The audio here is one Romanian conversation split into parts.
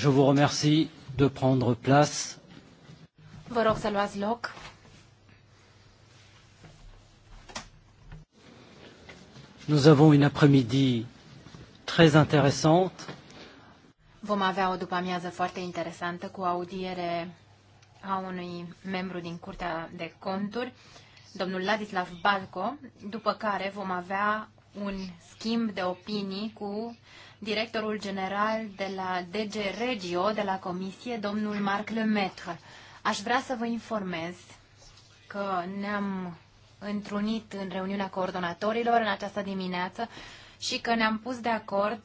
Je vous remercie de prendre place. Vă rog să luați loc. Nous avons une après-midi très intéressante. Vom avea o după-amiază foarte interesantă cu audiere a unui membru din Curtea de Conturi, domnul Ladislav Balco, după care vom avea un schimb de opinii cu directorul general de la DG Regio, de la Comisie, domnul Marc Lemaitre. Aș vrea să vă informez că ne-am întrunit în reuniunea coordonatorilor în această dimineață și că ne-am pus de acord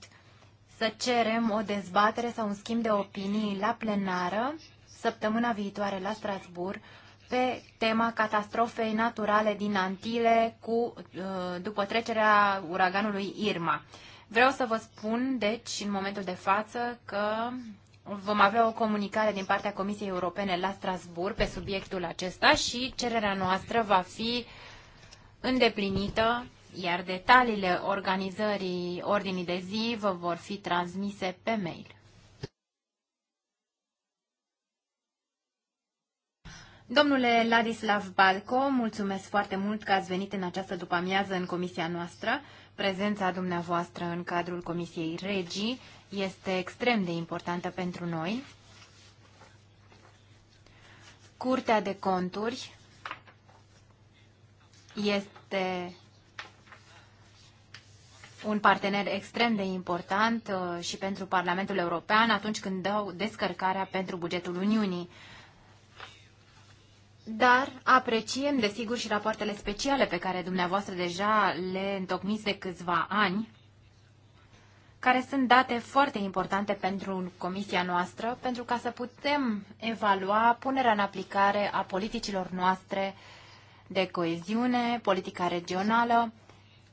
să cerem o dezbatere sau un schimb de opinii la plenară săptămâna viitoare la Strasbourg pe tema catastrofei naturale din Antile cu, uh, după trecerea uraganului Irma. Vreau să vă spun, deci, în momentul de față, că vom avea o comunicare din partea Comisiei Europene la Strasbourg pe subiectul acesta și cererea noastră va fi îndeplinită, iar detaliile organizării ordinii de zi vă vor fi transmise pe mail. Domnule Ladislav Balco, mulțumesc foarte mult că ați venit în această după-amiază în comisia noastră. Prezența dumneavoastră în cadrul Comisiei Regii este extrem de importantă pentru noi. Curtea de conturi este un partener extrem de important uh, și pentru Parlamentul European atunci când dau descărcarea pentru bugetul Uniunii. Dar apreciem, desigur, și rapoartele speciale pe care dumneavoastră deja le întocmiți de câțiva ani, care sunt date foarte importante pentru comisia noastră, pentru ca să putem evalua punerea în aplicare a politicilor noastre de coeziune, politica regională,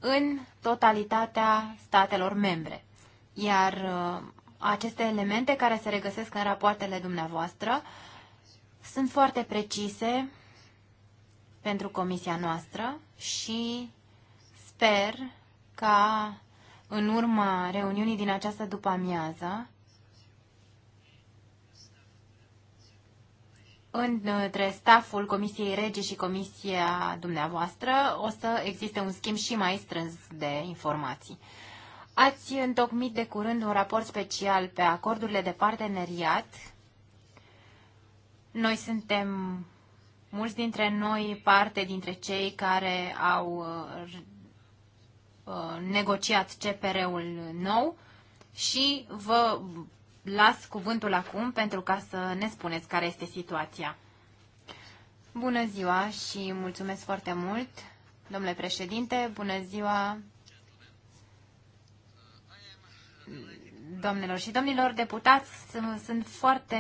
în totalitatea statelor membre. Iar uh, aceste elemente care se regăsesc în rapoartele dumneavoastră sunt foarte precise pentru comisia noastră și sper ca în urma reuniunii din această după-amiază între staful Comisiei Rege și Comisia dumneavoastră o să existe un schimb și mai strâns de informații. Ați întocmit de curând un raport special pe acordurile de parteneriat noi suntem, mulți dintre noi, parte dintre cei care au uh, uh, negociat CPR-ul nou și vă las cuvântul acum pentru ca să ne spuneți care este situația. Bună ziua și mulțumesc foarte mult, domnule președinte, bună ziua domnilor și domnilor deputați. Sunt foarte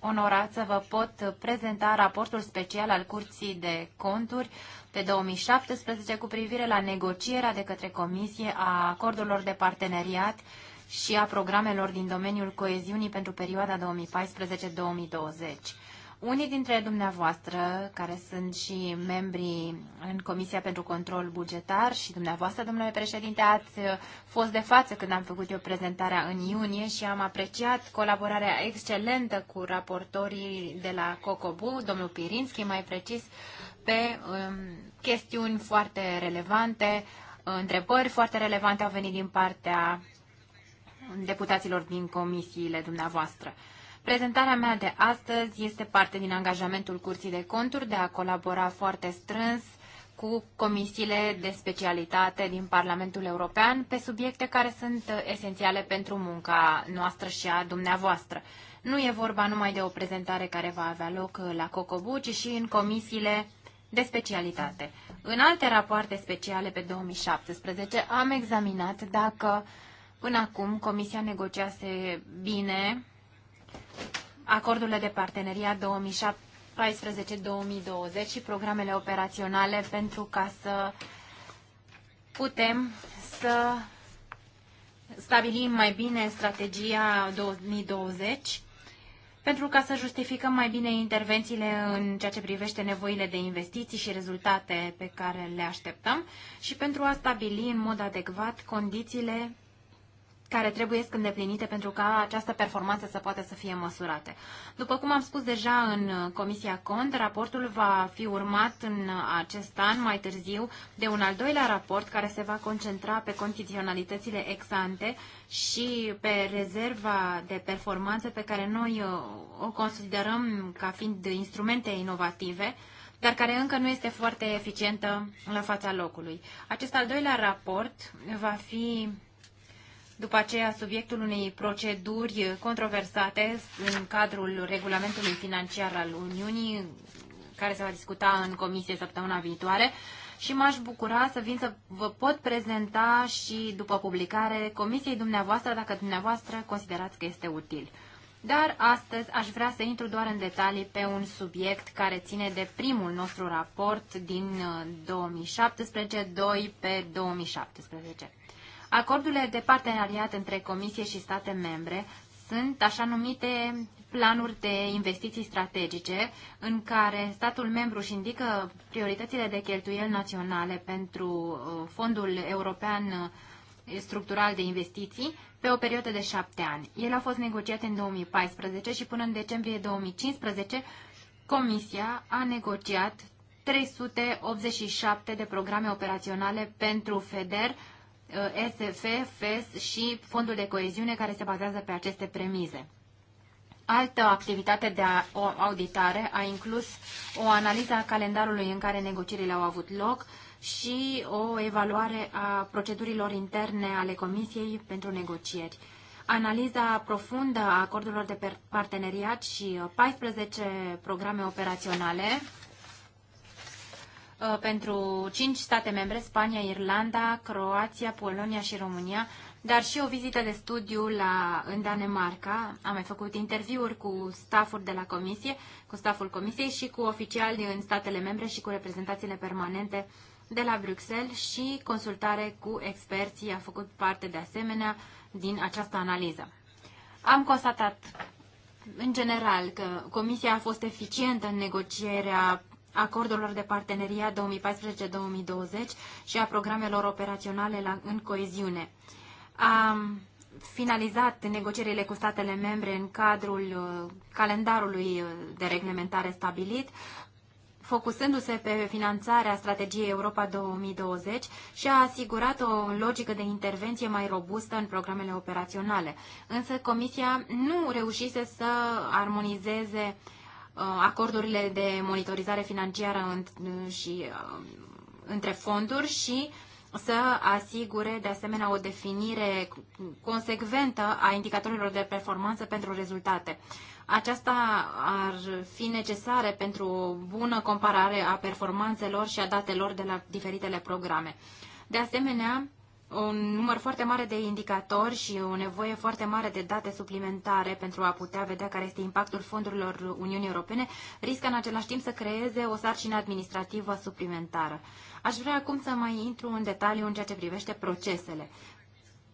onorat să vă pot prezenta raportul special al Curții de Conturi pe 2017 cu privire la negocierea de către Comisie a acordurilor de parteneriat și a programelor din domeniul coeziunii pentru perioada 2014-2020. Unii dintre dumneavoastră, care sunt și membri în Comisia pentru Control Bugetar și dumneavoastră, domnule președinte, ați uh, fost de față când am făcut eu prezentarea în iunie și am apreciat colaborarea excelentă cu raportorii de la COCOBU, domnul Pirinski mai precis, pe um, chestiuni foarte relevante, întrebări foarte relevante au venit din partea deputaților din comisiile dumneavoastră. Uh, Prezentarea mea de astăzi este parte din angajamentul Curții de Conturi de a colabora foarte strâns cu comisiile de specialitate din Parlamentul European pe subiecte care sunt esențiale pentru munca noastră și a dumneavoastră. Nu e vorba numai de o prezentare care va avea loc la Cocobu, ci și în comisiile de specialitate. În alte rapoarte speciale pe 2017 am examinat dacă până acum Comisia negociase bine acordurile de parteneriat 2014-2020 și programele operaționale pentru ca să putem să stabilim mai bine strategia 2020 pentru ca să justificăm mai bine intervențiile în ceea ce privește nevoile de investiții și rezultate pe care le așteptăm și pentru a stabili în mod adecvat condițiile care trebuie să îndeplinite pentru ca această performanță să poată să fie măsurată. După cum am spus deja în uh, Comisia Cont, raportul va fi urmat în uh, acest an mai târziu de un al doilea raport care se va concentra pe condiționalitățile exante și pe rezerva de performanță pe care noi uh, o considerăm ca fiind instrumente inovative dar care încă nu este foarte eficientă la fața locului. Acest al doilea raport va fi după aceea subiectul unei proceduri controversate în cadrul regulamentului financiar al Uniunii, care se va discuta în comisie săptămâna viitoare și m-aș bucura să vin să vă pot prezenta și după publicare comisiei dumneavoastră, dacă dumneavoastră considerați că este util. Dar astăzi aș vrea să intru doar în detalii pe un subiect care ține de primul nostru raport din 2017, uh, 2 pe 2017. Acordurile de parteneriat între Comisie și state membre sunt așa numite planuri de investiții strategice în care statul membru își indică prioritățile de cheltuieli naționale pentru uh, Fondul European uh, Structural de Investiții pe o perioadă de șapte ani. El a fost negociat în 2014 și până în decembrie 2015 Comisia a negociat 387 de programe operaționale pentru FEDER Uh, SF, FES și Fondul de Coeziune care se bazează pe aceste premize. Altă activitate de auditare a inclus o analiză a calendarului în care negocierile au avut loc și o evaluare a procedurilor interne ale Comisiei pentru negocieri. Analiza profundă a acordurilor de parteneriat și 14 uh, programe operaționale Uh, pentru cinci state membre, Spania, Irlanda, Croația, Polonia și România, dar și o vizită de studiu la, în Danemarca. Am mai făcut interviuri cu staful de la comisie, cu staful comisiei și cu oficiali în statele membre și cu reprezentațiile permanente de la Bruxelles și consultare cu experții a făcut parte de asemenea din această analiză. Am constatat în general că Comisia a fost eficientă în negocierea acordurilor de parteneriat 2014-2020 și a programelor operaționale la, în coeziune. Am finalizat negocierile cu statele membre în cadrul uh, calendarului uh, de reglementare stabilit, focusându-se pe finanțarea strategiei Europa 2020 și a asigurat o logică de intervenție mai robustă în programele operaționale. Însă Comisia nu reușise să armonizeze uh, Uh, acordurile de monitorizare financiară uh, și uh, între fonduri și să asigure de asemenea o definire consecventă a indicatorilor de performanță pentru rezultate. Aceasta ar fi necesară pentru o bună comparare a performanțelor și a datelor de la diferitele programe. De asemenea, un număr foarte mare de indicatori și o nevoie foarte mare de date suplimentare pentru a putea vedea care este impactul fondurilor Uniunii Europene, riscă în același timp să creeze o sarcină administrativă suplimentară. Aș vrea acum să mai intru în detaliu în ceea ce privește procesele.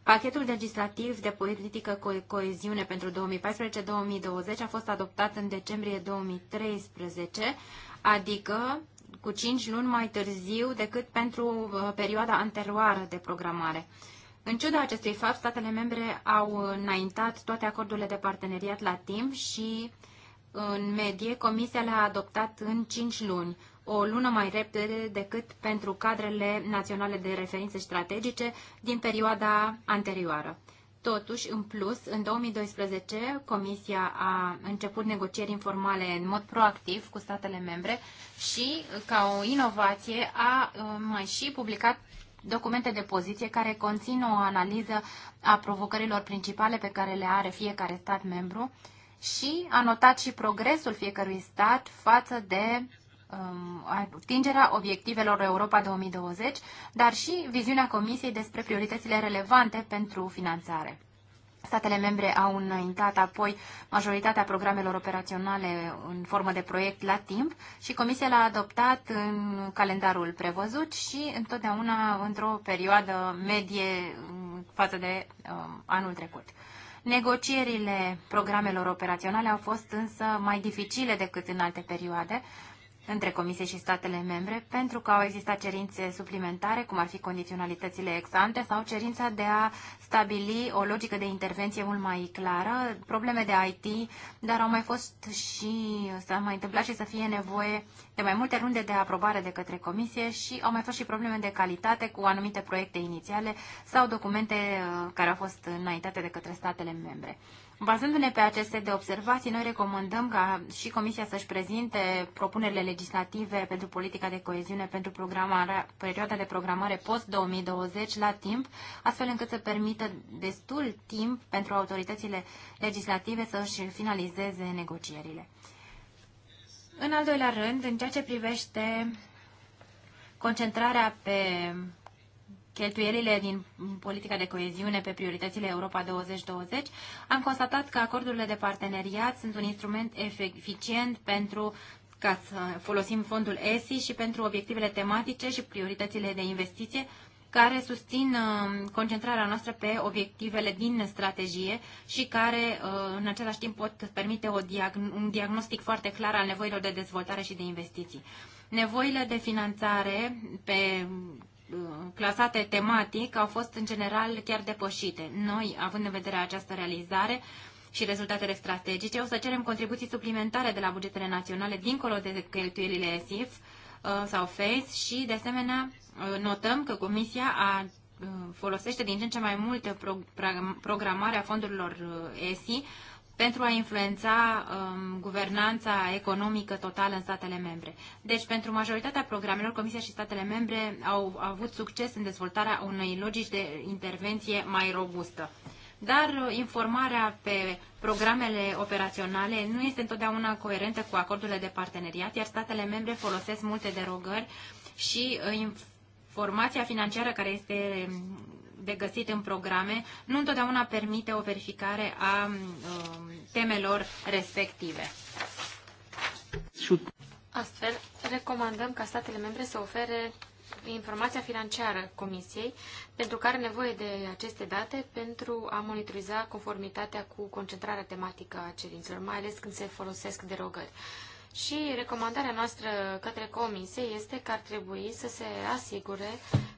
Pachetul legislativ de politică co- coeziune pentru 2014-2020 a fost adoptat în decembrie 2013, adică cu 5 luni mai târziu decât pentru uh, perioada anterioară de programare. În ciuda acestui fapt, statele membre au înaintat toate acordurile de parteneriat la timp și, în medie, Comisia le-a adoptat în 5 luni, o lună mai repede decât pentru cadrele naționale de referințe strategice din perioada anterioară. Totuși, în plus, în 2012, Comisia a început negocieri informale în mod proactiv cu statele membre și, ca o inovație, a uh, mai și publicat documente de poziție care conțin o analiză a provocărilor principale pe care le are fiecare stat membru și a notat și progresul fiecărui stat față de Um, atingerea obiectivelor Europa 2020, dar și viziunea Comisiei despre prioritățile relevante pentru finanțare. Statele membre au înaintat apoi majoritatea programelor operaționale în formă de proiect la timp și Comisia l-a adoptat în calendarul prevăzut și întotdeauna într-o perioadă medie um, față de uh, anul trecut. Negocierile programelor operaționale au fost însă mai dificile decât în alte perioade, între Comisie și statele membre, pentru că au existat cerințe suplimentare, cum ar fi condiționalitățile exante sau cerința de a stabili o logică de intervenție mult mai clară, probleme de IT, dar au mai fost și, s-a mai întâmplat și să fie nevoie de mai multe runde de aprobare de către Comisie și au mai fost și probleme de calitate cu anumite proiecte inițiale sau documente uh, care au fost înaintate de către statele membre. Bazându-ne pe aceste de observații, noi recomandăm ca și Comisia să-și prezinte propunerile legislative pentru politica de coeziune pentru perioada de programare post-2020 la timp, astfel încât să permită destul timp pentru autoritățile legislative să și finalizeze negocierile. În al doilea rând, în ceea ce privește concentrarea pe cheltuielile din politica de coeziune pe prioritățile Europa 2020, am constatat că acordurile de parteneriat sunt un instrument eficient pentru ca să folosim fondul ESI și pentru obiectivele tematice și prioritățile de investiție care susțin uh, concentrarea noastră pe obiectivele din strategie și care uh, în același timp pot permite o diagn- un diagnostic foarte clar al nevoilor de dezvoltare și de investiții. Nevoile de finanțare pe clasate tematic au fost în general chiar depășite. Noi, având în vedere această realizare și rezultatele strategice, o să cerem contribuții suplimentare de la bugetele naționale dincolo de cheltuielile ESIF uh, sau FACE și, de asemenea, uh, notăm că Comisia a uh, folosește din ce în ce mai multe programarea fondurilor ESI pentru a influența um, guvernanța economică totală în statele membre. Deci, pentru majoritatea programelor, Comisia și statele membre au, au avut succes în dezvoltarea unei logici de intervenție mai robustă. Dar uh, informarea pe programele operaționale nu este întotdeauna coerentă cu acordurile de parteneriat, iar statele membre folosesc multe derogări și uh, Formația financiară care este de găsit în programe nu întotdeauna permite o verificare a um, temelor respective. Astfel, recomandăm ca statele membre să ofere informația financiară Comisiei, pentru care are nevoie de aceste date pentru a monitoriza conformitatea cu concentrarea tematică a cerințelor, mai ales când se folosesc derogări. Și recomandarea noastră către comisie este că ar trebui să se asigure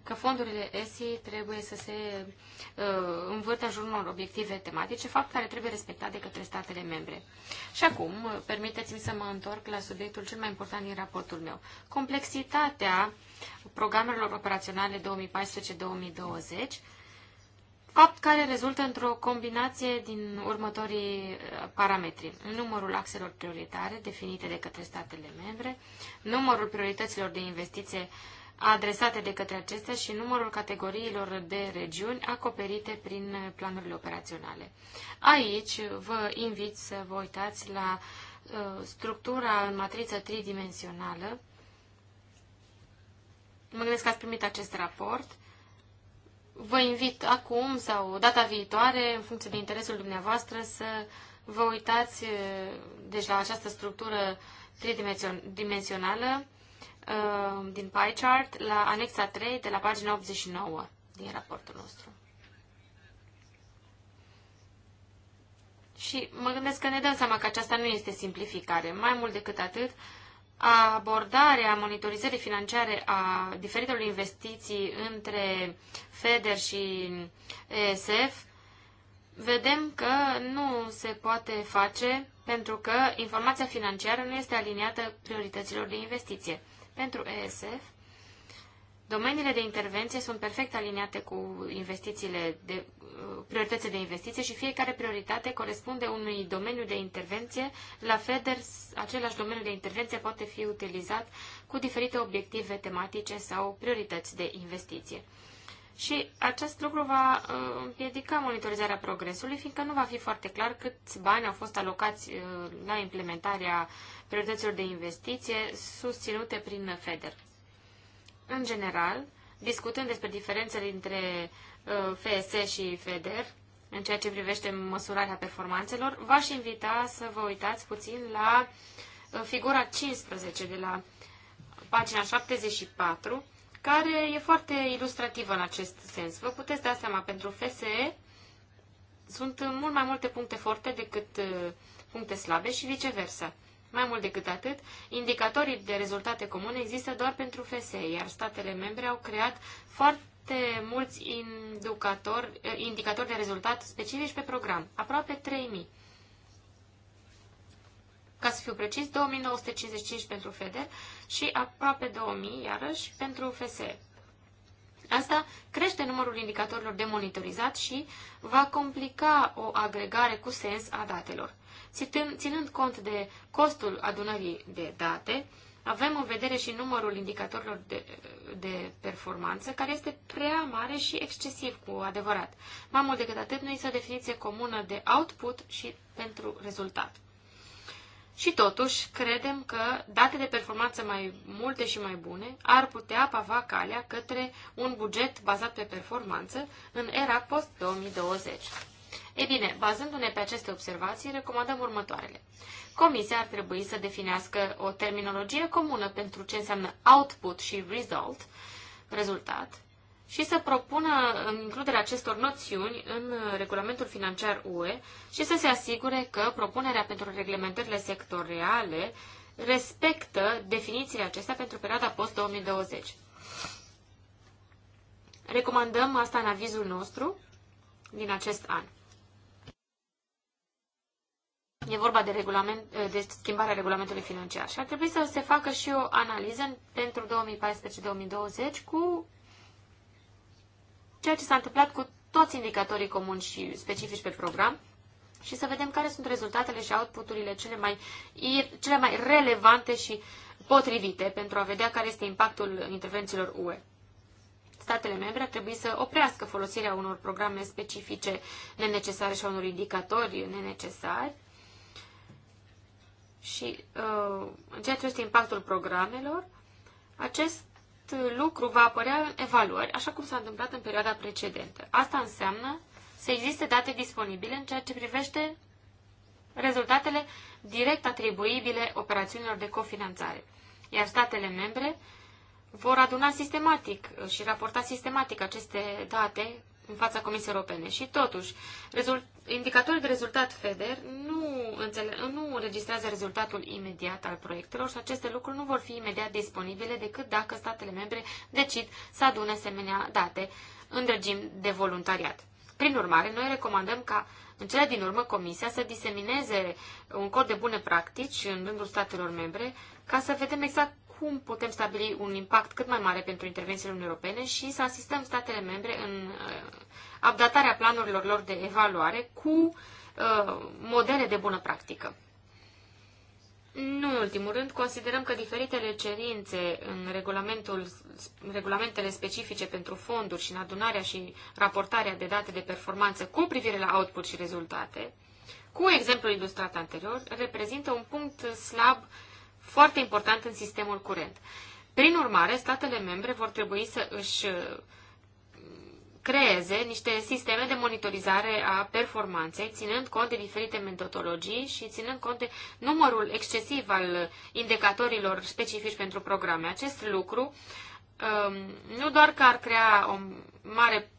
că fondurile ESI trebuie să se uh, învârte în jurul unor obiective tematice, fapt care trebuie respectat de către statele membre. Și acum, permiteți-mi să mă întorc la subiectul cel mai important din raportul meu. Complexitatea programelor operaționale 2014-2020 fapt care rezultă într-o combinație din următorii uh, parametri. Numărul axelor prioritare definite de către statele membre, numărul priorităților de investiție adresate de către acestea și numărul categoriilor de regiuni acoperite prin planurile operaționale. Aici vă invit să vă uitați la uh, structura în matriță tridimensională. Mă gândesc că ați primit acest raport vă invit acum sau data viitoare, în funcție de interesul dumneavoastră, să vă uitați deci la această structură tridimensională din pie chart la anexa 3 de la pagina 89 din raportul nostru. Și mă gândesc că ne dăm seama că aceasta nu este simplificare. Mai mult decât atât, abordarea monitorizării financiare a diferitelor investiții între FEDER și ESF, vedem că nu se poate face pentru că informația financiară nu este aliniată priorităților de investiție. Pentru ESF, Domeniile de intervenție sunt perfect aliniate cu investițiile de, prioritățile de investiție și fiecare prioritate corespunde unui domeniu de intervenție. La FEDER, același domeniu de intervenție poate fi utilizat cu diferite obiective tematice sau priorități de investiție. Și acest lucru va uh, împiedica monitorizarea progresului, fiindcă nu va fi foarte clar câți bani au fost alocați uh, la implementarea priorităților de investiție susținute prin FEDER. În general, discutând despre diferențele între uh, FS și FEDER, în ceea ce privește măsurarea performanțelor, v-aș invita să vă uitați puțin la uh, figura 15 de la pagina 74, care e foarte ilustrativă în acest sens. Vă puteți da seama, pentru FSE sunt mult mai multe puncte forte decât uh, puncte slabe și viceversa. Mai mult decât atât, indicatorii de rezultate comune există doar pentru FSE, iar statele membre au creat foarte mulți eh, indicatori, de rezultat specifici pe program, aproape 3.000. Ca să fiu precis, 2955 pentru FEDER și aproape 2000, iarăși, pentru FSE. Asta crește numărul indicatorilor de monitorizat și va complica o agregare cu sens a datelor ținând cont de costul adunării de date, avem în vedere și numărul indicatorilor de, de performanță, care este prea mare și excesiv cu adevărat. Mai mult decât atât, nu există o definiție comună de output și pentru rezultat. Și totuși, credem că date de performanță mai multe și mai bune ar putea pava calea către un buget bazat pe performanță în era post-2020. E bine, bazându-ne pe aceste observații, recomandăm următoarele. Comisia ar trebui să definească o terminologie comună pentru ce înseamnă output și result, rezultat, și să propună includerea acestor noțiuni în regulamentul financiar UE și să se asigure că propunerea pentru reglementările sectoriale respectă definițiile acestea pentru perioada post-2020. Recomandăm asta în avizul nostru din acest an. E vorba de, regulament, de schimbarea regulamentului financiar și ar trebui să se facă și o analiză pentru 2014-2020 cu ceea ce s-a întâmplat cu toți indicatorii comuni și specifici pe program și să vedem care sunt rezultatele și outputurile cele mai, cele mai relevante și potrivite pentru a vedea care este impactul intervențiilor UE statele membre ar trebui să oprească folosirea unor programe specifice nenecesare și a unor indicatori nenecesari și uh, în ceea ce este impactul programelor, acest lucru va apărea în evaluări, așa cum s-a întâmplat în perioada precedentă. Asta înseamnă să existe date disponibile în ceea ce privește rezultatele direct atribuibile operațiunilor de cofinanțare, iar statele membre vor aduna sistematic și raporta sistematic aceste date în fața Comisiei Europene. Și totuși, indicatorii de rezultat FEDER nu nu înregistrează rezultatul imediat al proiectelor și aceste lucruri nu vor fi imediat disponibile decât dacă statele membre decid să adune asemenea date în regim de voluntariat. Prin urmare, noi recomandăm ca în cele din urmă Comisia să disemineze un cod de bune practici în rândul statelor membre ca să vedem exact cum putem stabili un impact cât mai mare pentru intervențiile Uniunii Europene și să asistăm statele membre în uh, updatarea planurilor lor de evaluare cu uh, Uh, modele de bună practică. Nu în ultimul rând, considerăm că diferitele cerințe în regulamentul, regulamentele specifice pentru fonduri și în adunarea și raportarea de date de performanță cu privire la output și rezultate, cu exemplul ilustrat anterior, reprezintă un punct slab foarte important în sistemul curent. Prin urmare, statele membre vor trebui să își creeze niște sisteme de monitorizare a performanței, ținând cont de diferite metodologii și ținând cont de numărul excesiv al indicatorilor specifici pentru programe. Acest lucru um, nu doar că ar crea o mare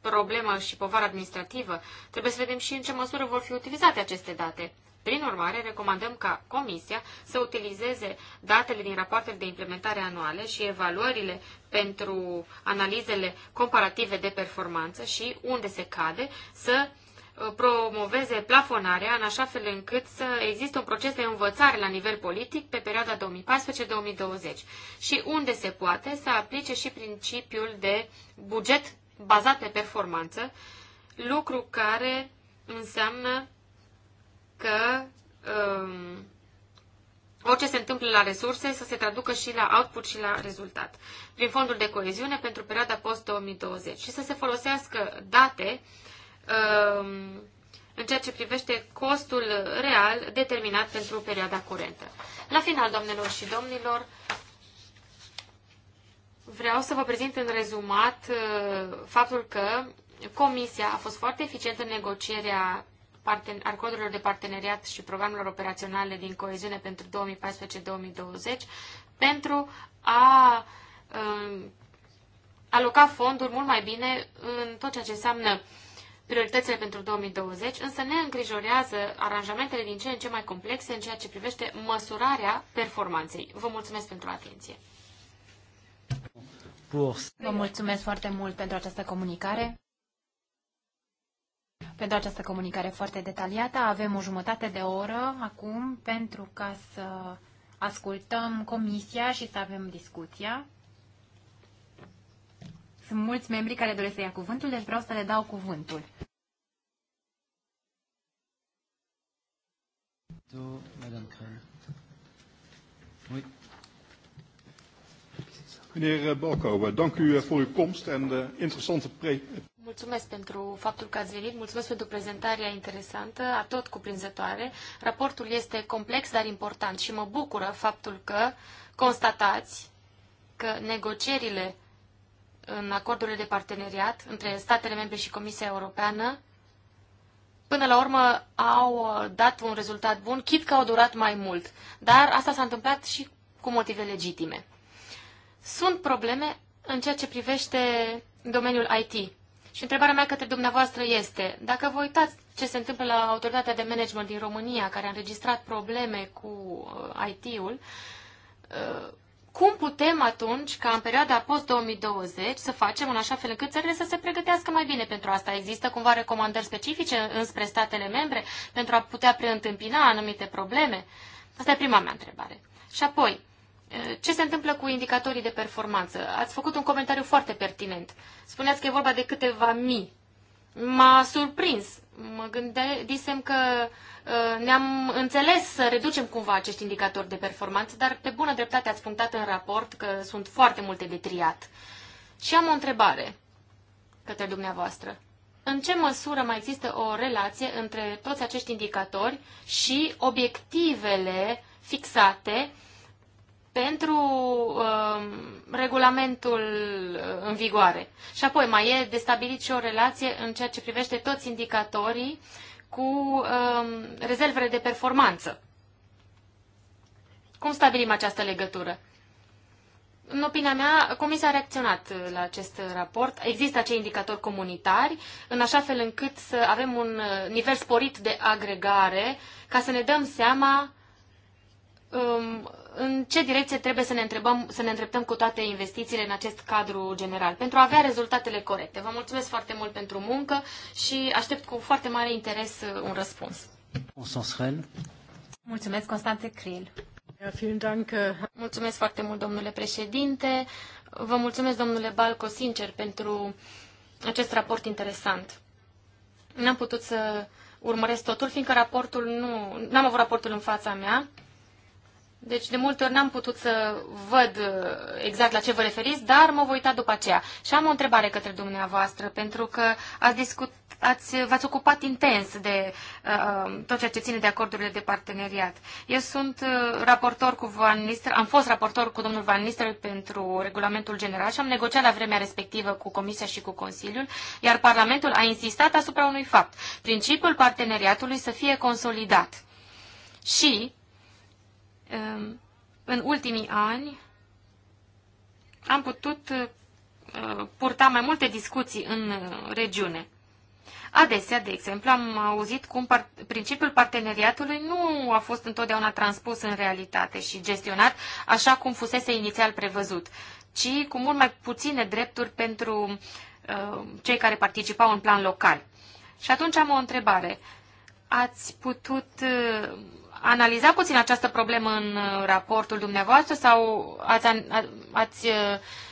problemă și povară administrativă, trebuie să vedem și în ce măsură vor fi utilizate aceste date. Prin urmare, recomandăm ca Comisia să utilizeze datele din rapoartele de implementare anuale și evaluările pentru analizele comparative de performanță și, unde se cade, să uh, promoveze plafonarea în așa fel încât să existe un proces de învățare la nivel politic pe perioada 2014-2020 și unde se poate să aplice și principiul de buget bazat pe performanță, lucru care înseamnă că um, orice se întâmplă la resurse să se traducă și la output și la rezultat, prin fondul de coeziune pentru perioada post-2020 și să se folosească date um, în ceea ce privește costul real determinat pentru perioada curentă. La final, doamnelor și domnilor, vreau să vă prezint în rezumat uh, faptul că Comisia a fost foarte eficientă în negocierea al codurilor de parteneriat și programelor operaționale din coeziune pentru 2014-2020 pentru a um, aloca fonduri mult mai bine în tot ceea ce înseamnă prioritățile pentru 2020, însă ne îngrijorează aranjamentele din ce în ce mai complexe în ceea ce privește măsurarea performanței. Vă mulțumesc pentru atenție. Vă mulțumesc foarte mult pentru această comunicare pentru această comunicare foarte detaliată. Avem o jumătate de oră acum pentru ca să ascultăm comisia și să avem discuția. Sunt mulți membri care doresc să ia cuvântul, deci vreau să le dau cuvântul. Meneer Balkover, dank u voor uw komst en de eh, interessante pre Mulțumesc pentru faptul că ați venit, mulțumesc pentru prezentarea interesantă, tot cuprinzătoare. Raportul este complex, dar important și mă bucură faptul că constatați că negocierile în acordurile de parteneriat între statele membre și Comisia Europeană până la urmă au dat un rezultat bun, chit că au durat mai mult. Dar asta s-a întâmplat și cu motive legitime. Sunt probleme în ceea ce privește domeniul IT. Și întrebarea mea către dumneavoastră este, dacă vă uitați ce se întâmplă la autoritatea de management din România, care a înregistrat probleme cu uh, IT-ul, uh, cum putem atunci, ca în perioada post-2020, să facem în așa fel încât țările să se pregătească mai bine pentru asta? Există cumva recomandări specifice înspre statele membre pentru a putea preîntâmpina anumite probleme? Asta e prima mea întrebare. Și apoi, ce se întâmplă cu indicatorii de performanță? Ați făcut un comentariu foarte pertinent. Spuneați că e vorba de câteva mii. M-a surprins. Mă disem că ă, ne-am înțeles să reducem cumva acești indicatori de performanță, dar pe bună dreptate ați punctat în raport că sunt foarte multe de triat. Și am o întrebare către dumneavoastră. În ce măsură mai există o relație între toți acești indicatori și obiectivele fixate uh, pentru um, uh, regulamentul în vigoare. Și apoi mai e de stabilit și o relație în ceea ce privește toți indicatorii cu uh, rezervele de performanță. Cum stabilim această legătură? În opinia mea, Comisia a reacționat la acest raport. Există acei indicatori comunitari, în așa fel încât să avem un uh, nivel sporit de agregare, ca să ne dăm seama um, în ce direcție trebuie să ne, întrebăm, să ne îndreptăm cu toate investițiile în acest cadru general, pentru a avea rezultatele corecte. Vă mulțumesc foarte mult pentru muncă și aștept cu foarte mare interes uh, un răspuns. Mulțumesc, Constanțe Cril. Uh, mulțumesc foarte mult, domnule președinte. Vă mulțumesc, domnule Balco, sincer, pentru acest raport interesant. N-am putut să urmăresc totul, fiindcă raportul nu... N-am avut raportul în fața mea, deci, de multe ori n-am putut să văd uh, exact la ce vă referiți, dar mă voi uita după aceea. Și am o întrebare către dumneavoastră, pentru că ați discut, ați, v-ați ocupat intens de uh, uh, tot ceea ce ține de acordurile de parteneriat. Eu sunt uh, raportor cu Van Nistel, am fost raportor cu domnul Van Nistel pentru regulamentul general și am negociat la vremea respectivă cu Comisia și cu Consiliul, iar Parlamentul a insistat asupra unui fapt. Principiul parteneriatului să fie consolidat. Și Ehm, în ultimii ani am putut eh, purta mai multe discuții în eh, regiune. Adesea, de exemplu, am auzit cum par principiul parteneriatului nu a fost întotdeauna transpus în realitate și gestionat așa cum fusese inițial prevăzut, ci cu mult mai puține drepturi pentru uh, cei care participau în plan local. Și atunci am o întrebare. Ați putut analizat puțin această problemă în uh, raportul dumneavoastră sau ați, ați uh,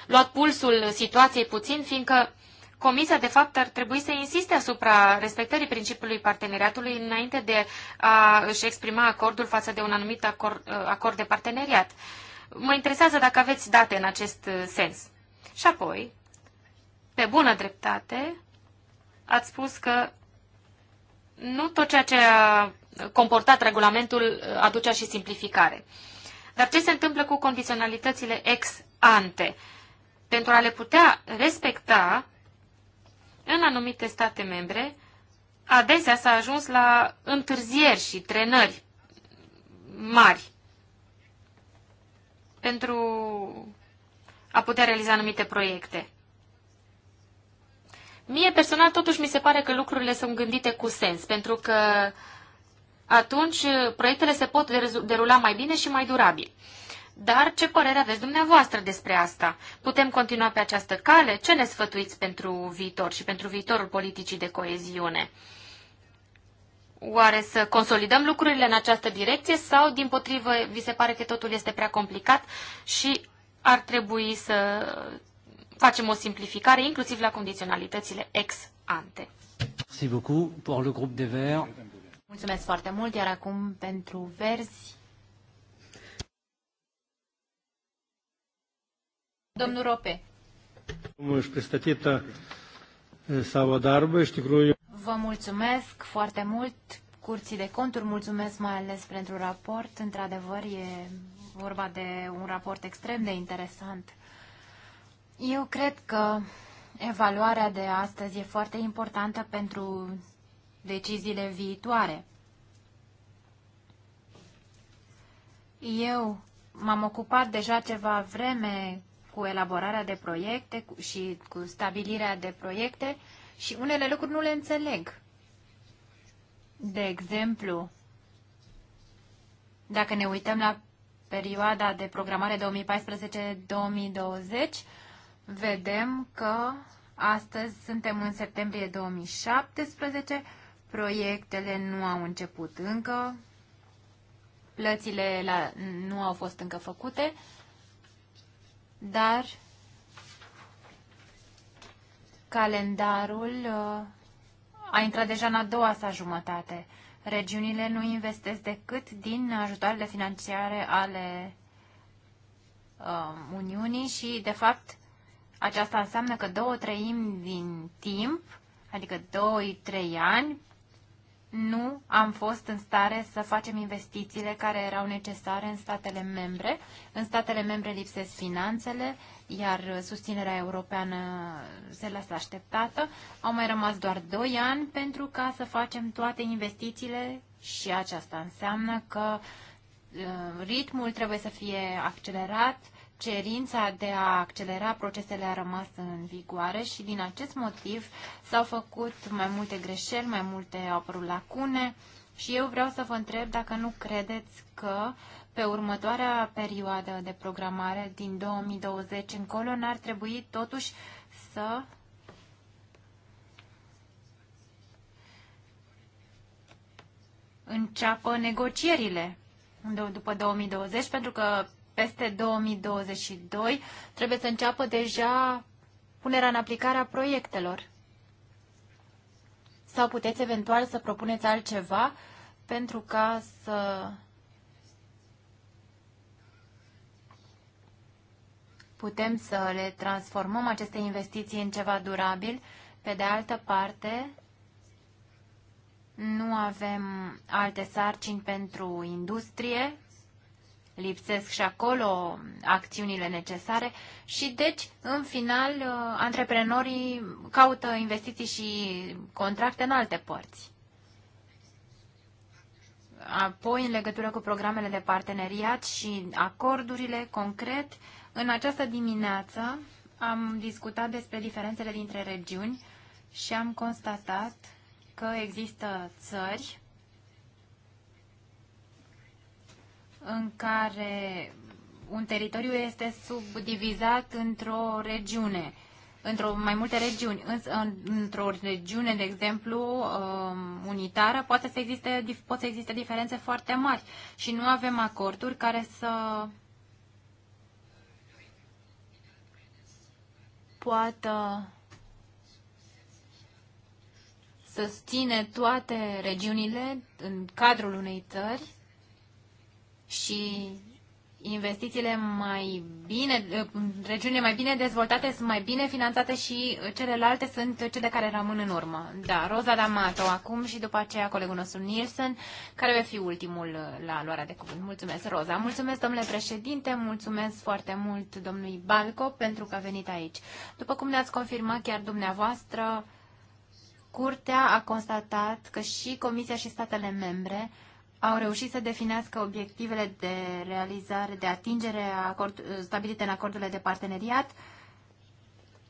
luat pulsul situației puțin, fiindcă Comisia, de fapt, ar trebui să insiste asupra respectării principiului parteneriatului înainte de a își exprima acordul față de un anumit acord, uh, acord de parteneriat. Mă interesează dacă aveți date în acest sens. Și apoi, pe bună dreptate, ați spus că nu tot ceea ce a comportat regulamentul uh, aducea și simplificare. Dar ce se întâmplă cu condiționalitățile ex ante? Pentru a le putea respecta în anumite state membre, adesea s-a ajuns la întârzieri și trenări mari pentru a putea realiza anumite proiecte. Mie personal totuși mi se pare că lucrurile sunt gândite cu sens, pentru că atunci uh, proiectele se pot derula mai bine și mai durabil. Dar ce părere aveți dumneavoastră despre asta? Putem continua pe această cale? Ce ne sfătuiți pentru viitor și pentru viitorul politicii de coeziune? Oare să consolidăm lucrurile în această direcție sau, din potrivă, vi se pare că totul este prea complicat și ar trebui să facem o simplificare, inclusiv la condiționalitățile ex ante? Merci beaucoup pour le groupe des Verts. Mulțumesc foarte mult, iar acum pentru verzi. Domnul Rope. Vă mulțumesc foarte mult curții de conturi, mulțumesc mai ales pentru raport. Într-adevăr, e vorba de un raport extrem de interesant. Eu cred că evaluarea de astăzi e foarte importantă pentru deciziile viitoare. Eu m-am ocupat deja ceva vreme cu elaborarea de proiecte și cu stabilirea de proiecte și unele lucruri nu le înțeleg. De exemplu, dacă ne uităm la perioada de programare 2014-2020, vedem că astăzi suntem în septembrie 2017 Proiectele nu au început încă, plățile la, nu au fost încă făcute, dar calendarul uh, a intrat deja în a doua sa jumătate. Regiunile nu investesc decât din ajutoarele financiare ale uh, Uniunii și, de fapt, aceasta înseamnă că două treimi din timp, adică 2-3 ani, nu am fost în stare să facem investițiile care erau necesare în statele membre. În statele membre lipsesc finanțele, iar susținerea europeană se lasă așteptată. Au mai rămas doar 2 ani pentru ca să facem toate investițiile și aceasta înseamnă că uh, ritmul trebuie să fie accelerat cerința de a accelera procesele a rămas în vigoare și din acest motiv s-au făcut mai multe greșeli, mai multe au apărut lacune și eu vreau să vă întreb dacă nu credeți că pe următoarea perioadă de programare din 2020 încolo n-ar trebui totuși să înceapă negocierile după 2020, pentru că peste 2022 trebuie să înceapă deja punerea în aplicare a proiectelor. Sau puteți eventual să propuneți altceva pentru ca să putem să le transformăm aceste investiții în ceva durabil. Pe de altă parte, nu avem alte sarcini pentru industrie lipsesc și acolo acțiunile necesare și deci, în final, uh, antreprenorii caută investiții și contracte în alte părți. Apoi, în legătură cu programele de parteneriat și acordurile concret, în această dimineață am discutat despre diferențele dintre regiuni și am constatat că există țări în care un teritoriu este subdivizat într-o regiune, într-o mai multe regiuni, însă într-o regiune, de exemplu, um, unitară, poate să existe, pot să existe diferențe foarte mari și nu avem acorduri care să poată să ține toate regiunile în cadrul unei țări și investițiile mai bine, regiunile mai bine dezvoltate sunt mai bine finanțate și celelalte sunt cele care rămân în urmă. Da, Roza D'Amato acum și după aceea colegul nostru Nielsen, care va fi ultimul la luarea de cuvânt. Mulțumesc, Roza. Mulțumesc, domnule președinte, mulțumesc foarte mult domnului Balco pentru că a venit aici. După cum ne-ați confirmat chiar dumneavoastră, Curtea a constatat că și Comisia și statele membre au reușit să definească obiectivele de realizare, de atingere a acord, stabilite în acordurile de parteneriat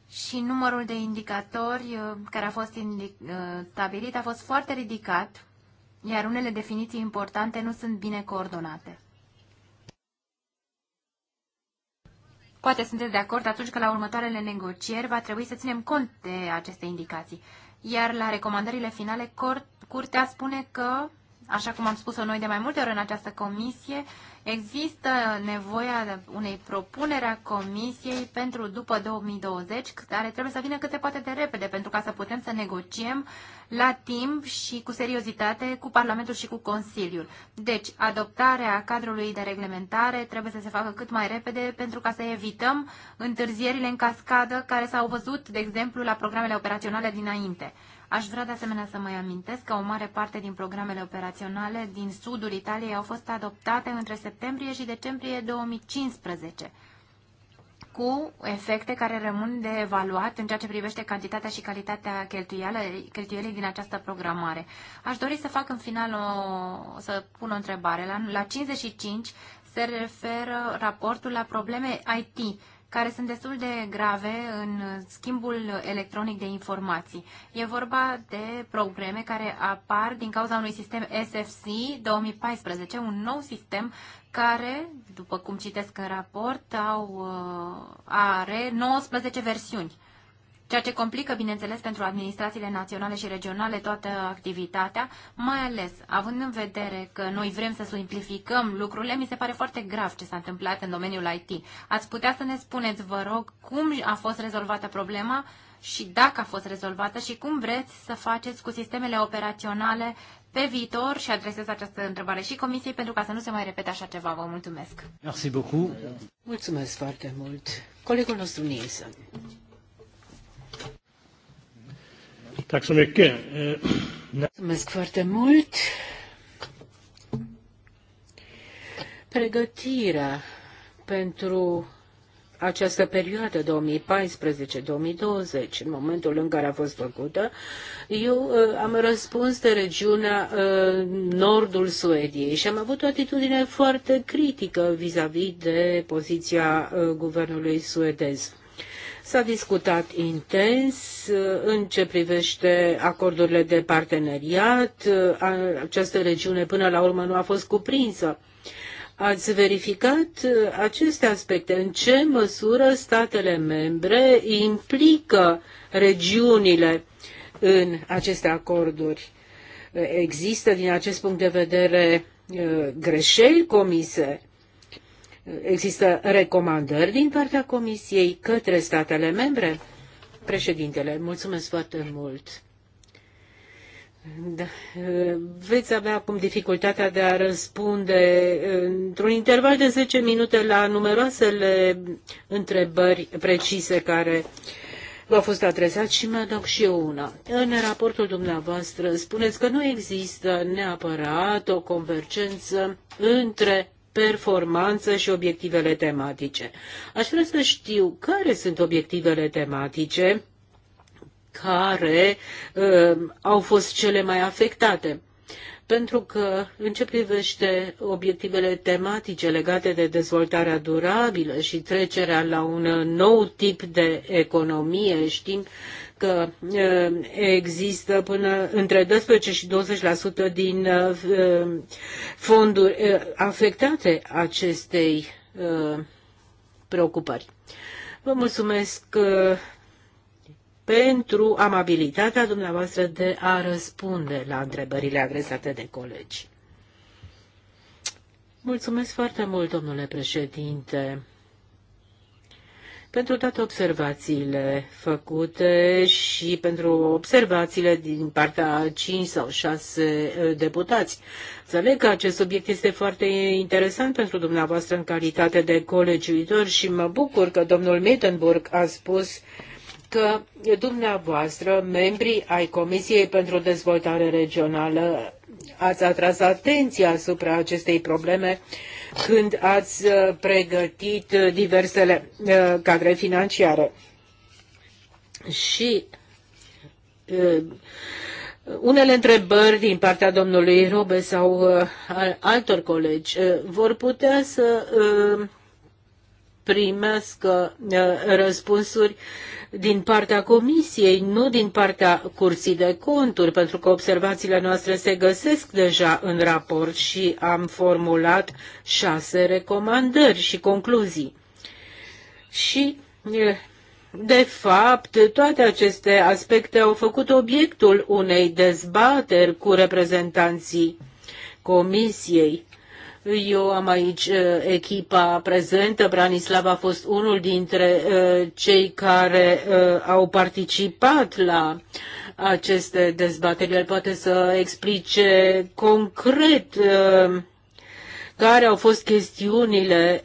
și numărul de indicatori uh, care a fost indic, uh, stabilit a fost foarte ridicat, iar unele definiții importante nu sunt bine coordonate. Poate sunteți de acord atunci că la următoarele negocieri va trebui să ținem cont de aceste indicații. Iar la recomandările finale, Curtea spune că Așa cum am spus-o noi de mai multe ori în această comisie, există nevoia unei propuneri a comisiei pentru după 2020, care trebuie să vină cât se poate de repede, pentru ca să putem să negociem la timp și cu seriozitate cu Parlamentul și cu Consiliul. Deci, adoptarea cadrului de reglementare trebuie să se facă cât mai repede pentru ca să evităm întârzierile în cascadă care s-au văzut, de exemplu, la programele operaționale dinainte. Aș vrea de asemenea să mai amintesc că o mare parte din programele operaționale din sudul Italiei au fost adoptate între septembrie și decembrie 2015 cu efecte care rămân de evaluat în ceea ce privește cantitatea și calitatea cheltuielii din această programare. Aș dori să fac în final o, să pun o întrebare. La, la 55 se referă raportul la probleme IT care sunt destul de grave în schimbul electronic de informații. E vorba de probleme care apar din cauza unui sistem SFC 2014, un nou sistem care, după cum citesc în raport, au, uh, are 19 versiuni ceea ce complică, bineînțeles, pentru administrațiile naționale și regionale toată activitatea, mai ales având în vedere că noi vrem să simplificăm lucrurile, mi se pare foarte grav ce s-a întâmplat în domeniul IT. Ați putea să ne spuneți, vă rog, cum a fost rezolvată problema și dacă a fost rezolvată și cum vreți să faceți cu sistemele operaționale pe viitor și adresez această întrebare și comisiei pentru ca să nu se mai repete așa ceva. Vă mulțumesc. Mulțumesc foarte mult. Colegul nostru Nielsen. Tack så mycket. Eh, Mulțumesc foarte mult. Pregătirea pentru această perioadă 2014-2020, în momentul în care a fost făcută, eu uh, am răspuns de regiunea uh, nordul Suediei și am avut o atitudine foarte critică vis-a-vis de poziția uh, guvernului suedez. S-a discutat intens uh, în ce privește acordurile de parteneriat. Uh, această regiune până la urmă nu a fost cuprinsă. Ați verificat uh, aceste aspecte. În ce măsură statele membre implică regiunile în aceste acorduri? Există din acest punct de vedere greșeli comise? Există recomandări din partea Comisiei către statele membre? Președintele, mulțumesc foarte mult. Da. Veți avea acum dificultatea de a răspunde într-un interval de 10 minute la numeroasele întrebări precise care v au fost adresat și mă dau și eu una. În raportul dumneavoastră spuneți că nu există neapărat o convergență între performanță și obiectivele tematice. Aș vrea să știu care sunt obiectivele tematice care uh, au fost cele mai afectate pentru că în ce privește obiectivele tematice legate de dezvoltarea durabilă și trecerea la un nou tip de economie, știm că există până între 12 și 20% din fonduri afectate acestei preocupări. Vă mulțumesc pentru amabilitatea dumneavoastră de a răspunde la întrebările adresate de colegi. Mulțumesc foarte mult, domnule președinte pentru toate observațiile făcute și pentru observațiile din partea 5 sau 6 eh, deputați. Înțeleg că acest subiect este foarte interesant pentru dumneavoastră în calitate de colegiuitor și mă bucur că domnul Mittenburg a spus că dumneavoastră, membrii ai Comisiei pentru Dezvoltare Regională, ați atras atenția asupra acestei probleme când ați uh, pregătit uh, diversele uh, cadre financiare. Și unele întrebări din partea domnului Robe sau altor colegi vor putea să primească răspunsuri uh, din partea Comisiei, nu din partea Curții de Conturi, pentru că observațiile noastre se găsesc deja în raport și am formulat șase recomandări și concluzii. Și de fapt, toate aceste aspecte au făcut obiectul unei dezbateri cu reprezentanții Comisiei. Eu am aici uh, echipa prezentă. Branislav a fost unul dintre uh, cei care uh, au participat la aceste dezbateri. El poate să explice concret care au fost chestiunile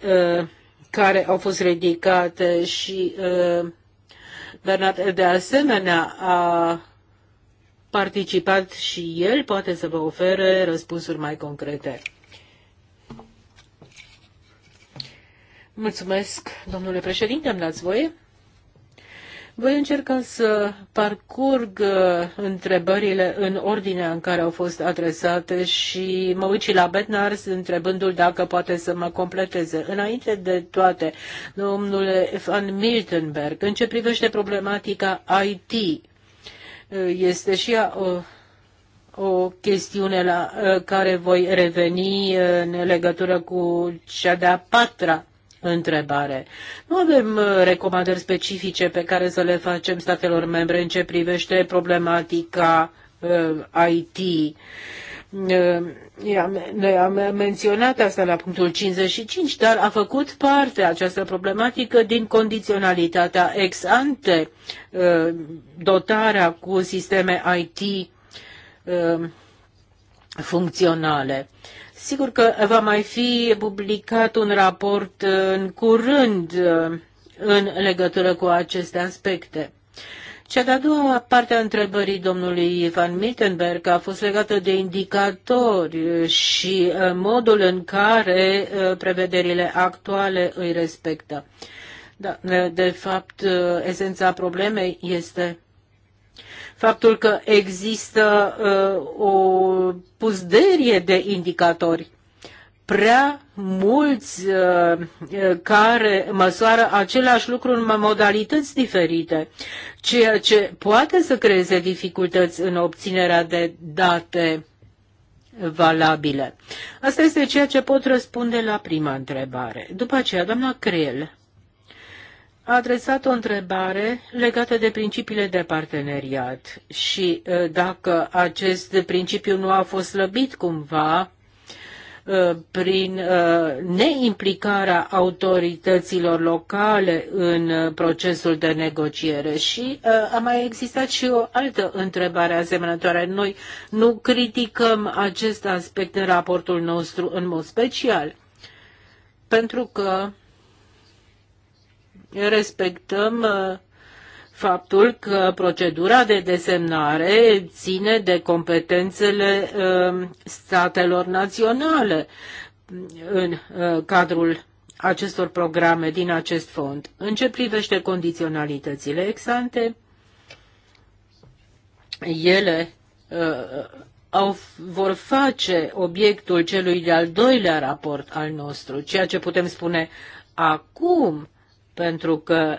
care au fost ridicate și Bernard de asemenea a participat și el, poate să vă ofere răspunsuri mai concrete. Mulțumesc, domnule președinte, îmi dați voie? Voi încerca să parcurg uh, întrebările în ordinea în care au fost adresate și mă uit și la Bednars întrebându-l dacă poate să mă completeze. Înainte de toate, domnule Van Miltenberg, în ce privește problematica IT, uh, este și ea o, uh, o chestiune la care voi reveni în legătură cu cea de-a patra întrebare. Nu avem uh, recomandări specifice pe care să le facem statelor membre în ce privește problematica uh, IT. Uh, noi am menționat asta la punctul 55, dar a făcut parte această problematică din condiționalitatea ex ante, dotarea cu sisteme IT funcționale. Sigur că va mai fi publicat un raport uh, în curând uh, în legătură cu aceste aspecte. Cea de-a doua parte a întrebării domnului Ivan Mittenberg a fost legată de indicatori uh, și modul în care prevederile actuale îi respectă. Da, de fapt, esența problemei este faptul că există uh, o puzderie de indicatori prea mulți uh, care măsoară același lucru în modalități diferite, ceea ce poate să creeze dificultăți în obținerea de date valabile. Asta este ceea ce pot răspunde la prima întrebare. După aceea, doamna Creel a adresat o întrebare legată de principiile de parteneriat și uh, dacă acest principiu nu a fost slăbit cumva uh, prin uh, neimplicarea autorităților locale în procesul de negociere. Și a mai existat și o altă întrebare asemănătoare. Noi nu criticăm acest aspect în raportul nostru în mod special, pentru că respectăm uh, faptul că procedura de desemnare ține de competențele uh, statelor naționale în uh, cadrul acestor programe din acest fond. În ce privește condiționalitățile exante, ele au, vor face obiectul celui de-al doilea raport al nostru. Ceea ce putem spune acum pentru că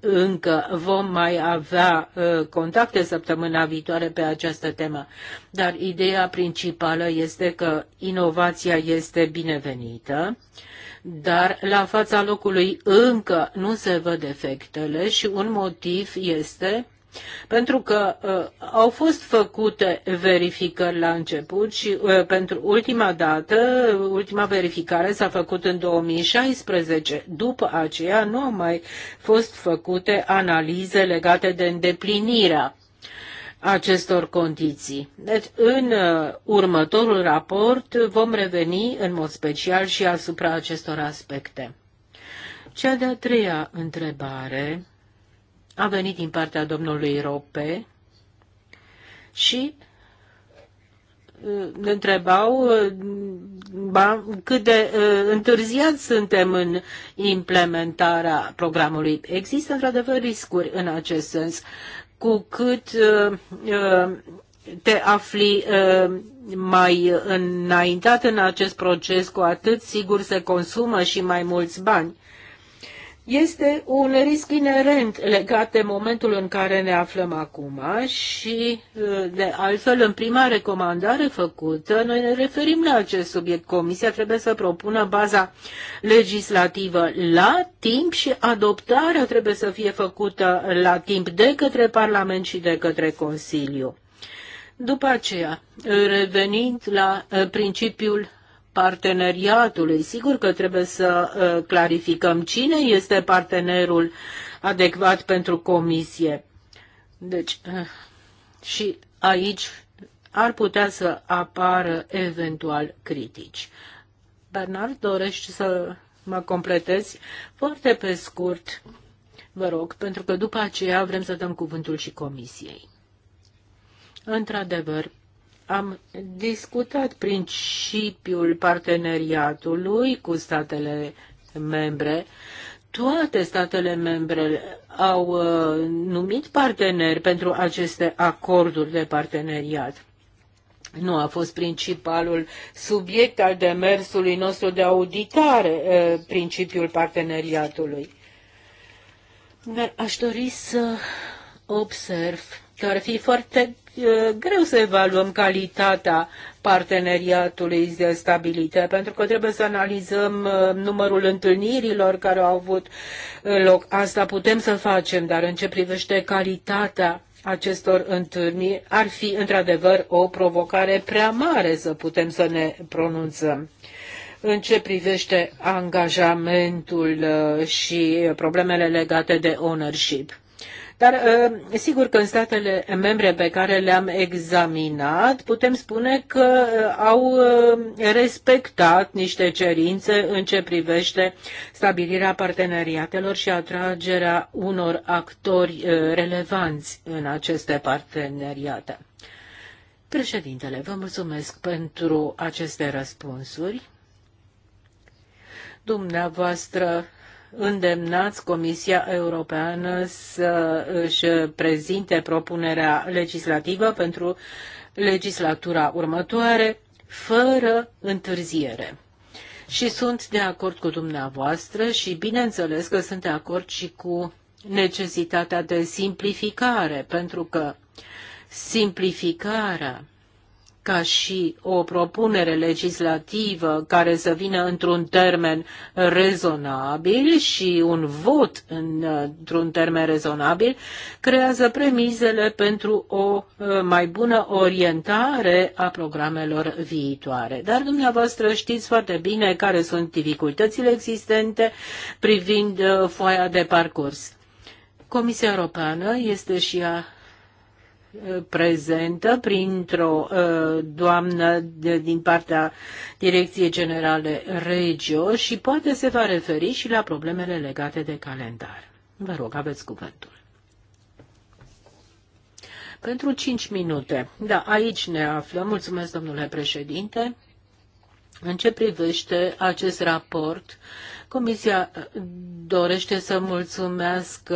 încă vom mai avea contacte săptămâna viitoare pe această temă. Dar ideea principală este că inovația este binevenită, dar la fața locului încă nu se văd efectele și un motiv este pentru că uh, au fost făcute verificări la început și uh, pentru ultima dată, ultima verificare s-a făcut în 2016. După aceea nu au mai fost făcute analize legate de îndeplinirea acestor condiții. Deci, în uh, următorul raport vom reveni în mod special și asupra acestor aspecte. Cea de-a treia întrebare a venit din partea domnului Rope și ne uh, întrebau uh, ba, cât de uh, întârziați suntem în implementarea programului. Există într-adevăr riscuri în acest sens. Cu cât uh, uh te afli uh, mai înaintat în acest proces, cu atât sigur se consumă și mai mulți bani. Este un risc inerent legat de momentul în care ne aflăm acum și, uh, de altfel, în prima recomandare făcută, noi ne referim la acest subiect. Comisia trebuie să propună baza legislativă la timp și adoptarea trebuie să fie făcută la timp de către Parlament și de către Consiliu. După aceea, revenind la uh, principiul parteneriatului. Sigur că trebuie să uh, clarificăm cine este partenerul adecvat pentru comisie. Deci, uh, și aici ar putea să apară eventual critici. Bernard, dorești să mă completezi? Foarte pe scurt, vă rog, pentru că după aceea vrem să dăm cuvântul și comisiei. Într-adevăr, am discutat principiul parteneriatului cu statele membre. Toate statele membre au uh, numit parteneri pentru aceste acorduri de parteneriat. Nu a fost principalul subiect al demersului nostru de auditare uh, principiul parteneriatului. Dar aș dori să observ că ar fi foarte greu să evaluăm calitatea parteneriatului de stabilite, pentru că trebuie să analizăm uh, numărul întâlnirilor care au avut uh, loc. Asta putem să facem, dar în ce privește calitatea acestor întâlniri, ar fi într-adevăr o provocare prea mare să putem să ne pronunțăm în ce privește angajamentul uh, și problemele legate de ownership. Dar ă, sigur că în statele membre pe care le-am examinat, putem spune că ă, au ă, respectat niște cerințe în ce privește stabilirea parteneriatelor și atragerea unor actori relevanți în aceste parteneriate. Președintele, vă mulțumesc pentru aceste răspunsuri. Dumneavoastră îndemnați Comisia Europeană să își prezinte propunerea legislativă pentru legislatura următoare fără întârziere. Și sunt de acord cu dumneavoastră și bineînțeles că sunt de acord și cu necesitatea de simplificare, pentru că simplificarea ca și o propunere legislativă care să vină într-un termen rezonabil și un vot într-un termen rezonabil, creează premisele pentru o uh, mai bună orientare a programelor viitoare. Dar dumneavoastră știți foarte bine care sunt dificultățile existente privind uh, foaia de parcurs. Comisia Europeană este și ea prezentă printr-o uh, doamnă de, din partea Direcției Generale Regio și poate se va referi și la problemele legate de calendar. Vă rog, aveți cuvântul. Pentru 5 minute. Da, aici ne aflăm. Mulțumesc, domnule președinte. În ce privește acest raport, uh, Comisia dorește să mulțumesc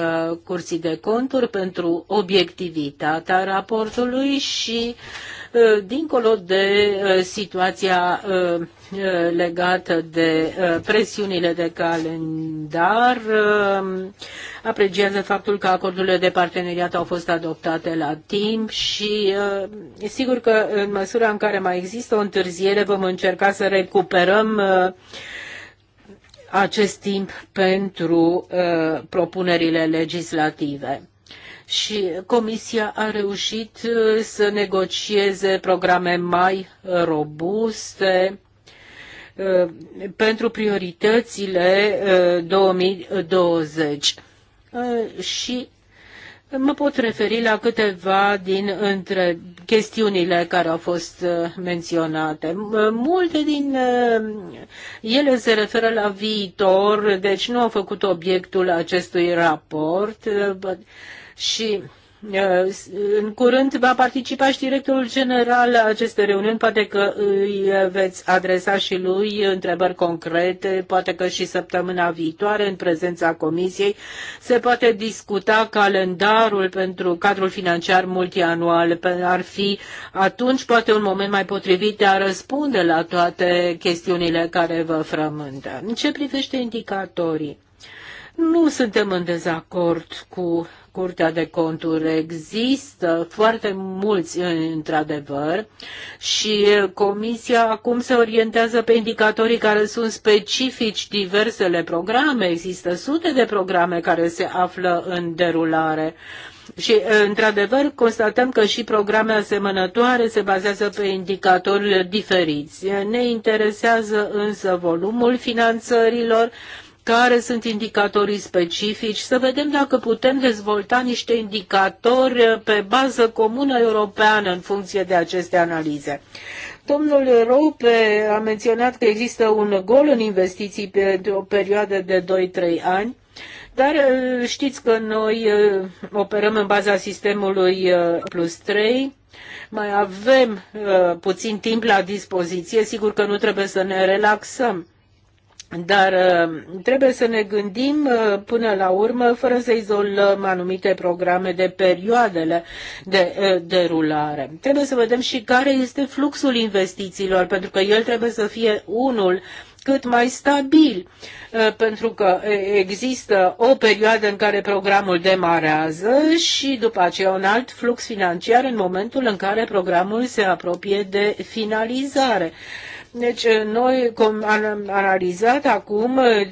Curții de Conturi pentru obiectivitatea raportului și uh, dincolo de uh, situația uh, legată de presiunile de calendar, apreciază faptul că acordurile de parteneriat au fost adoptate la timp și sigur că în măsura în care mai există o întârziere vom încerca să recuperăm uh, acest timp pentru uh, propunerile legislative și Comisia a reușit uh, să negocieze programe mai robuste uh, pentru prioritățile 2020 uh, și Mă pot referi la câteva din între chestiunile care au fost uh, menționate. Uh, multe din uh, ele se referă la viitor, deci nu au făcut obiectul acestui raport și Uh, în curând va participa și directorul general la aceste reuniuni, poate că îi veți adresa și lui întrebări concrete, poate că și săptămâna viitoare, în prezența comisiei, se poate discuta calendarul pentru cadrul financiar multianual. Ar fi atunci poate un moment mai potrivit de a răspunde la toate chestiunile care vă frământă. În ce privește indicatorii? Nu suntem în dezacord cu Curtea de Conturi. Există foarte mulți, într-adevăr, și Comisia acum se orientează pe indicatorii care sunt specifici diversele programe. Există sute de programe care se află în derulare. Și, într-adevăr, constatăm că și programe asemănătoare se bazează pe indicatori diferiți. Ne interesează însă volumul finanțărilor, care sunt indicatorii specifici, să vedem dacă putem dezvolta niște indicatori pe bază comună europeană în funcție de aceste analize. Domnul Rope a menționat că există un gol în investiții pe o perioadă de 2-3 ani, dar uh, știți că noi uh, operăm în baza sistemului uh, plus 3, mai avem puțin timp la dispoziție, sigur că nu trebuie să ne relaxăm dar uh, trebuie să ne gândim uh, până la urmă, fără să izolăm anumite programe de perioadele de uh, derulare. Trebuie să vedem și care este fluxul investițiilor, pentru că el trebuie să fie unul cât mai stabil, pentru că există o perioadă în care programul demarează și după aceea un alt flux financiar în momentul în care programul se apropie de finalizare. Deci eh, noi am analizat acum eh,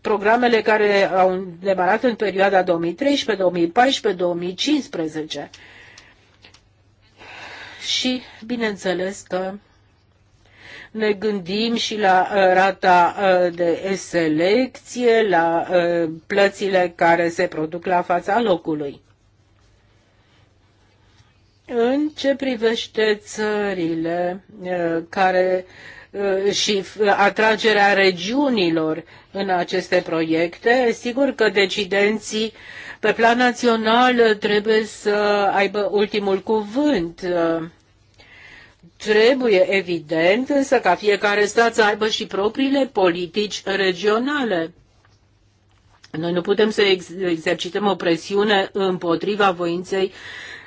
programele care au demarat în perioada 2013, 2014, 2015 și bineînțeles că ne gândim și la eh, rata de selecție, la plățile care se produc la fața locului. În ce privește țările eh, care eh, și eh, atragerea regiunilor în aceste proiecte, sigur că decidenții pe plan național trebuie să aibă ultimul cuvânt. Trebuie, evident, însă ca fiecare stat să aibă și propriile politici regionale. Noi nu putem să exercităm o presiune împotriva voinței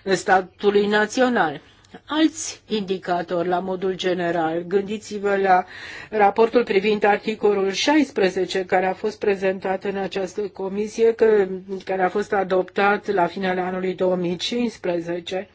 statului național. Alți indicatori la modul general. Gândiți-vă la raportul privind articolul 16 care a fost prezentat în această comisie, că, care a fost adoptat la finele anului 2015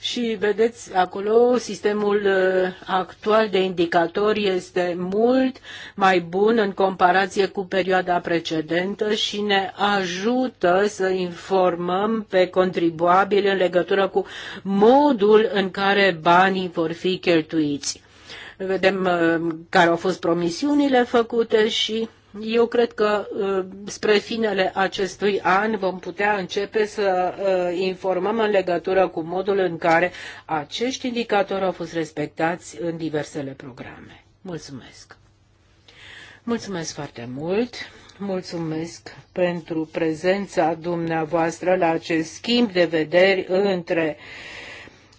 și vedeți acolo, sistemul uh, actual de indicatori este mult mai bun în comparație cu perioada precedentă și ne ajută să informăm pe contribuabili în legătură cu modul în care banii vor fi cheltuiți. Vedem uh, care au fost promisiunile făcute și eu cred că uh, spre finele acestui an vom putea începe să uh, informăm în legătură cu modul în care acești indicatori au fost respectați în diversele programe. Mulțumesc! Mulțumesc foarte mult! Mulțumesc pentru prezența dumneavoastră la acest schimb de vederi între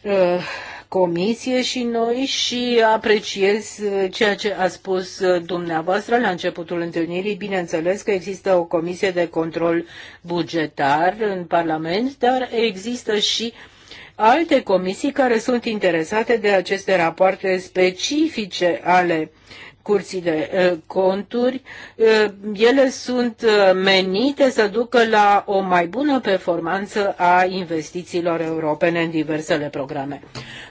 uh, comisie și noi și apreciez uh, ceea ce a spus uh, dumneavoastră la începutul întâlnirii. Bineînțeles că există o comisie de control bugetar în Parlament, dar există și alte comisii care sunt interesate de aceste rapoarte specifice ale uh, curții de conturi, ele sunt menite să ducă la o mai bună performanță a investițiilor europene în diversele programe.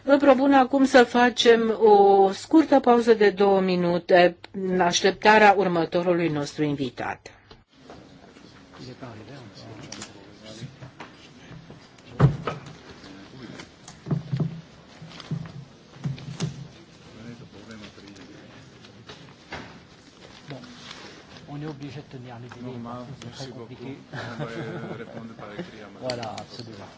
Vă propun acum să facem o scurtă pauză de două minute în așteptarea următorului nostru invitat. Grazie est obligé de tenir les délais. Normal, merci beaucoup. On va répondre par écrit à Voilà, absolument.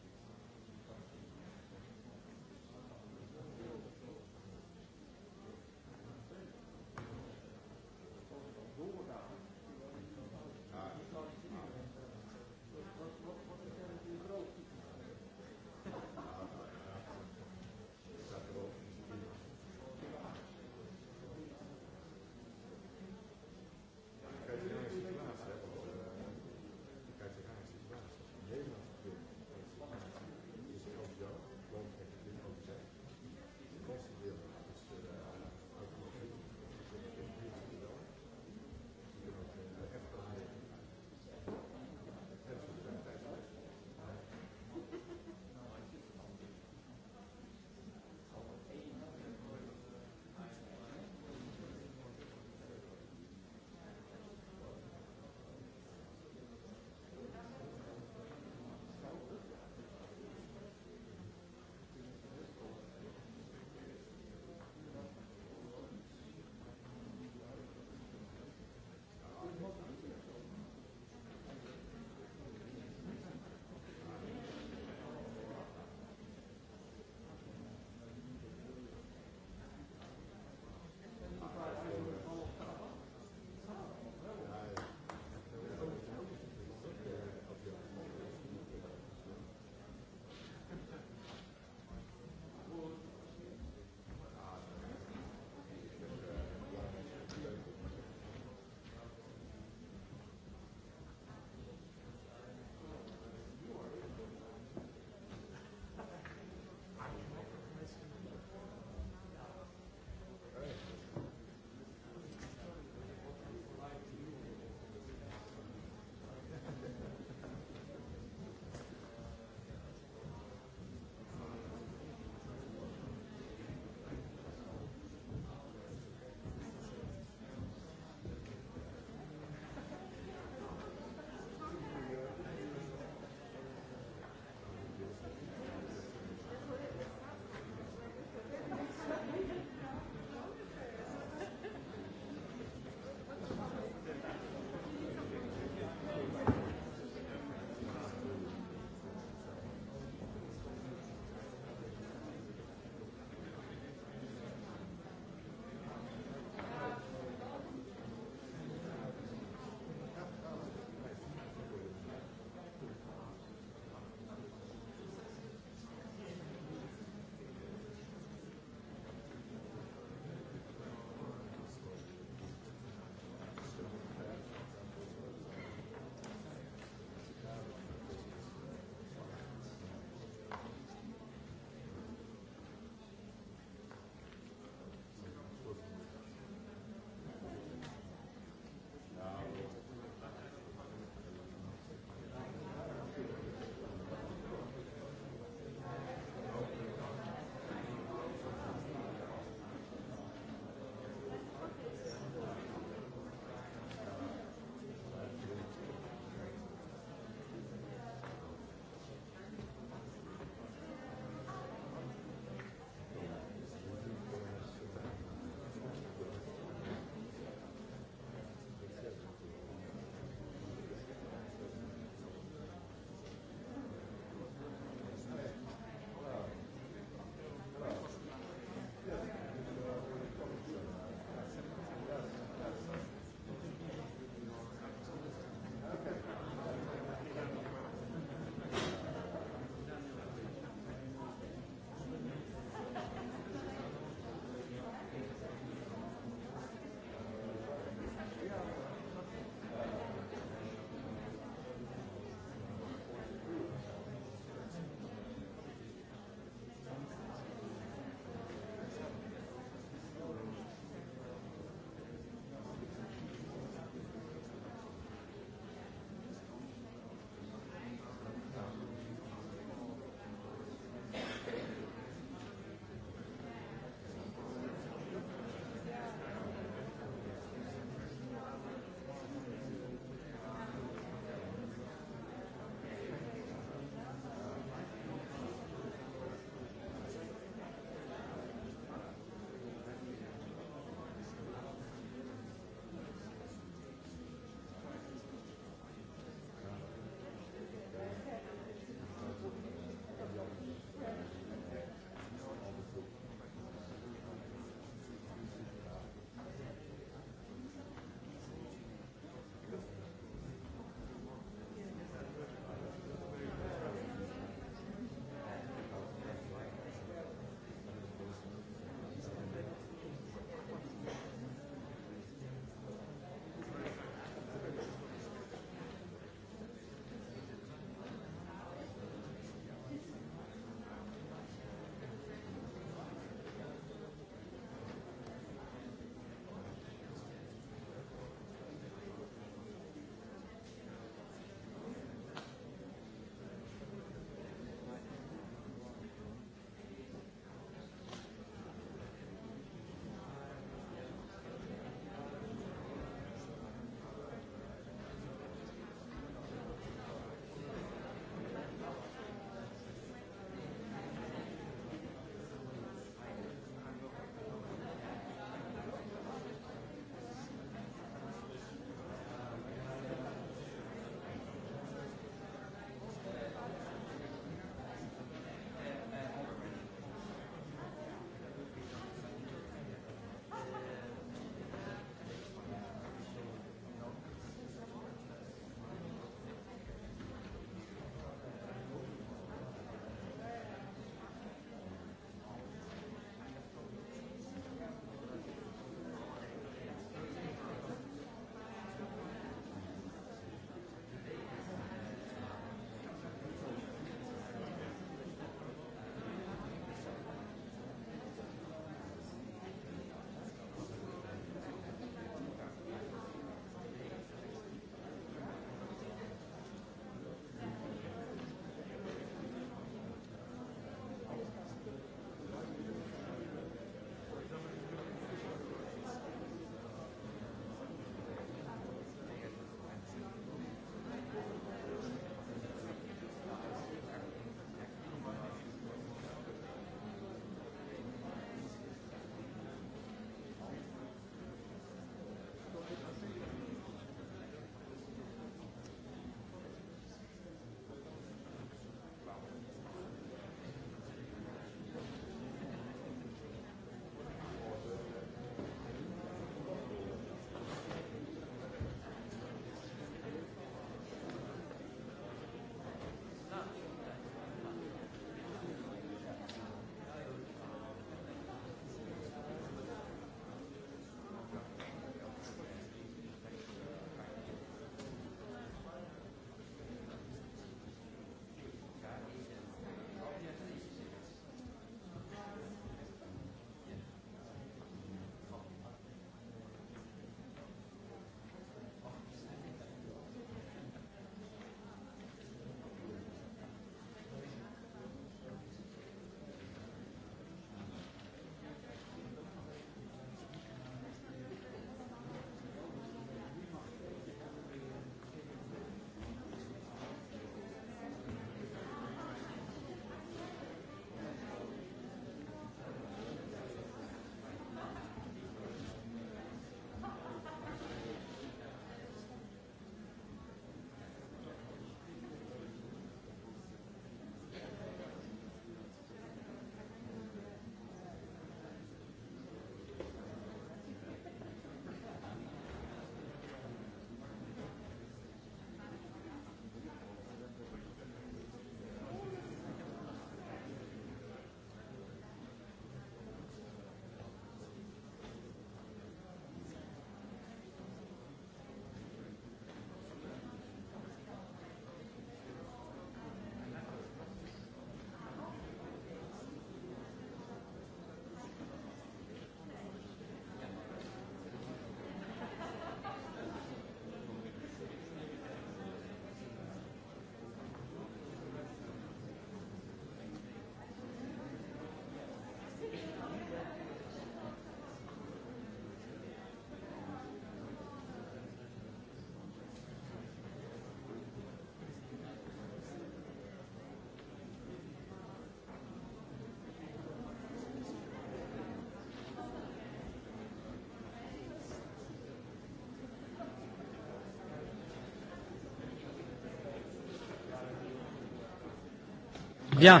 Bien.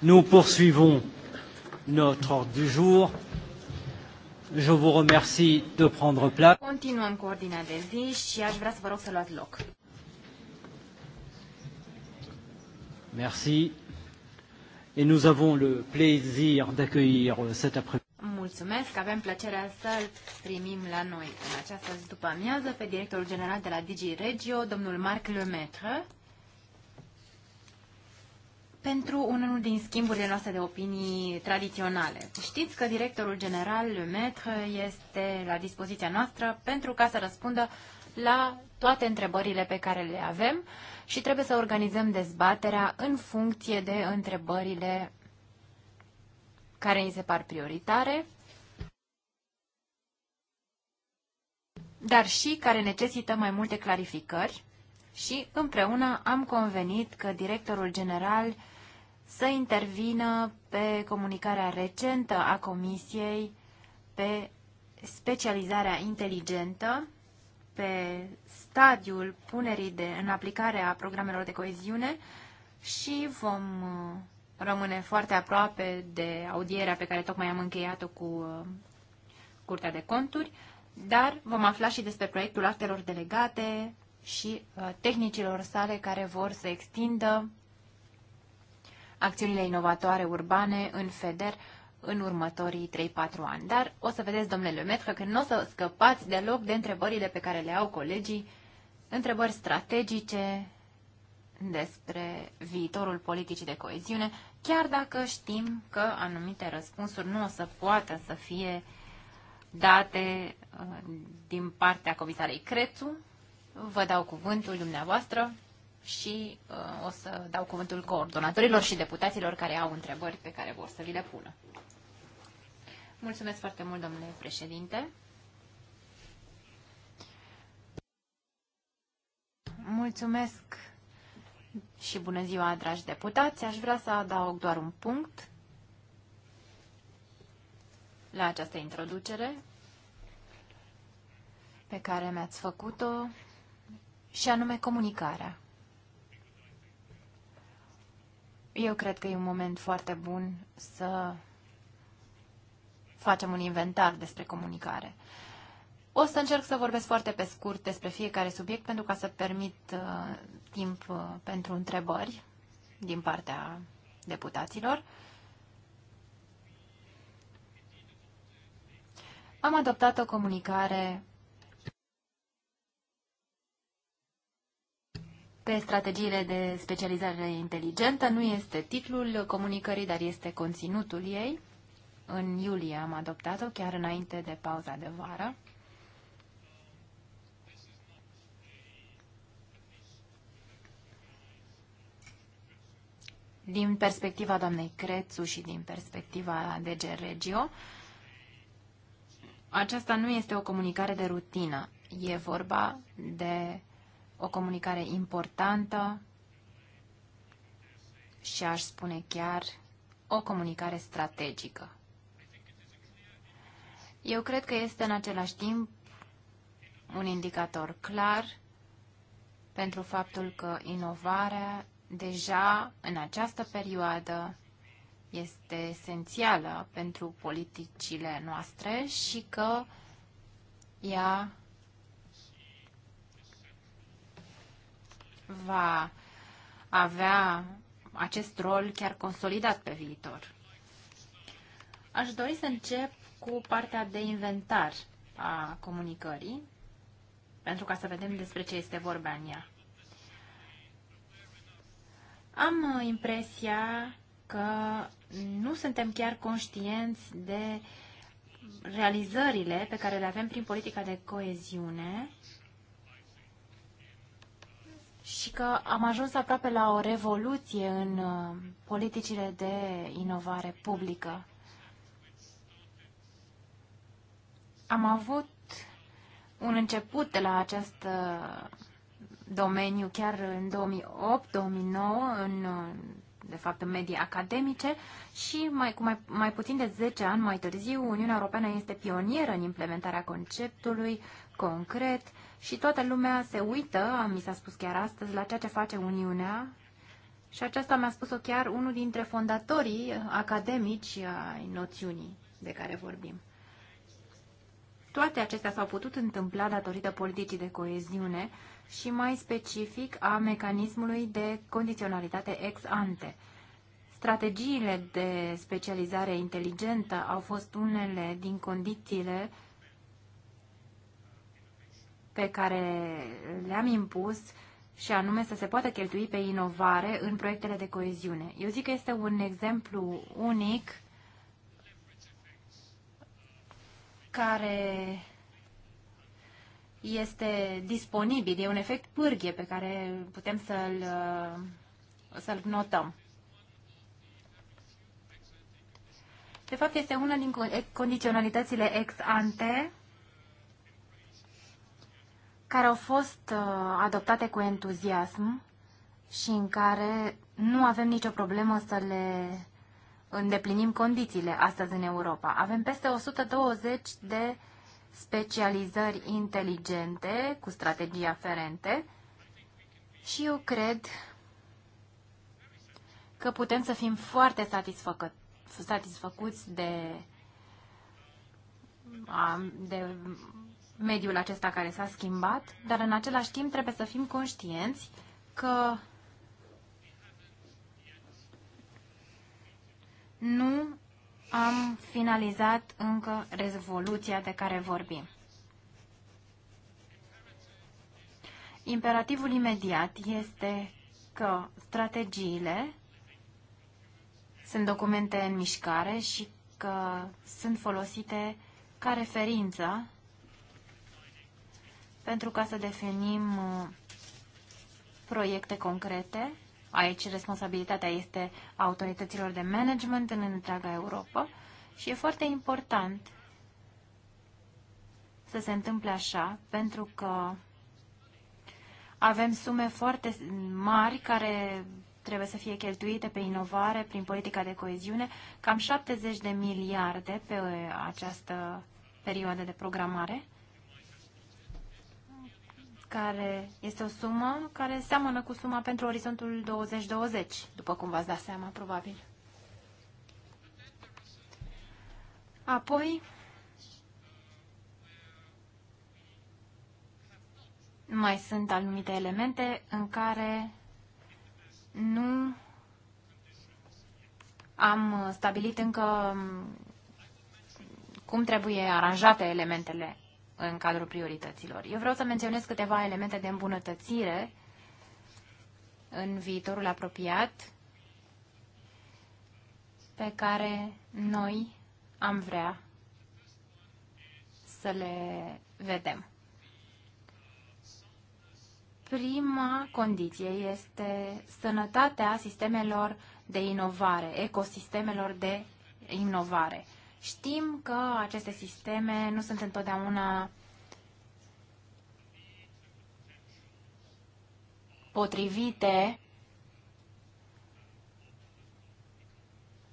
Nous poursuivons notre ordre du jour. Je vous remercie de prendre place. Continuăm cu ordinea de zi și aș vrea să vă rog să luați loc. Merci. Et nous avons le plaisir d'accueillir euh, cet après-midi. Mulțumesc, avem plăcerea să-l primim la noi în această după amiază pe directorul general de la Digi Regio, domnul Marc Lemaitre. din schimburile noastre de opinii tradiționale. Știți că directorul general Le Maître, este la dispoziția noastră pentru ca să răspundă la toate întrebările pe care le avem și trebuie să organizăm dezbaterea în funcție de întrebările care îi se par prioritare, dar și care necesită mai multe clarificări și împreună am convenit că directorul general să intervină pe comunicarea recentă a Comisiei pe specializarea inteligentă, pe stadiul punerii de, în aplicare a programelor de coeziune și vom uh, rămâne foarte aproape de audierea pe care tocmai am încheiat-o cu uh, Curtea de Conturi, dar vom afla și despre proiectul actelor delegate și uh, tehnicilor sale care vor să extindă acțiunile inovatoare urbane în FEDER în următorii 3-4 ani. Dar o să vedeți, domnule Lemetră, că nu o să scăpați deloc de întrebările pe care le au colegii, întrebări strategice despre viitorul politicii de coeziune, chiar dacă știm că anumite răspunsuri nu o să poată să fie date uh, din partea comisarei Crețu. Vă dau cuvântul dumneavoastră și uh, o să dau cuvântul coordonatorilor și deputaților care au întrebări pe care vor să vi le pună. Mulțumesc foarte mult, domnule președinte. Mulțumesc și bună ziua, dragi deputați. Aș vrea să adaug doar un punct la această introducere pe care mi-ați făcut-o și anume comunicarea. Eu cred că e un moment foarte bun să facem un inventar despre comunicare. O să încerc să vorbesc foarte pe scurt despre fiecare subiect pentru ca să permit uh, timp uh, pentru întrebări din partea deputaților. Am adoptat o comunicare pe strategiile de specializare inteligentă. Nu este titlul comunicării, dar este conținutul ei. În iulie am adoptat-o, chiar înainte de pauza de vară. Din perspectiva doamnei Crețu și din perspectiva DG Regio, aceasta nu este o comunicare de rutină. E vorba de o comunicare importantă și aș spune chiar o comunicare strategică. Eu cred că este în același timp un indicator clar pentru faptul că inovarea deja în această perioadă este esențială pentru politicile noastre și că ea va avea acest rol chiar consolidat pe viitor. Aș dori să încep cu partea de inventar a comunicării, pentru ca să vedem despre ce este vorba în ea. Am impresia că nu suntem chiar conștienți de realizările pe care le avem prin politica de coeziune și că am ajuns aproape la o revoluție în uh, politicile de inovare publică. Am avut un început de la acest uh, domeniu chiar în 2008-2009, în, uh, de fapt în medii academice și mai, cu mai, mai puțin de 10 ani mai târziu, Uniunea Europeană este pionieră în implementarea conceptului concret și toată lumea se uită, mi s-a spus chiar astăzi, la ceea ce face Uniunea și aceasta mi-a spus-o chiar unul dintre fondatorii uh, academici uh, ai noțiunii de care vorbim. Toate acestea s-au putut întâmpla datorită politicii de coeziune și mai specific a mecanismului de condiționalitate ex ante. Strategiile de specializare inteligentă au fost unele din condițiile pe care le-am impus și anume să se poată cheltui pe inovare în proiectele de coeziune. Eu zic că este un exemplu unic care este disponibil, e un efect pârghie pe care putem să-l să-l notăm. De fapt, este una din condiționalitățile ex ante care au fost uh, adoptate cu entuziasm și în care nu avem nicio problemă să le îndeplinim condițiile astăzi în Europa. Avem peste 120 de specializări inteligente cu strategii aferente și eu cred că putem să fim foarte satisfăcuți de, de mediul acesta care s-a schimbat, dar în același timp trebuie să fim conștienți că nu am finalizat încă rezoluția de care vorbim. Imperativul imediat este că strategiile sunt documente în mișcare și că sunt folosite ca referință pentru ca să definim uh, proiecte concrete. Aici responsabilitatea este a autorităților de management în întreaga Europa și e foarte important să se întâmple așa, pentru că avem sume foarte mari care trebuie să fie cheltuite pe inovare prin politica de coeziune, cam 70 de miliarde pe această perioadă de programare care este o sumă care seamănă cu suma pentru orizontul 2020, după cum v-ați dat seama, probabil. Apoi, mai sunt anumite elemente în care nu am stabilit încă cum trebuie aranjate elementele în cadrul priorităților. Eu vreau să menționez câteva elemente de îmbunătățire în viitorul apropiat pe care noi am vrea să le vedem. Prima condiție este sănătatea sistemelor de inovare, ecosistemelor de inovare. Știm că aceste sisteme nu sunt întotdeauna potrivite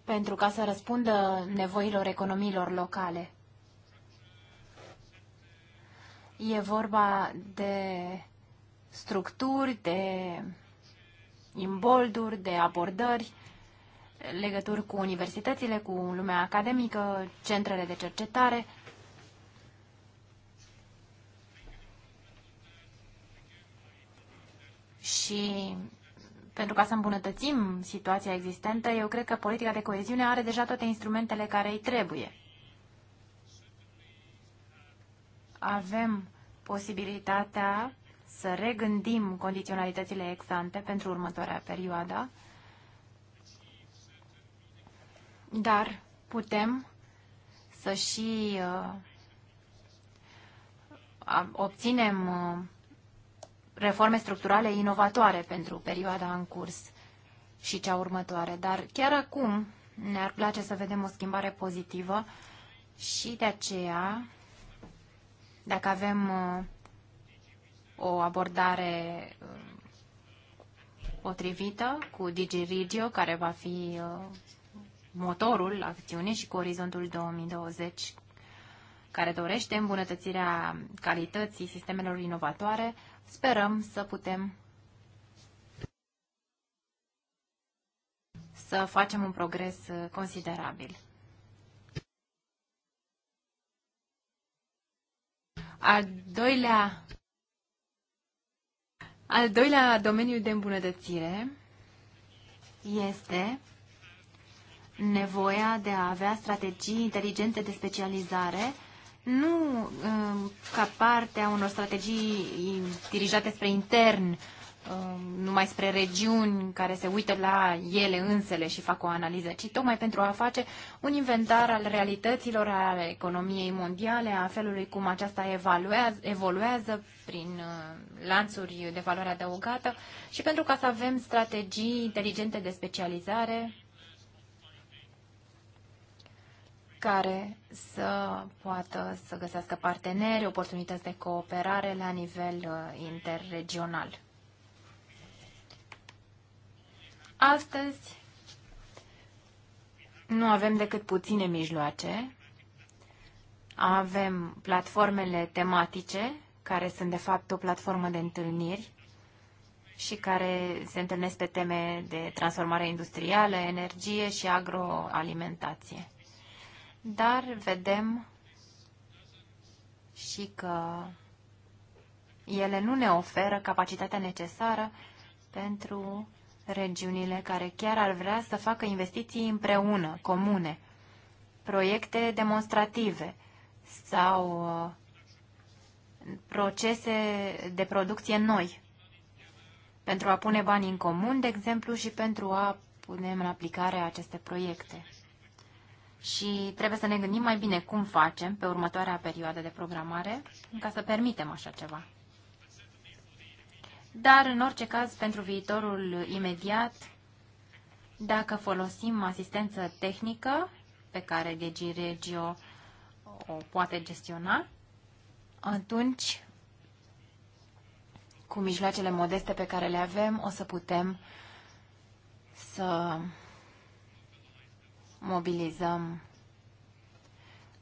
pentru ca să răspundă nevoilor economiilor locale. E vorba de structuri, de imbolduri, de abordări legături cu universitățile, cu lumea academică, centrele de cercetare. Și pentru ca să îmbunătățim situația existentă, eu cred că politica de coeziune are deja toate instrumentele care îi trebuie. Avem posibilitatea să regândim condiționalitățile exante pentru următoarea perioadă dar putem să și uh, obținem uh, reforme structurale inovatoare pentru perioada în curs și cea următoare. Dar chiar acum ne-ar place să vedem o schimbare pozitivă și de aceea, dacă avem uh, o abordare potrivită cu DigiRigio, care va fi motorul acțiunii și cu orizontul 2020 care dorește îmbunătățirea calității sistemelor inovatoare, sperăm să putem să facem un progres uh, considerabil. Al doilea, al doilea domeniu de îmbunătățire este nevoia de a avea strategii inteligente de specializare, nu um, ca parte a unor strategii dirijate spre intern, um, numai spre regiuni care se uită la ele însele și fac o analiză, ci tocmai pentru a face un inventar al realităților, ale economiei mondiale, a felului cum aceasta evaluează, evoluează prin uh, lanțuri de valoare adăugată și pentru ca să avem strategii inteligente de specializare care să poată să găsească parteneri, oportunități de cooperare la nivel uh, interregional. Astăzi nu avem decât puține mijloace. Avem platformele tematice, care sunt de fapt o platformă de întâlniri și care se întâlnesc pe teme de transformare industrială, energie și agroalimentație dar vedem și că ele nu ne oferă capacitatea necesară pentru regiunile care chiar ar vrea să facă investiții împreună, comune, proiecte demonstrative sau uh, procese de producție noi, pentru a pune bani în comun, de exemplu, și pentru a pune în aplicare aceste proiecte și trebuie să ne gândim mai bine cum facem pe următoarea perioadă de programare ca să permitem așa ceva. Dar, în orice caz, pentru viitorul imediat, dacă folosim asistență tehnică pe care DG Regio o poate gestiona, atunci, cu mijloacele modeste pe care le avem, o să putem să mobilizăm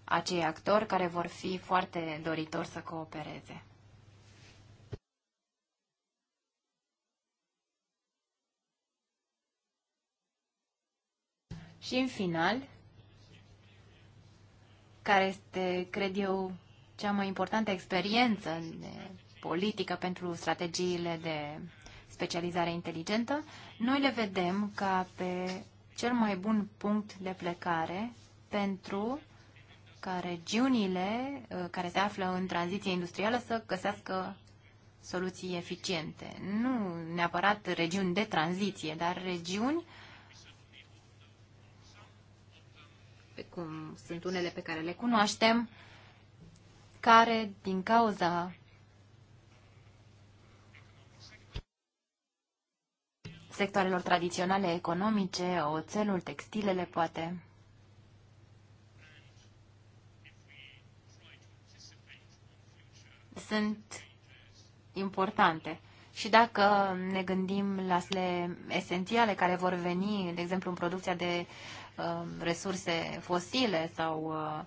acei actori care vor fi foarte doritori să coopereze. Și în final, care este, cred eu, cea mai importantă experiență de politică pentru strategiile de specializare inteligentă, noi le vedem ca pe cel mai bun punct de plecare pentru ca regiunile uh, care se află în tranziție industrială să găsească soluții eficiente. Nu neapărat regiuni de tranziție, dar regiuni pe cum sunt unele pe care le cunoaștem, care, din cauza sectoarelor tradiționale economice, oțelul, textilele, poate. Sunt importante. Și dacă ne gândim la cele esențiale care vor veni, de exemplu, în producția de uh, resurse fosile sau uh,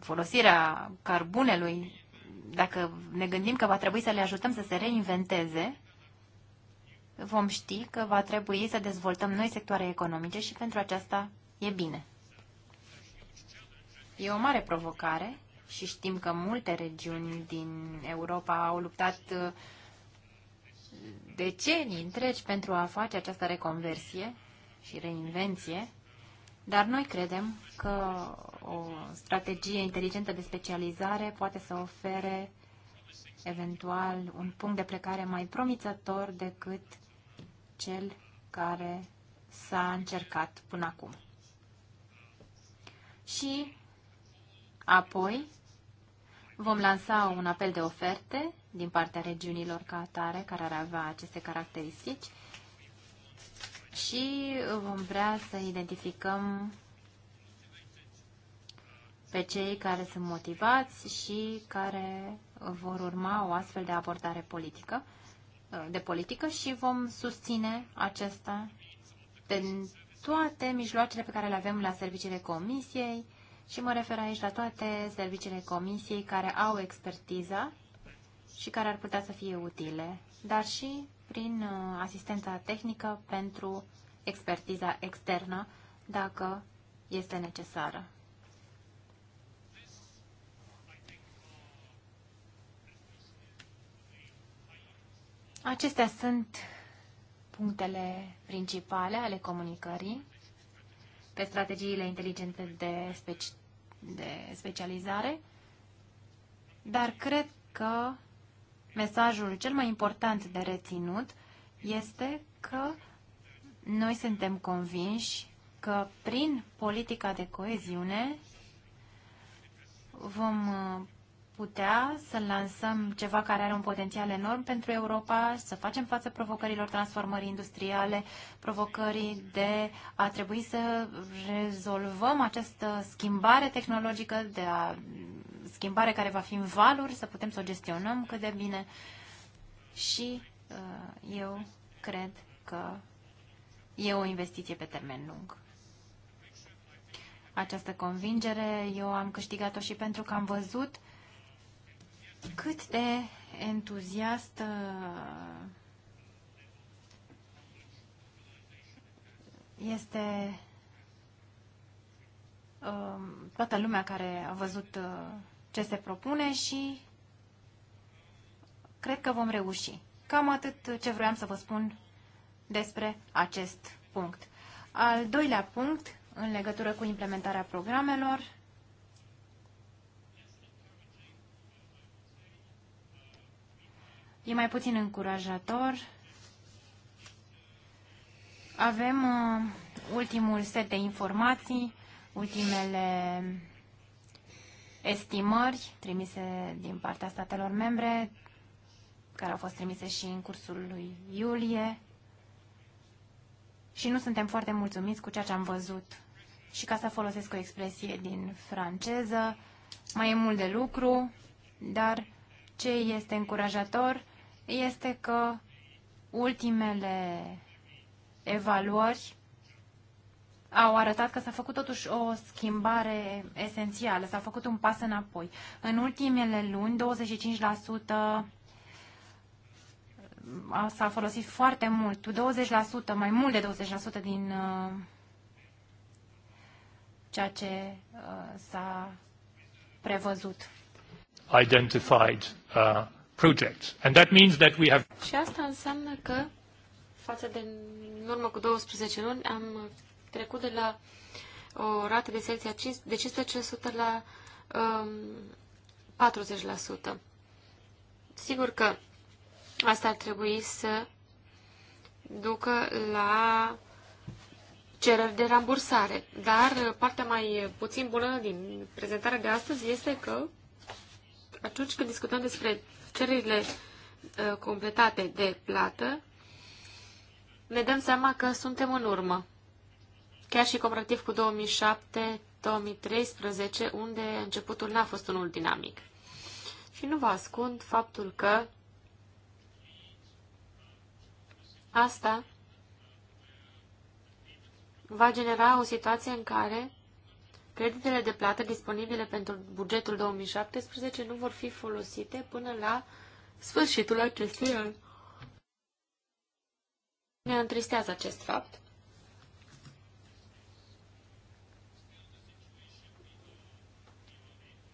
folosirea carbunelui, dacă ne gândim că va trebui să le ajutăm să se reinventeze, vom ști că va trebui să dezvoltăm noi sectoare economice și pentru aceasta e bine. E o mare provocare și știm că multe regiuni din Europa au luptat uh, decenii întregi pentru a face această reconversie și reinvenție, dar noi credem că o strategie inteligentă de specializare poate să ofere eventual un punct de plecare mai promițător decât cel care s-a încercat până acum. Și apoi vom lansa un apel de oferte din partea regiunilor ca atare, care ar avea aceste caracteristici și vom vrea să identificăm pe cei care sunt motivați și care vor urma o astfel de abordare politică de politică și vom susține acesta pe toate mijloacele pe care le avem la serviciile comisiei și mă refer aici la toate serviciile comisiei care au expertiza și care ar putea să fie utile, dar și prin uh, asistența tehnică pentru expertiza externă, dacă este necesară. Acestea sunt punctele principale ale comunicării pe strategiile inteligente de, speci de specializare, dar cred că mesajul cel mai important de reținut este că noi suntem convinși că prin politica de coeziune vom putea să lansăm ceva care are un potențial enorm pentru Europa, să facem față provocărilor transformării industriale, provocării de a trebui să rezolvăm această schimbare tehnologică, de a, schimbare care va fi în valuri, să putem să o gestionăm cât de bine. Și uh, eu cred că e o investiție pe termen lung. Această convingere eu am câștigat-o și pentru că am văzut cât de entuziastă uh, este um, toată lumea care a văzut uh, ce se propune și cred că vom reuși. Cam atât ce vroiam să vă spun despre acest punct. Al doilea punct, în legătură cu implementarea programelor, e mai puțin încurajator. Avem uh, ultimul set de informații, ultimele estimări trimise din partea statelor membre, care au fost trimise și în cursul lui iulie. Și nu suntem foarte mulțumiți cu ceea ce am văzut. Și ca să folosesc o expresie din franceză, mai e mult de lucru, dar ce este încurajator este că ultimele evaluări au arătat că s-a făcut totuși o schimbare esențială, s-a făcut un pas înapoi. În ultimele luni, 25% s-a folosit foarte mult, 20%, mai mult de 20% din uh, ceea ce uh, s-a prevăzut. Identified uh, projects. And that means that we have... Și asta înseamnă că față de în urmă cu 12 luni am trecut de la o rată de selecție de 15% la um, 40%. Sigur că asta ar trebui să ducă la cereri de rambursare. Dar partea mai puțin bună din prezentarea de astăzi este că atunci când discutăm despre cererile ă, completate de plată, ne dăm seama că suntem în urmă. Chiar și comparativ cu 2007, 2013, unde începutul n-a fost unul dinamic. Și nu vă ascund faptul că asta va genera o situație în care Creditele de plată disponibile pentru bugetul 2017 nu vor fi folosite până la sfârșitul acestui an. Ne întristează acest fapt.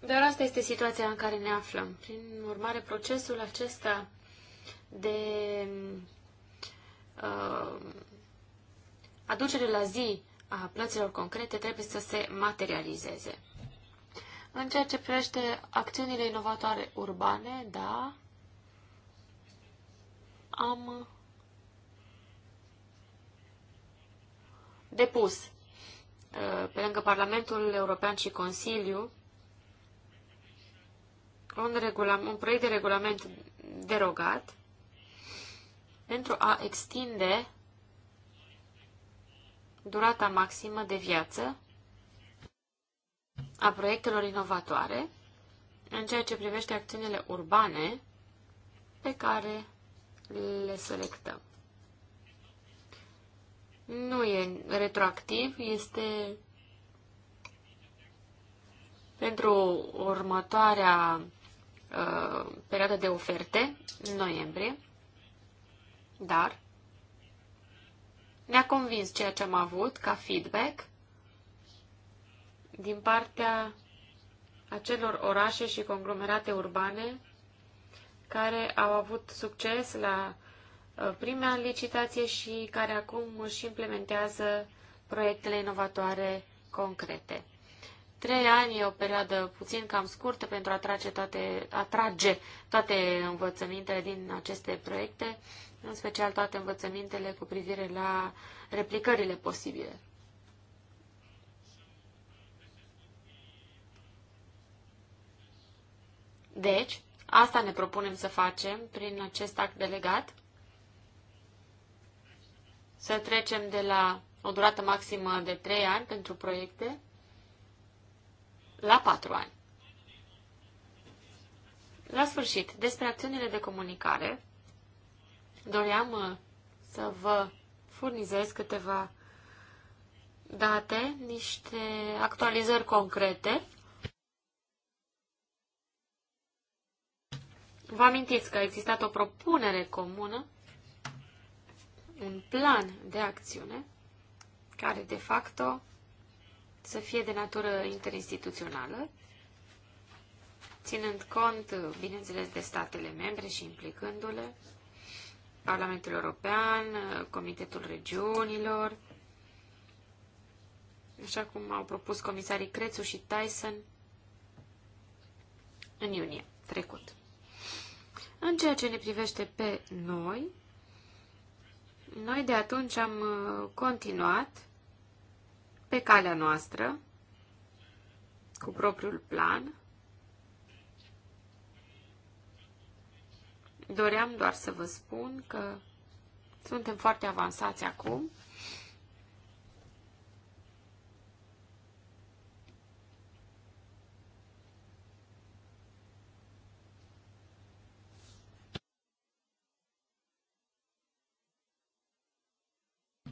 Dar asta este situația în care ne aflăm. Prin urmare, procesul acesta de uh, aducere la zi a plăților concrete trebuie să se materializeze. În ceea ce privește acțiunile inovatoare urbane, da, am depus uh, pe lângă Parlamentul European și Consiliu un, un proiect de regulament derogat pentru a extinde durata maximă de viață a proiectelor inovatoare în ceea ce privește acțiunile urbane pe care le selectăm. Nu e retroactiv, este pentru următoarea uh, perioadă de oferte, noiembrie, dar ne-a convins ceea ce am avut ca feedback din partea acelor orașe și conglomerate urbane care au avut succes la uh, prima licitație și care acum își implementează proiectele inovatoare concrete. Trei ani e o perioadă puțin cam scurtă pentru a trage toate, atrage toate învățămintele din aceste proiecte, în special toate învățămintele cu privire la replicările posibile. Deci, asta ne propunem să facem prin acest act delegat. Să trecem de la o durată maximă de 3 ani pentru proiecte la 4 ani. La sfârșit, despre acțiunile de comunicare, doream uh, să vă furnizez câteva date, niște actualizări concrete. Vă amintiți că a existat o propunere comună, un plan de acțiune, care de facto să fie de natură interinstituțională, ținând cont, bineînțeles, de statele membre și implicându-le, Parlamentul European, Comitetul Regiunilor, așa cum au propus comisarii Crețu și Tyson în iunie trecut. În ceea ce ne privește pe noi, noi de atunci am uh, continuat pe calea noastră cu propriul plan Doream doar să vă spun că suntem foarte avansați acum.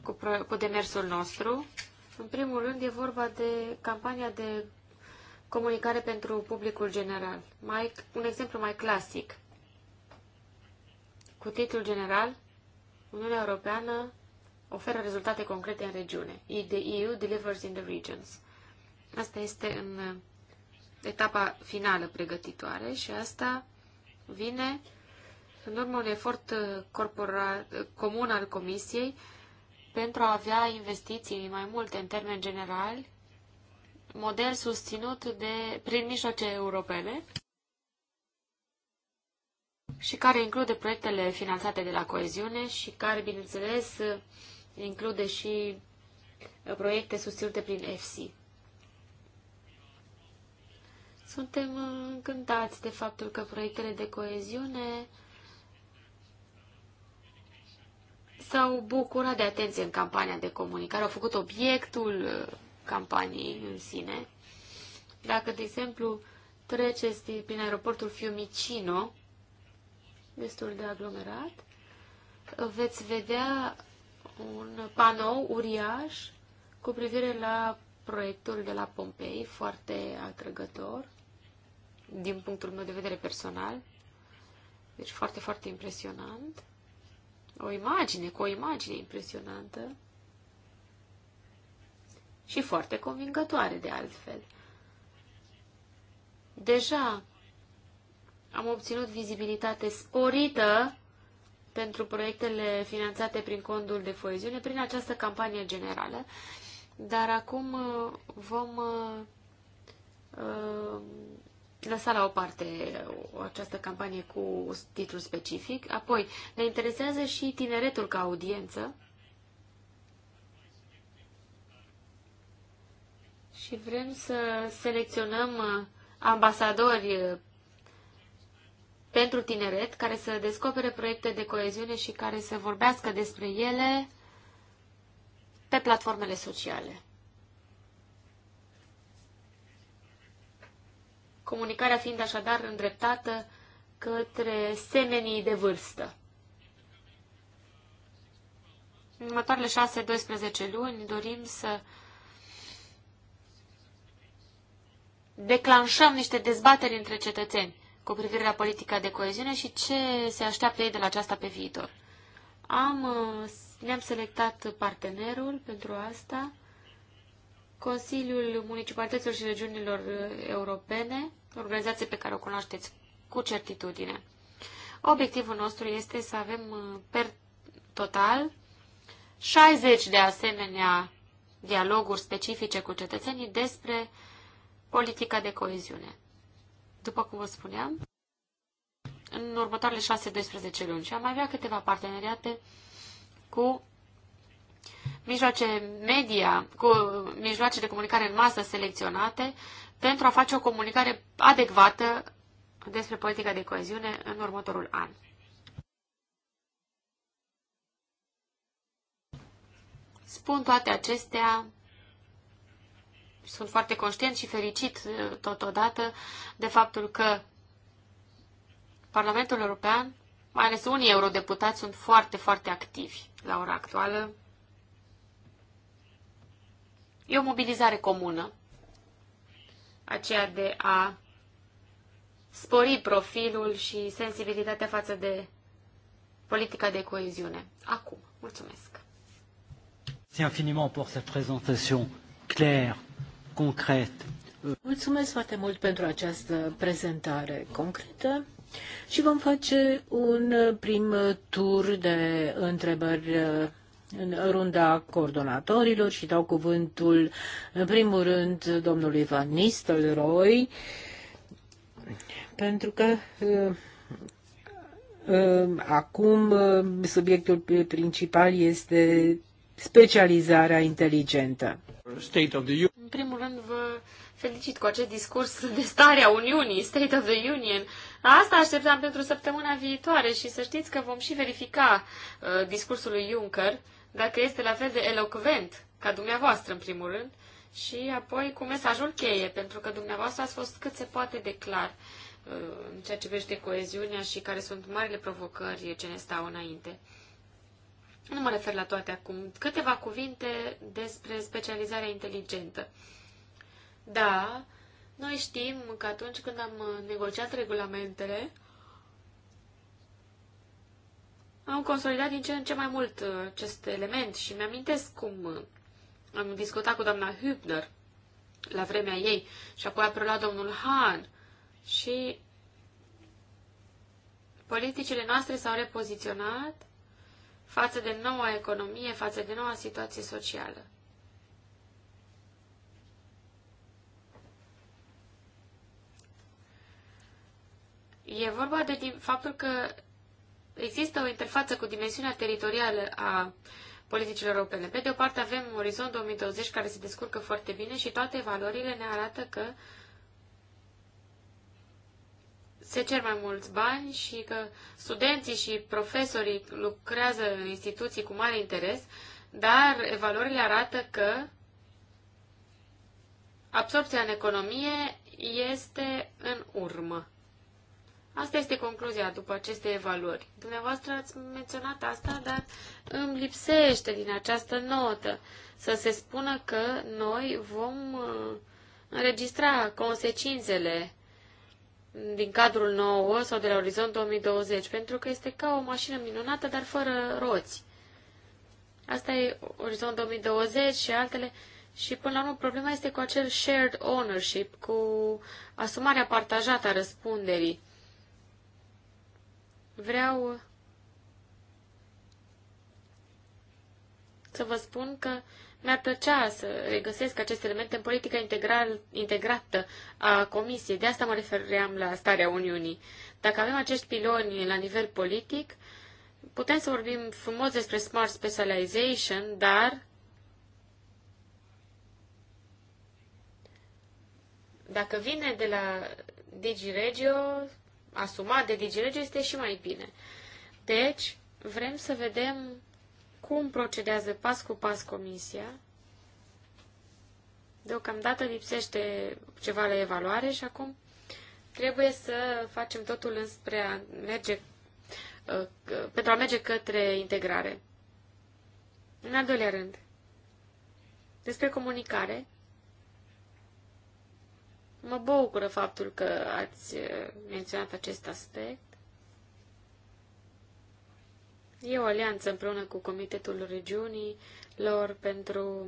cu, cu demersul nostru. În primul rând, e vorba de campania de comunicare pentru publicul general. Mai, un exemplu mai clasic cu titlul general Uniunea Europeană oferă rezultate concrete în regiune. The EU delivers in the regions. Asta este în etapa finală pregătitoare și asta vine în urma un efort corpora, comun al Comisiei pentru a avea investiții mai multe în termeni generali, model susținut de, prin mijloace europene și care include proiectele finanțate de la coeziune și care, bineînțeles, include și uh, proiecte susținute prin FC. Suntem încântați de faptul că proiectele de coeziune s-au bucurat de atenție în campania de comunicare, au făcut obiectul uh, campaniei în sine. Dacă, de exemplu, treceți prin aeroportul Fiumicino, destul de aglomerat, veți vedea un panou uriaș cu privire la proiectul de la Pompei, foarte atrăgător, din punctul meu de vedere personal. Deci foarte, foarte impresionant. O imagine, cu o imagine impresionantă. Și foarte convingătoare, de altfel. Deja am obținut vizibilitate sporită pentru proiectele finanțate prin condul de foeziune, prin această campanie generală. Dar acum uh, vom uh, uh, lăsa la o parte această campanie cu titlu specific. Apoi, ne interesează și tineretul ca audiență. Și vrem să selecționăm uh, ambasadori pentru tineret, care să descopere proiecte de coeziune și care să vorbească despre ele pe platformele sociale. Comunicarea fiind așadar îndreptată către semenii de vârstă. În următoarele 6-12 luni dorim să declanșăm niște dezbateri între cetățeni cu privire la politica de coeziune și ce se așteaptă ei de la aceasta pe viitor. Am, uh, ne-am selectat partenerul pentru asta, Consiliul Municipalităților și Regiunilor uh, Europene, organizație pe care o cunoașteți cu certitudine. Obiectivul nostru este să avem uh, per total 60 de asemenea dialoguri specifice cu cetățenii despre politica de coeziune după cum vă spuneam, în următoarele 6-12 luni. Și am avea câteva parteneriate cu mijloace media, cu mijloace de comunicare în masă selecționate pentru a face o comunicare adecvată despre politica de coeziune în următorul an. Spun toate acestea sunt foarte conștient și fericit uh, totodată de faptul că Parlamentul European, mai ales unii eurodeputați, sunt foarte, foarte activi la ora actuală. E o mobilizare comună, aceea de a spori profilul și sensibilitatea față de politica de coeziune. Acum, mulțumesc! Merci infiniment pour cette présentation claire concret. Mulțumesc foarte mult pentru această prezentare concretă și vom face un prim tur de întrebări în runda coordonatorilor și dau cuvântul în primul rând domnului Van Nistelrooy pentru că ă, ă, acum subiectul principal este specializarea inteligentă. În primul rând vă felicit cu acest discurs de stare a Uniunii, State of the Union. Asta așteptam pentru săptămâna viitoare și să știți că vom și verifica uh, discursul lui Juncker, dacă este la fel de elocvent ca dumneavoastră, în primul rând, și apoi cu mesajul cheie, pentru că dumneavoastră ați fost cât se poate de clar uh, în ceea ce privește coeziunea și care sunt marile provocări ce ne stau înainte. Nu mă refer la toate acum. Câteva cuvinte despre specializarea inteligentă. Da, noi știm că atunci când am negociat regulamentele, am consolidat din ce în ce mai mult uh, acest element și mi-amintesc cum uh, am discutat cu doamna Hübner la vremea ei și apoi a preluat domnul Hahn și politicile noastre s-au repoziționat față de noua economie, față de noua situație socială. E vorba de faptul că există o interfață cu dimensiunea teritorială a politicilor europene. Pe de o parte avem Orizont 2020 care se descurcă foarte bine și toate valorile ne arată că uh, se cer mai mulți bani și că studenții și profesorii lucrează în instituții cu mare interes, dar evaluările arată că absorpția în economie este în urmă. Asta este concluzia după aceste evaluări. Dumneavoastră ați menționat asta, dar îmi lipsește din această notă să se spună că noi vom uh, înregistra consecințele din cadrul nouă sau de la Orizont 2020, pentru că este ca o mașină minunată, dar fără roți. Asta e Orizont 2020 și altele. Și până la urmă problema este cu acel shared ownership, cu asumarea partajată a răspunderii. Vreau să vă spun că mi-ar plăcea să regăsesc aceste elemente în politica integral, integrată a Comisiei. De asta mă refeream la starea Uniunii. Dacă avem acești piloni la nivel politic, putem să vorbim frumos despre smart specialization, dar dacă vine de la DigiRegio, asumat de DigiRegio, este și mai bine. Deci, vrem să vedem cum procedează pas cu pas comisia. Deocamdată lipsește ceva la evaluare și acum trebuie să facem totul înspre a merge, uh, pentru a merge către integrare. În al doilea rând, despre comunicare, mă bucură faptul că ați uh, menționat acest aspect. E o alianță împreună cu Comitetul Regiunii lor pentru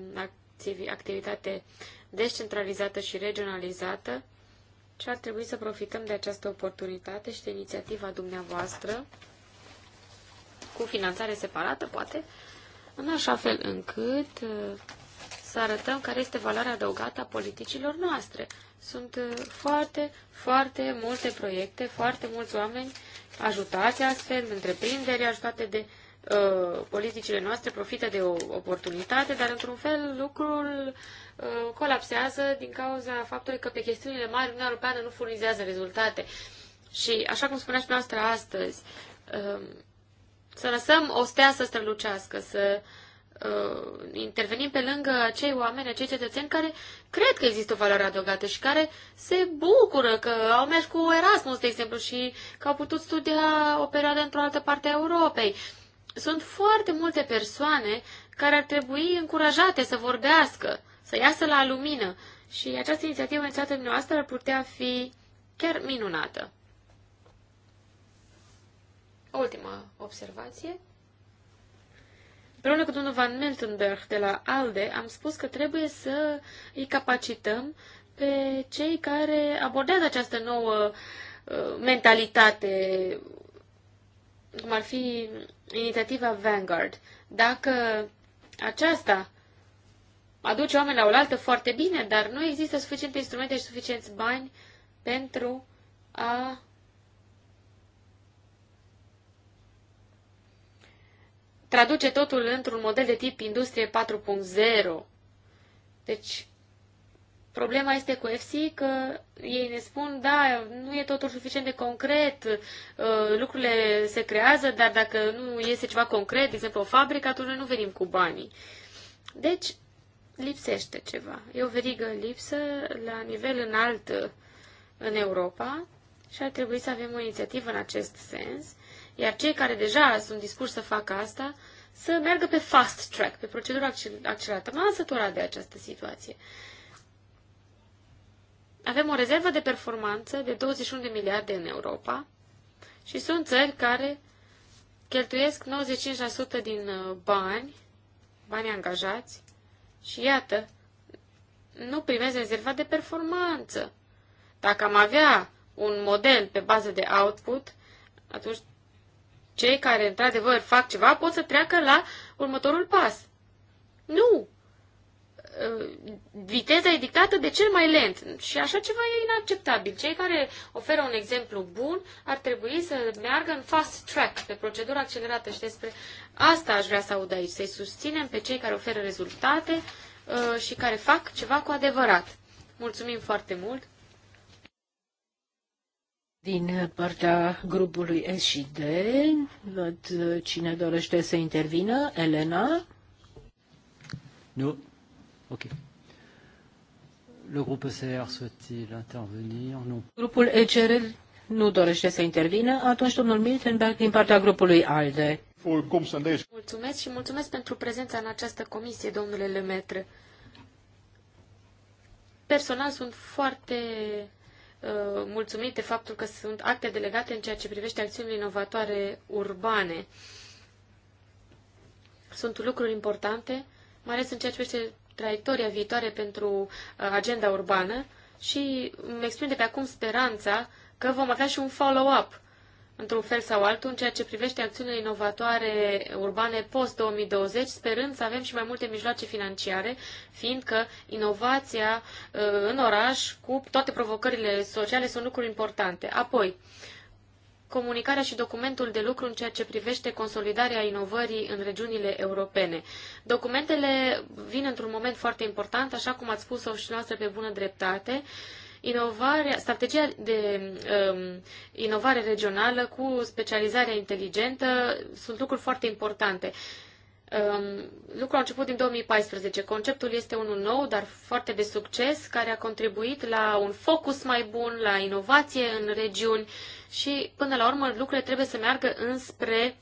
activitate descentralizată și regionalizată și ar trebui să profităm de această oportunitate și de inițiativa dumneavoastră cu finanțare separată, poate, în așa fel încât uh, să arătăm care este valoarea adăugată a politicilor noastre. Sunt uh, foarte, foarte multe proiecte, foarte mulți oameni ajutați astfel, întreprinderi ajutate de uh, politicile noastre profită de o oportunitate, dar într-un fel lucrul uh, colapsează din cauza faptului că pe chestiunile mari Uniunea Europeană nu furnizează rezultate. Și așa cum spunea și noastră astăzi, uh, să lăsăm o stea să strălucească, să uh, uh, intervenim pe lângă acei oameni, acei cetățeni care cred că există o valoare adăugată și care se bucură că au mers cu Erasmus, de exemplu, și că au putut studia o perioadă într-o altă parte a Europei. Sunt foarte multe persoane care ar trebui încurajate să vorbească, să iasă la lumină. Și această inițiativă inițiată dumneavoastră ar putea fi chiar minunată. O ultimă observație. Împreună cu domnul Van Meltenberg de la ALDE am spus că trebuie să îi capacităm pe cei care abordează această nouă uh, mentalitate, cum ar fi inițiativa Vanguard. Dacă aceasta aduce oameni la oaltă foarte bine, dar nu există suficiente instrumente și suficienți bani pentru a traduce totul într-un model de tip industrie 4.0. Deci, problema este cu FC că ei ne spun, da, nu e totul suficient de concret, uh, lucrurile se creează, dar dacă nu iese ceva concret, de exemplu o fabrică, atunci noi nu venim cu banii. Deci, lipsește ceva. E o verigă lipsă la nivel înalt uh, în Europa și ar trebui să avem o inițiativă în acest sens iar cei care deja sunt dispuși să facă asta, să meargă pe fast track, pe procedura accelerată. M-am săturat de această situație. Avem o rezervă de performanță de 21 de miliarde în Europa și sunt țări care cheltuiesc 95% din uh, bani, bani angajați, și iată, nu primesc rezerva de performanță. Dacă am avea un model pe bază de output, atunci cei care într-adevăr fac ceva pot să treacă la următorul pas. Nu! Uh, viteza e dictată de cel mai lent și așa ceva e inacceptabil. Cei care oferă un exemplu bun ar trebui să meargă în fast track, pe procedură accelerată și despre asta aș vrea să aud aici, să-i susținem pe cei care oferă rezultate uh, și care fac ceva cu adevărat. Mulțumim foarte mult! Din partea grupului S și D, văd cine dorește să intervină. Elena? Nu. Ok. Le grup ECR souhaite-t-il intervenir? Nu. Grupul ECR nu dorește să intervină, atunci domnul Miltenberg din partea grupului ALDE. Mulțumesc și mulțumesc pentru prezența în această comisie, domnule Lemetre. Personal sunt foarte Uh, mulțumit de faptul că sunt acte delegate în ceea ce privește acțiunile inovatoare urbane. Sunt lucruri importante, mai ales în ceea ce privește traiectoria viitoare pentru uh, agenda urbană și îmi exprim de pe acum speranța că vom avea și un follow-up într-un fel sau altul, în ceea ce privește acțiunile inovatoare urbane post-2020, sperând să avem și mai multe mijloace financiare, fiindcă inovația uh, în oraș, cu toate provocările sociale, sunt lucruri importante. Apoi, comunicarea și documentul de lucru în ceea ce privește consolidarea inovării în regiunile europene. Documentele vin într-un moment foarte important, așa cum ați spus-o și noastră pe bună dreptate, uh, inovarea, strategia de um, inovare regională cu specializarea inteligentă sunt lucruri foarte importante. Um, lucrul a început din 2014. Conceptul este unul nou, dar foarte de succes, care a contribuit la un focus mai bun, la inovație în regiuni și, până la urmă, lucrurile trebuie să meargă înspre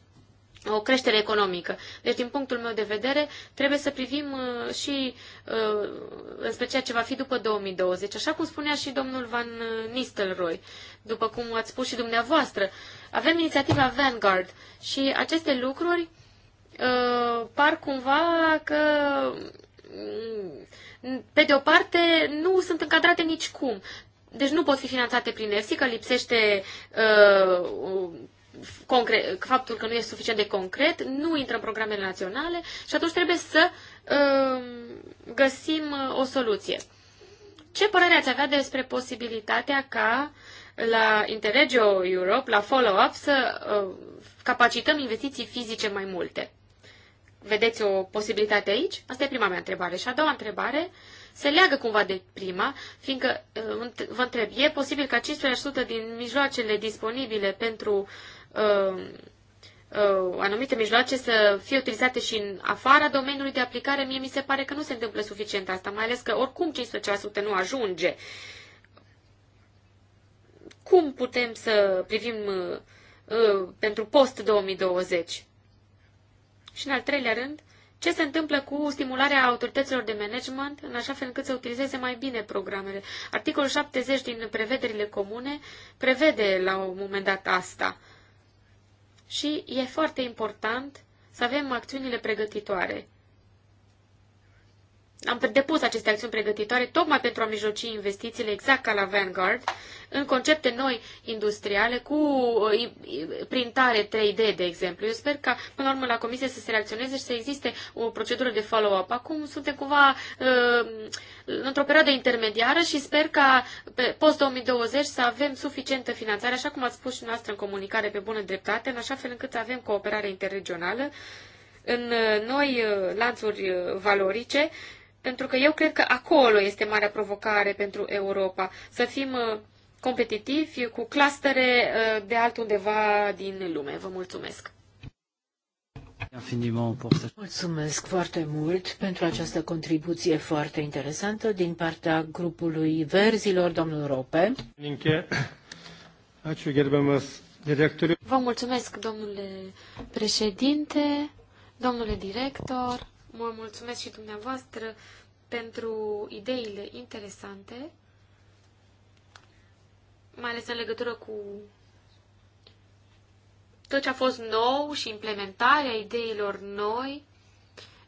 o creștere economică. Deci, din punctul meu de vedere, trebuie să privim uh, și uh, înspre ceea ce va fi după 2020. Așa cum spunea și domnul Van uh, Nistelrooy, după cum ați spus și dumneavoastră, avem inițiativa Vanguard și aceste lucruri par cumva că mm, pe de o parte nu sunt încadrate nicicum. Deci nu pot fi finanțate prin EFSI, că lipsește faptul că nu este suficient de concret, nu intră în programele naționale și atunci trebuie să um, uh, găsim o soluție. Ce părere ați avea despre posibilitatea ca la Interregio Europe, la follow-up, să uh, capacităm investiții fizice mai multe? Vedeți o posibilitate aici? Asta e prima mea întrebare. Și a doua întrebare se leagă cumva de prima, fiindcă uh, vă întreb, e posibil ca 15% din mijloacele disponibile pentru uh, uh, anumite mijloace să fie utilizate și în afara domeniului de aplicare, mie mi se pare că nu se întâmplă suficient asta, mai ales că oricum 15% nu ajunge. Cum putem să privim uh, uh pentru post-2020? Și în al treilea rând, ce se întâmplă cu stimularea autorităților de management în așa fel încât să utilizeze mai bine programele? Articolul 70 din prevederile comune prevede la un moment dat asta și e foarte important să avem acțiunile pregătitoare am depus aceste acțiuni pregătitoare tocmai pentru a mijloci investițiile, exact ca la Vanguard, în concepte noi industriale, cu uh, printare 3D, de exemplu. Eu sper ca, până la urmă, la comisie să se reacționeze și să existe o procedură de follow-up. Acum suntem cumva uh, într-o perioadă intermediară și sper ca pe post-2020 să avem suficientă finanțare, așa cum ați spus și noastră în comunicare pe bună dreptate, în așa fel încât să avem cooperare interregională în uh, noi uh, lanțuri valorice pentru că eu cred că acolo este marea provocare pentru Europa, să fim uh, competitivi cu clustere uh, de altundeva din lume. Vă mulțumesc! Mulțumesc foarte mult pentru această contribuție foarte interesantă din partea grupului Verzilor, domnul Rope. Vă mulțumesc, domnule președinte, domnule director. Mă mulțumesc și dumneavoastră pentru ideile interesante, mai ales în legătură cu tot ce a fost nou și implementarea ideilor noi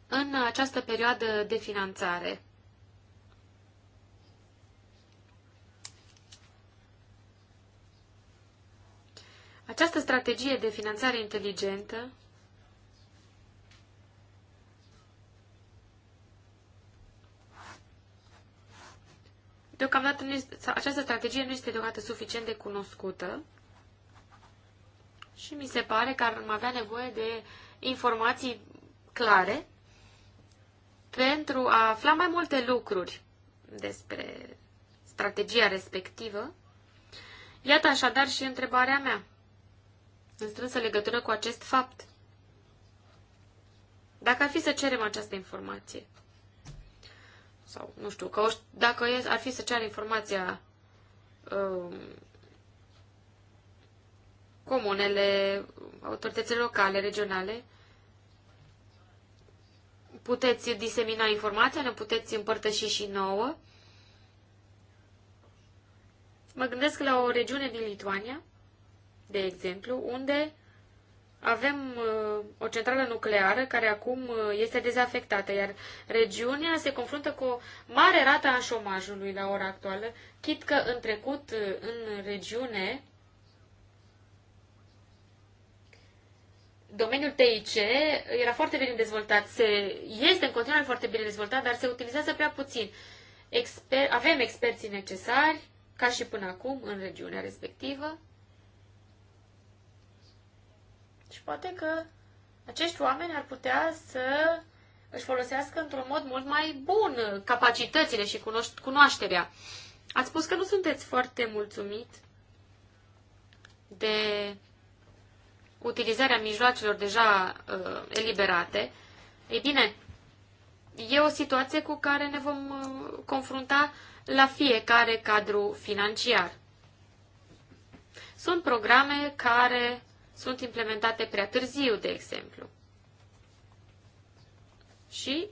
în această perioadă de finanțare. Această strategie de finanțare inteligentă Deocamdată nu este, această strategie nu este deocamdată suficient de cunoscută și mi se pare că am avea nevoie de informații clare pentru a afla mai multe lucruri despre strategia respectivă. Iată așadar și întrebarea mea, în strânsă legătură cu acest fapt. Dacă ar fi să cerem această informație, sau nu știu, că dacă ar fi să ceară informația um, comunele, autoritățile locale, regionale, puteți disemina informația, ne puteți împărtăși și nouă. Mă gândesc la o regiune din Lituania, de exemplu, unde avem uh, o centrală nucleară care acum uh, este dezafectată, iar regiunea se confruntă cu o mare rată a șomajului la ora actuală, chit că în trecut uh, în regiune domeniul TIC era foarte bine dezvoltat, se, este în continuare foarte bine dezvoltat, dar se utilizează prea puțin. Exper, avem experții necesari, ca și până acum, în regiunea respectivă, și deci poate că acești oameni ar putea să își folosească într-un mod mult mai bun capacitățile și cunoașterea. Ați spus că nu sunteți foarte mulțumit de utilizarea mijloacelor deja uh, eliberate. Ei bine, e o situație cu care ne vom uh, confrunta la fiecare cadru financiar. Sunt programe care sunt implementate prea târziu, de exemplu. Și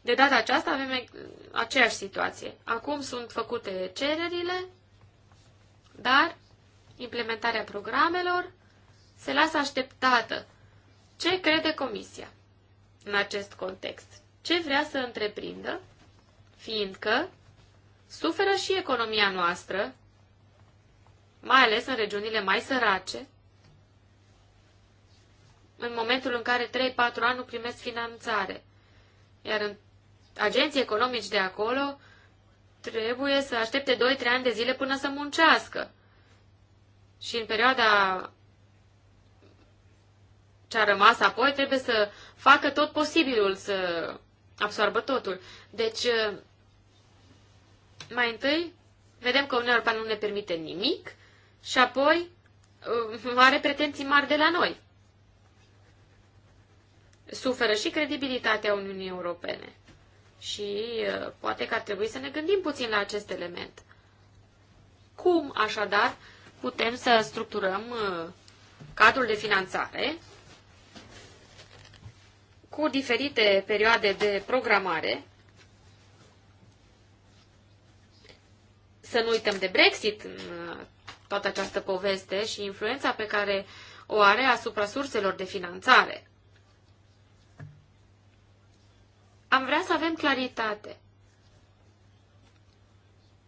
de data aceasta avem aceeași situație. Acum sunt făcute cererile, dar implementarea programelor se lasă așteptată. Ce crede Comisia în acest context? Ce vrea să întreprindă, fiindcă suferă și economia noastră, mai ales în regiunile mai sărace, în momentul în care 3-4 ani nu primesc finanțare. Iar în agenții economici de acolo trebuie să aștepte 2-3 ani de zile până să muncească. Și în perioada ce a rămas apoi trebuie să facă tot posibilul să absorbă totul. Deci, mai întâi, vedem că Uniunea Europeană nu ne permite nimic și apoi uh, are pretenții mari de la noi suferă și credibilitatea Uniunii Europene. Și uh, poate că ar trebui să ne gândim puțin la acest element. Cum, așadar, putem să structurăm uh, cadrul de finanțare cu diferite perioade de programare. Să nu uităm de Brexit în uh, toată această poveste și influența pe care o are asupra surselor de finanțare. Am vrea să avem claritate.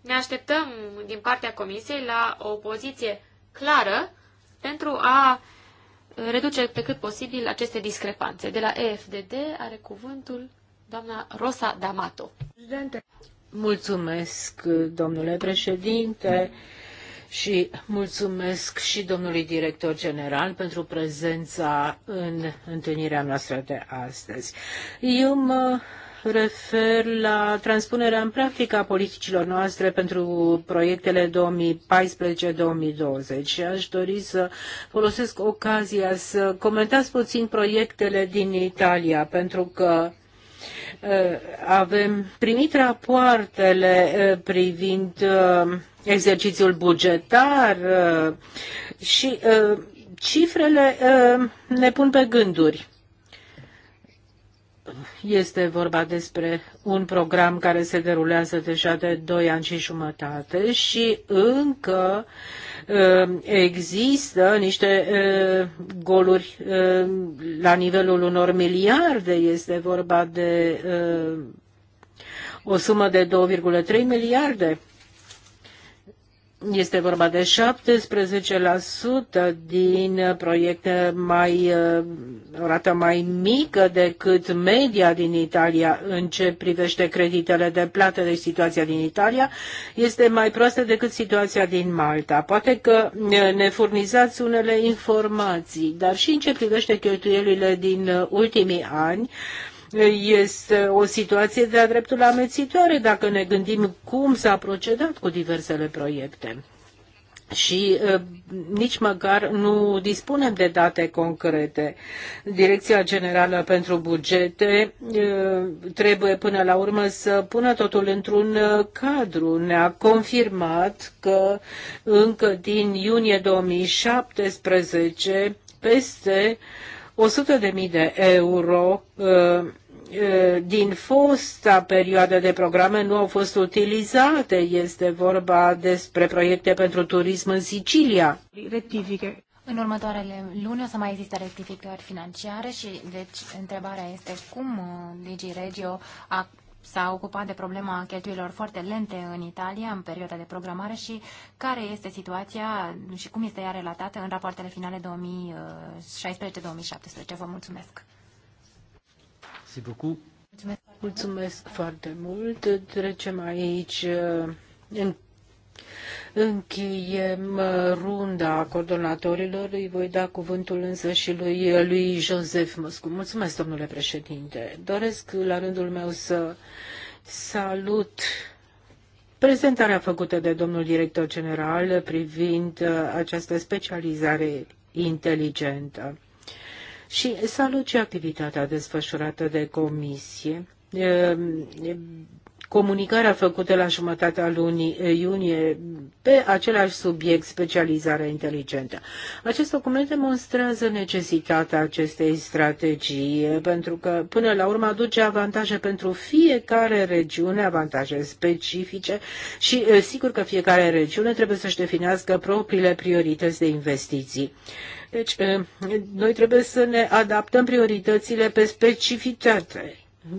Ne așteptăm din partea Comisiei la o poziție clară pentru a reduce pe cât posibil aceste discrepanțe. De la EFDD are cuvântul doamna Rosa D'Amato. Mulțumesc, domnule președinte și mulțumesc și domnului director general pentru prezența în întâlnirea noastră de astăzi. Eu mă refer la transpunerea în practică a politicilor noastre pentru proiectele 2014-2020 și aș dori să folosesc ocazia să comentați puțin proiectele din Italia, pentru că uh, avem primit rapoartele uh, privind uh, exercițiul bugetar uh, și uh, cifrele uh, ne pun pe gânduri. Este vorba despre un program care se derulează deja de 2 ani și jumătate și încă există niște goluri la nivelul unor miliarde. Este vorba de o sumă de 2,3 miliarde este vorba de 17% din proiecte mai, uh, o rată mai mică decât media din Italia în ce privește creditele de plată. Deci situația din Italia este mai proastă decât situația din Malta. Poate că ne furnizați unele informații, dar și în ce privește cheltuielile din uh, ultimii ani, este o situație de-a dreptul amețitoare dacă ne gândim cum s-a procedat cu diversele proiecte. Și nici măcar nu dispunem de date concrete. Direcția Generală pentru Bugete trebuie până la urmă să pună totul într-un cadru. Ne-a confirmat că încă din iunie 2017 peste 100.000 de mii de euro Eh, din fosta perioadă de programe nu au fost utilizate. Este vorba despre proiecte pentru turism în Sicilia. Rectifică. În următoarele luni o să mai există rectificări financiare și deci întrebarea este cum uh, Digi Regio a s-a ocupat de problema cheltuielor foarte lente în Italia în perioada de programare și care este situația și cum este ea relatată în rapoartele finale 2016-2017. Uh, Vă mulțumesc! Merci beaucoup. Mulțumesc. foarte mult. Trecem aici uh, în Încheiem uh, runda coordonatorilor. Îi voi da cuvântul însă și lui, uh, lui Joseph Moscu. Mulțumesc, domnule președinte. Doresc la rândul meu să salut prezentarea făcută de domnul director general privind această specializare inteligentă și salut și activitatea desfășurată de comisie. Ehm, comunicarea făcută la jumătatea lunii eh, iunie pe același subiect, specializarea inteligentă. Acest document demonstrează necesitatea acestei strategii, eh, pentru că până la urmă aduce avantaje pentru fiecare regiune, avantaje specifice și eh, sigur că fiecare regiune trebuie să-și definească propriile priorități de investiții. Deci, eh, noi trebuie să ne adaptăm prioritățile pe specificitate.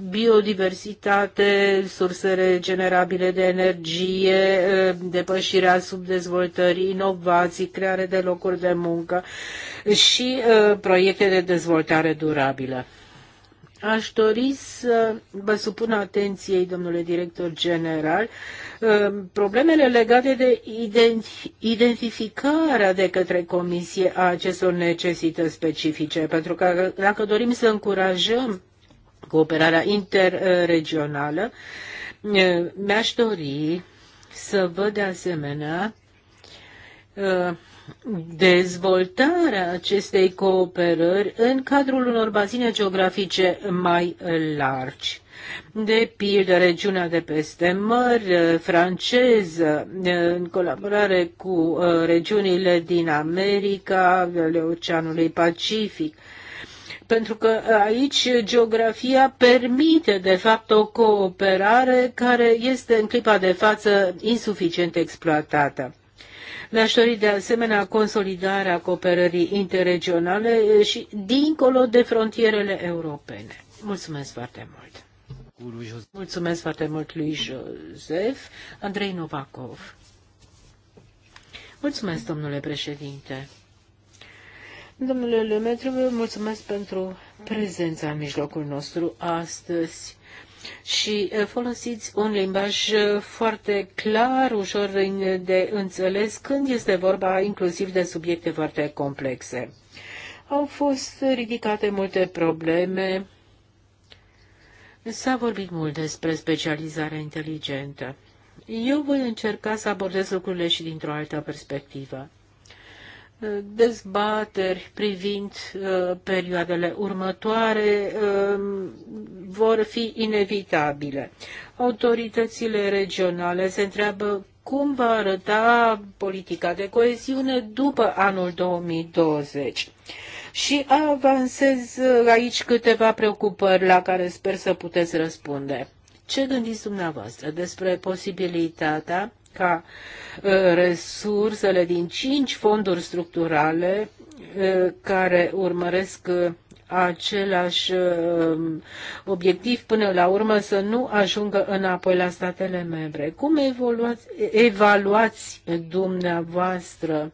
Biodiversitate, surse regenerabile de energie, eh, depășirea subdezvoltării, inovații, creare de locuri de muncă și eh, proiecte de dezvoltare durabilă. Aș dori să vă supun atenției, domnule director general, uh, problemele legate de identificarea de către Comisie a acestor necesități specifice, pentru că dacă dorim să încurajăm cooperarea interregională, uh, mi-aș dori să văd de asemenea uh, dezvoltarea acestei cooperări în cadrul unor bazine geografice mai largi. De pildă, regiunea de peste mări eh, franceză, eh, în colaborare cu eh, regiunile din America, ale Oceanului Pacific, pentru că aici geografia permite de fapt o cooperare care este în clipa de față insuficient exploatată. Mi-aș dori de asemenea consolidarea cooperării interregionale și dincolo de frontierele europene. Mulțumesc foarte mult! Mulțumesc foarte mult lui Joseph Andrei Novakov. Mulțumesc, domnule președinte. Domnule Lemetru, mulțumesc pentru prezența în mijlocul nostru astăzi și uh, folosiți un limbaj uh, foarte clar, ușor de înțeles, când este vorba inclusiv de subiecte foarte complexe. Au fost ridicate multe probleme. S-a vorbit mult despre specializarea inteligentă. Eu voi încerca să abordez lucrurile și dintr-o altă perspectivă dezbateri privind uh, perioadele următoare uh, vor fi inevitabile. Autoritățile regionale se întreabă cum va arăta politica de coeziune după anul 2020. Și avansez uh, aici câteva preocupări la care sper să puteți răspunde. Ce gândiți dumneavoastră despre posibilitatea ca uh, resursele din cinci fonduri structurale uh, care urmăresc uh, același obiectiv până la urmă să nu ajungă înapoi la statele membre. Cum evaluați, evaluați dumneavoastră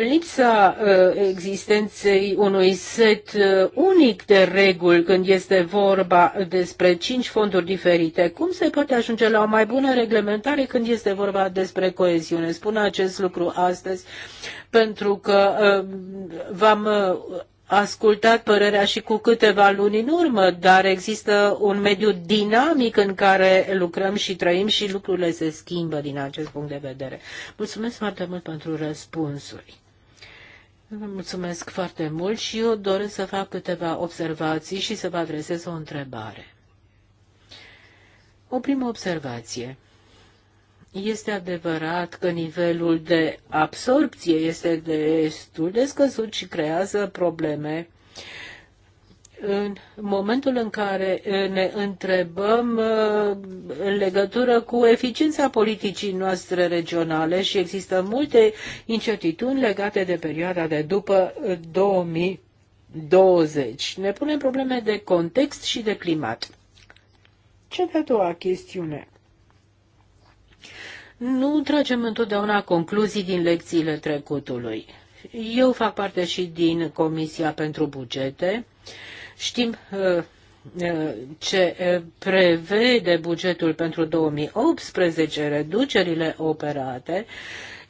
lipsa uh, existenței unui set uh, unic de reguli când este vorba despre cinci fonduri diferite. Cum se poate ajunge la o mai bună reglementare când este vorba despre coeziune? Spun acest lucru astăzi pentru că uh, v-am ascultat părerea și cu câteva luni în urmă, dar există un mediu dinamic în care lucrăm și trăim și lucrurile se schimbă din acest punct de vedere. Mulțumesc foarte mult pentru răspunsuri. Vă mulțumesc foarte mult și eu doresc să fac câteva observații și să vă adresez o întrebare. O primă observație. Este adevărat că nivelul de absorpție este destul de scăzut și creează probleme uh, în momentul în care ne întrebăm în legătură cu eficiența politicii noastre regionale și există multe incertitudini legate de perioada de după 2020. Ne punem probleme de context și de climat. Ce de-a doua chestiune. Nu tragem întotdeauna concluzii din lecțiile trecutului. Eu fac parte și din Comisia pentru Bugete Știm uh, uh, ce uh, prevede bugetul pentru 2018, reducerile operate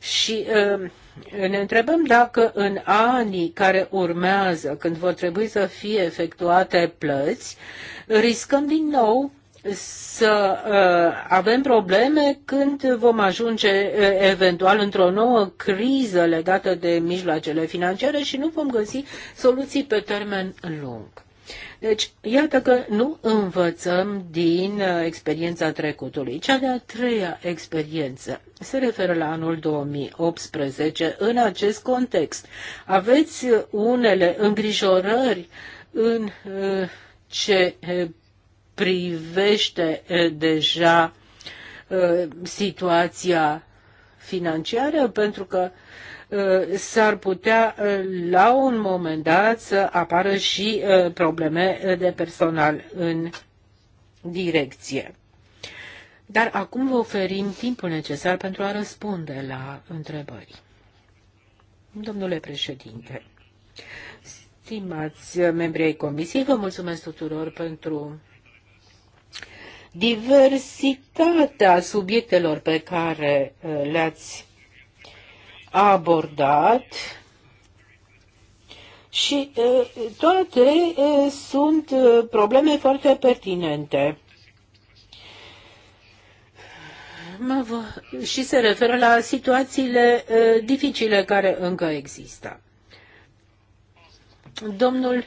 și ne întrebăm dacă în anii care urmează, când vor trebui să fie efectuate plăți, riscăm din nou să avem probleme când vom ajunge eventual într-o nouă criză legată de mijloacele financiare și nu vom găsi soluții pe termen lung. Deci, iată că nu învățăm din uh, experiența trecutului. Cea de-a treia experiență se referă la anul 2018 în acest context. Aveți uh, unele îngrijorări în uh, ce privește deja situația financiară, pentru că uh, Uh, s-ar putea uh, la un moment dat să apară și uh, probleme de personal în direcție. Dar acum vă oferim timpul necesar pentru a răspunde la întrebări. Domnule președinte, stimați membri ai comisiei, vă mulțumesc tuturor pentru diversitatea subiectelor pe care le-ați abordat și toate sunt probleme foarte pertinente. și se referă la situațiile dificile care încă există. Domnul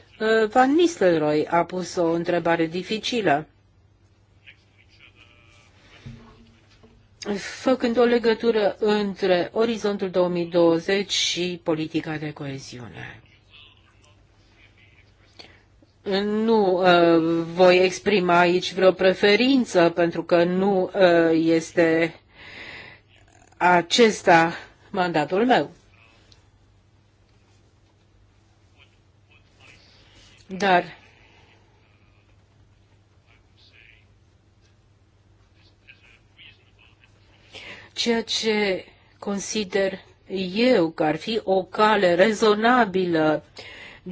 Van Nistelrooy a pus o întrebare dificilă făcând o legătură între orizontul 2020 și politica de coeziune. Nu uh, voi exprima aici vreo preferință, pentru că nu uh, este acesta mandatul meu. Dar Ceea ce consider eu că ar fi o cale rezonabilă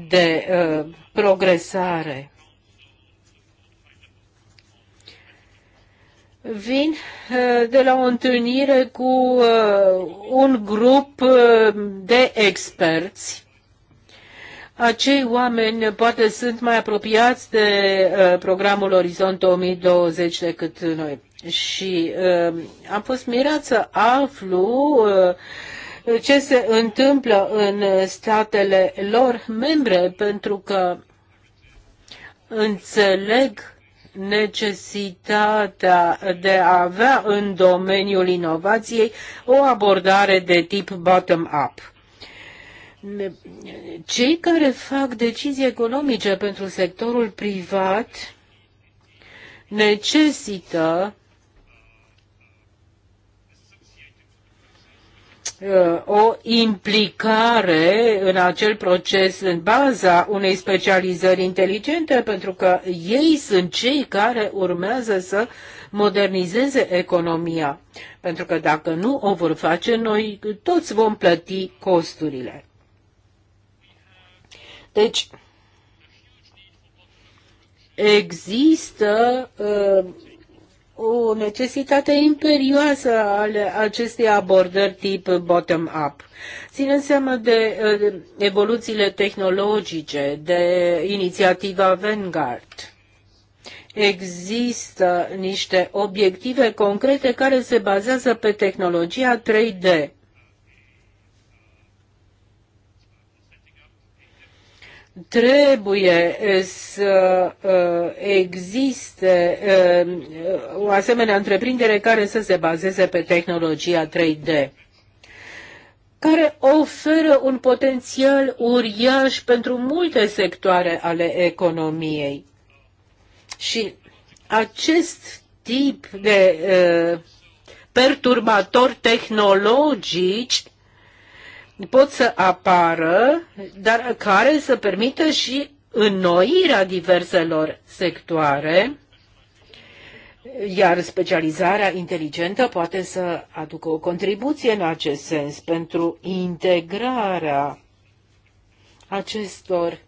de uh, progresare. Vin uh, de la o întâlnire cu uh, un grup uh, de experți acei oameni poate sunt mai apropiați de uh, programul Orizont 2020 decât noi și uh, am fost mirat să aflu uh, ce se întâmplă în statele lor membre, pentru că înțeleg necesitatea de a avea în domeniul inovației o abordare de tip bottom-up. Cei care fac decizii economice pentru sectorul privat necesită Uh, o implicare în acel proces în baza unei specializări inteligente, pentru că ei sunt cei care urmează să modernizeze economia. Pentru că dacă nu o vor face, noi toți vom plăti costurile. Deci, există uh, o necesitate imperioasă ale acestei abordări tip bottom-up. Ținând seama de evoluțiile tehnologice, de inițiativa Vanguard, există niște obiective concrete care se bazează pe tehnologia 3D. trebuie să existe o asemenea întreprindere care să se bazeze pe tehnologia 3D care oferă un potențial uriaș pentru multe sectoare ale economiei. Și acest tip de uh, perturbatori tehnologici pot să apară, dar care să permită și înnoirea diverselor sectoare, iar specializarea inteligentă poate să aducă o contribuție în acest sens pentru integrarea acestor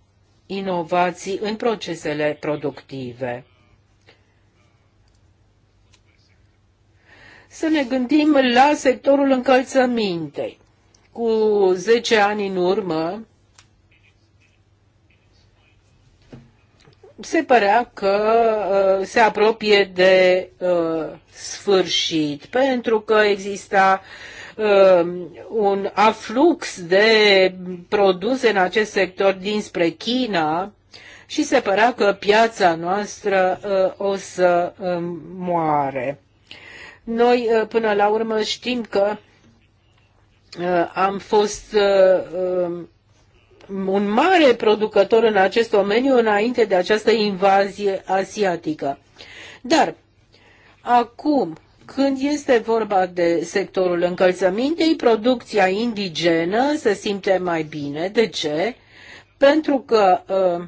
inovații în procesele productive. Să ne gândim la sectorul încălțămintei cu 10 ani în urmă, se părea că uh, se apropie de uh, sfârșit, pentru că exista uh, un aflux de produse în acest sector dinspre China și se părea că piața noastră uh, o să uh, moare. Noi, uh, până la urmă, știm că Uh, am fost uh, um, un mare producător în acest domeniu înainte de această invazie asiatică. Dar acum, când este vorba de sectorul încălțămintei, producția indigenă se simte mai bine. De ce? Pentru că uh,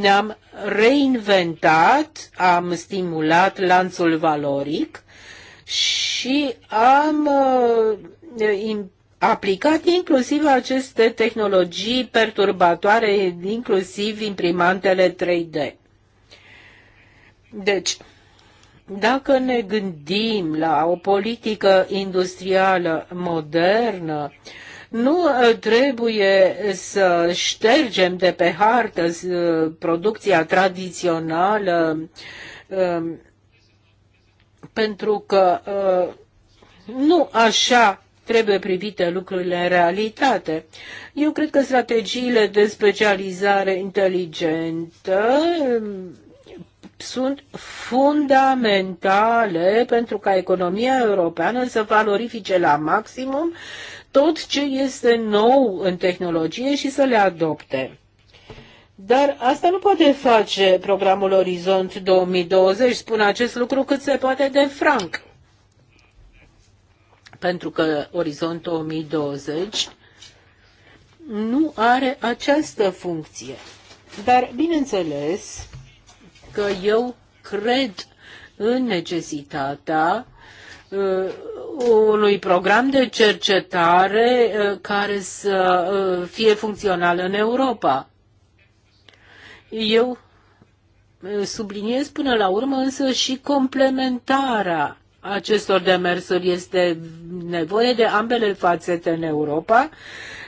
ne-am reinventat, am stimulat lanțul valoric și am uh, aplicat inclusiv aceste tehnologii perturbatoare, inclusiv imprimantele 3D. Deci, dacă ne gândim la o politică industrială modernă, nu ă, trebuie să ștergem de pe hartă ă, producția tradițională ă, pentru că nu așa trebuie privite lucrurile în realitate. Eu cred că strategiile de specializare inteligentă um, sunt fundamentale pentru ca economia europeană să valorifice la maximum tot ce este nou în tehnologie și să le adopte. Dar asta nu poate face programul Orizont 2020, spun acest lucru cât se poate de franc pentru că Orizont 2020 nu are această funcție. Dar, bineînțeles, că eu cred în necesitatea uh, unui program de cercetare uh, care să uh, fie funcțional în Europa. Eu subliniez până la urmă însă și complementarea acestor demersuri este nevoie de ambele fațete în Europa.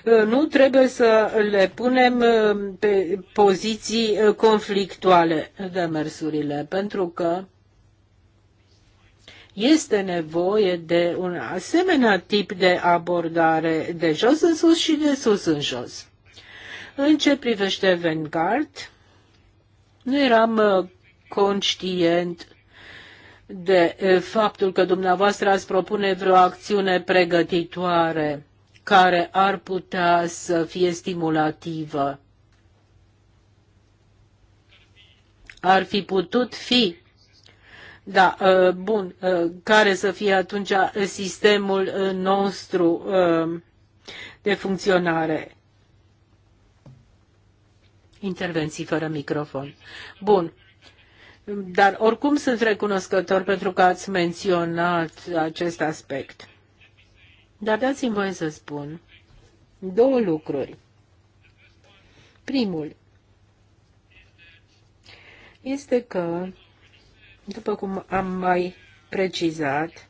Uh, nu trebuie să le punem uh, pe poziții uh, conflictuale demersurile, pentru că este nevoie de un asemenea tip de abordare de jos în sus și de sus în jos. În ce privește Vanguard, nu eram conștient de faptul că dumneavoastră ați propune vreo acțiune pregătitoare care ar putea să fie stimulativă. Ar fi putut fi. Da, bun, care să fie atunci sistemul nostru de funcționare? Intervenții fără microfon. Bun, dar oricum sunt recunoscător pentru că ați menționat acest aspect. Dar dați-mi voie să spun două lucruri. Primul este că, după cum am mai precizat,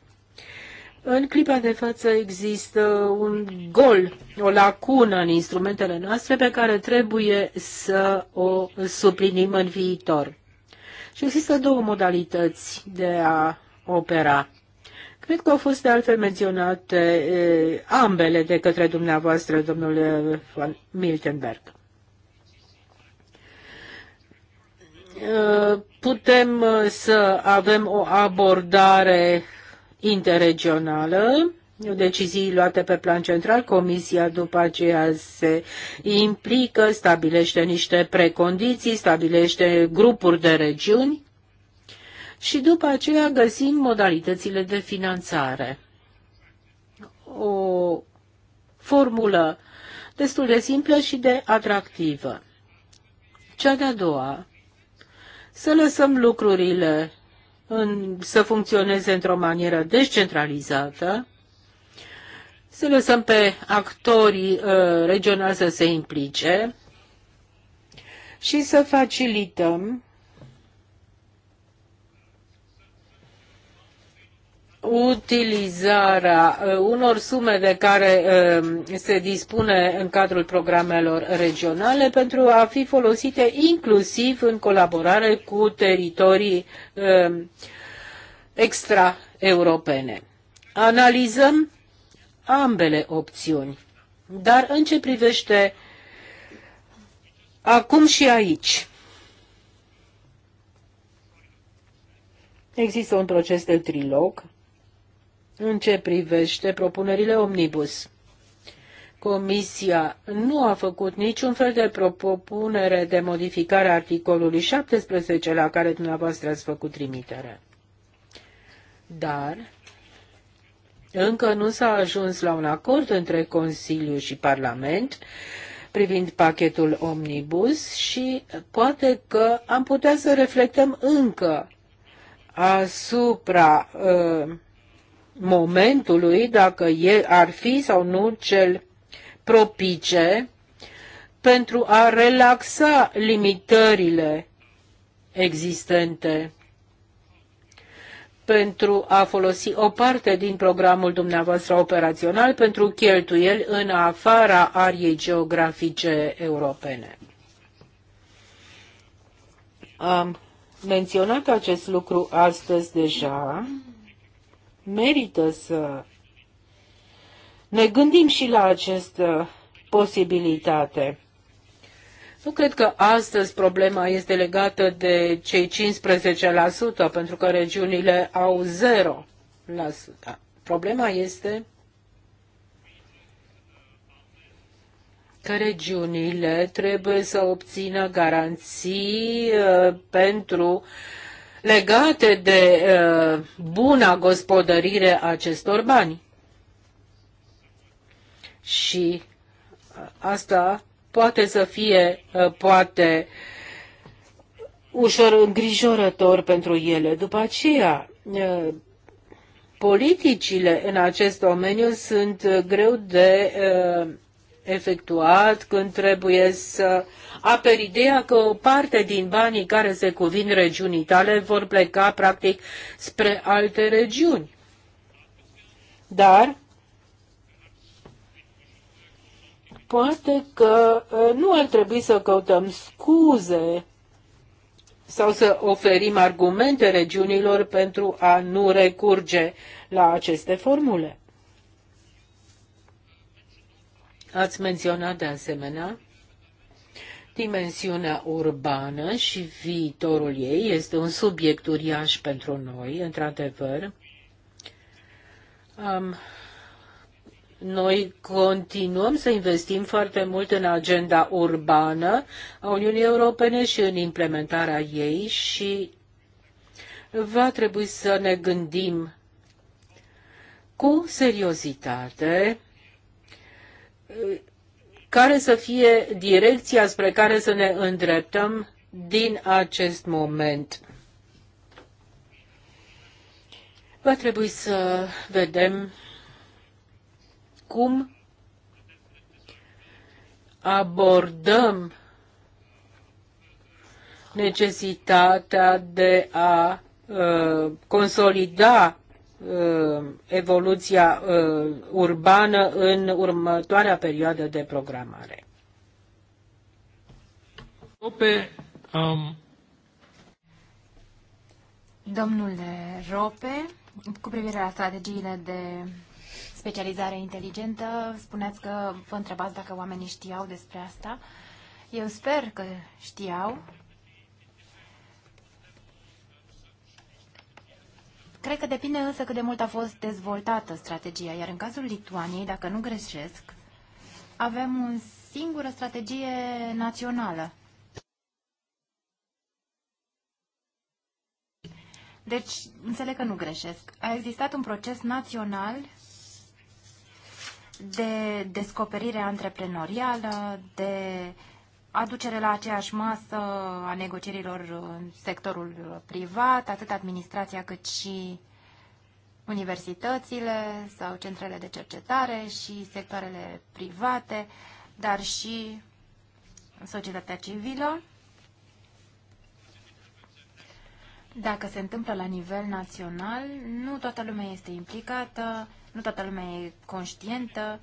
în clipa de față există un gol, o lacună în instrumentele noastre pe care trebuie să o suplinim în viitor. Și există două modalități de a opera. Cred că au fost de altfel menționate e, ambele de către dumneavoastră, domnule von Miltenberg. Putem să avem o abordare interregională decizii luate pe plan central, Comisia după aceea se implică, stabilește niște precondiții, stabilește grupuri de regiuni și după aceea găsim modalitățile de finanțare. O formulă destul de simplă și de atractivă. Cea de-a doua, să lăsăm lucrurile în, să funcționeze într-o manieră descentralizată, să lăsăm pe actorii uh, regionali să se implice și să facilităm utilizarea uh, unor sume de care uh, se dispune în cadrul programelor regionale pentru a fi folosite inclusiv în colaborare cu teritorii uh, extraeuropene. Analizăm ambele opțiuni. Dar în ce privește acum și aici, există un proces de trilog în ce privește propunerile omnibus. Comisia nu a făcut niciun fel de propunere de modificare a articolului 17 la care dumneavoastră ați făcut trimitere. Dar încă nu s-a ajuns la un acord între Consiliu și Parlament privind pachetul Omnibus și poate că am putea să reflectăm încă asupra uh, momentului, dacă e, ar fi sau nu cel propice pentru a relaxa limitările existente pentru a folosi o parte din programul dumneavoastră operațional pentru cheltuieli în afara ariei geografice europene. Am menționat acest lucru astăzi deja. Merită să ne gândim și la această posibilitate. Nu cred că astăzi problema este legată de cei 15%, pentru că regiunile au 0%. Da. Problema este că regiunile trebuie să obțină garanții uh, pentru legate de uh, buna gospodărire a acestor bani. Și uh, asta poate să fie uh, poate ușor îngrijorător pentru ele. După aceea, uh, politicile în acest domeniu sunt uh, greu de efectuat când trebuie să aperi ideea că o parte din banii care se cuvin regiunii tale vor pleca practic spre alte regiuni. Dar poate că nu ar trebui să căutăm scuze sau să oferim argumente regiunilor pentru a nu recurge la aceste formule. Ați menționat de asemenea dimensiunea urbană și viitorul ei este un subiect uriaș pentru noi, într-adevăr. Am noi continuăm să investim foarte mult în agenda urbană a Uniunii Europene și în implementarea ei și va trebui să ne gândim cu seriozitate uh, care să fie direcția spre care să ne îndreptăm din acest moment. Va trebui să vedem cum abordăm necesitatea de a uh, consolida uh, evoluția uh, urbană în următoarea perioadă de programare. Ope, um... Domnule Rope, cu privire la strategiile de specializare inteligentă. spuneți că vă întrebați dacă oamenii știau despre asta. Eu sper că știau. Cred că depinde însă cât de mult a fost dezvoltată strategia, iar în cazul Lituaniei, dacă nu greșesc, avem o singură strategie națională. Deci, înțeleg că nu greșesc. A existat un proces național de descoperire antreprenorială, de aducere la aceeași masă a negocierilor în sectorul privat, atât administrația cât și universitățile sau centrele de cercetare și sectoarele private, dar și societatea civilă. dacă se întâmplă la nivel național, nu toată lumea este implicată, nu toată lumea e conștientă,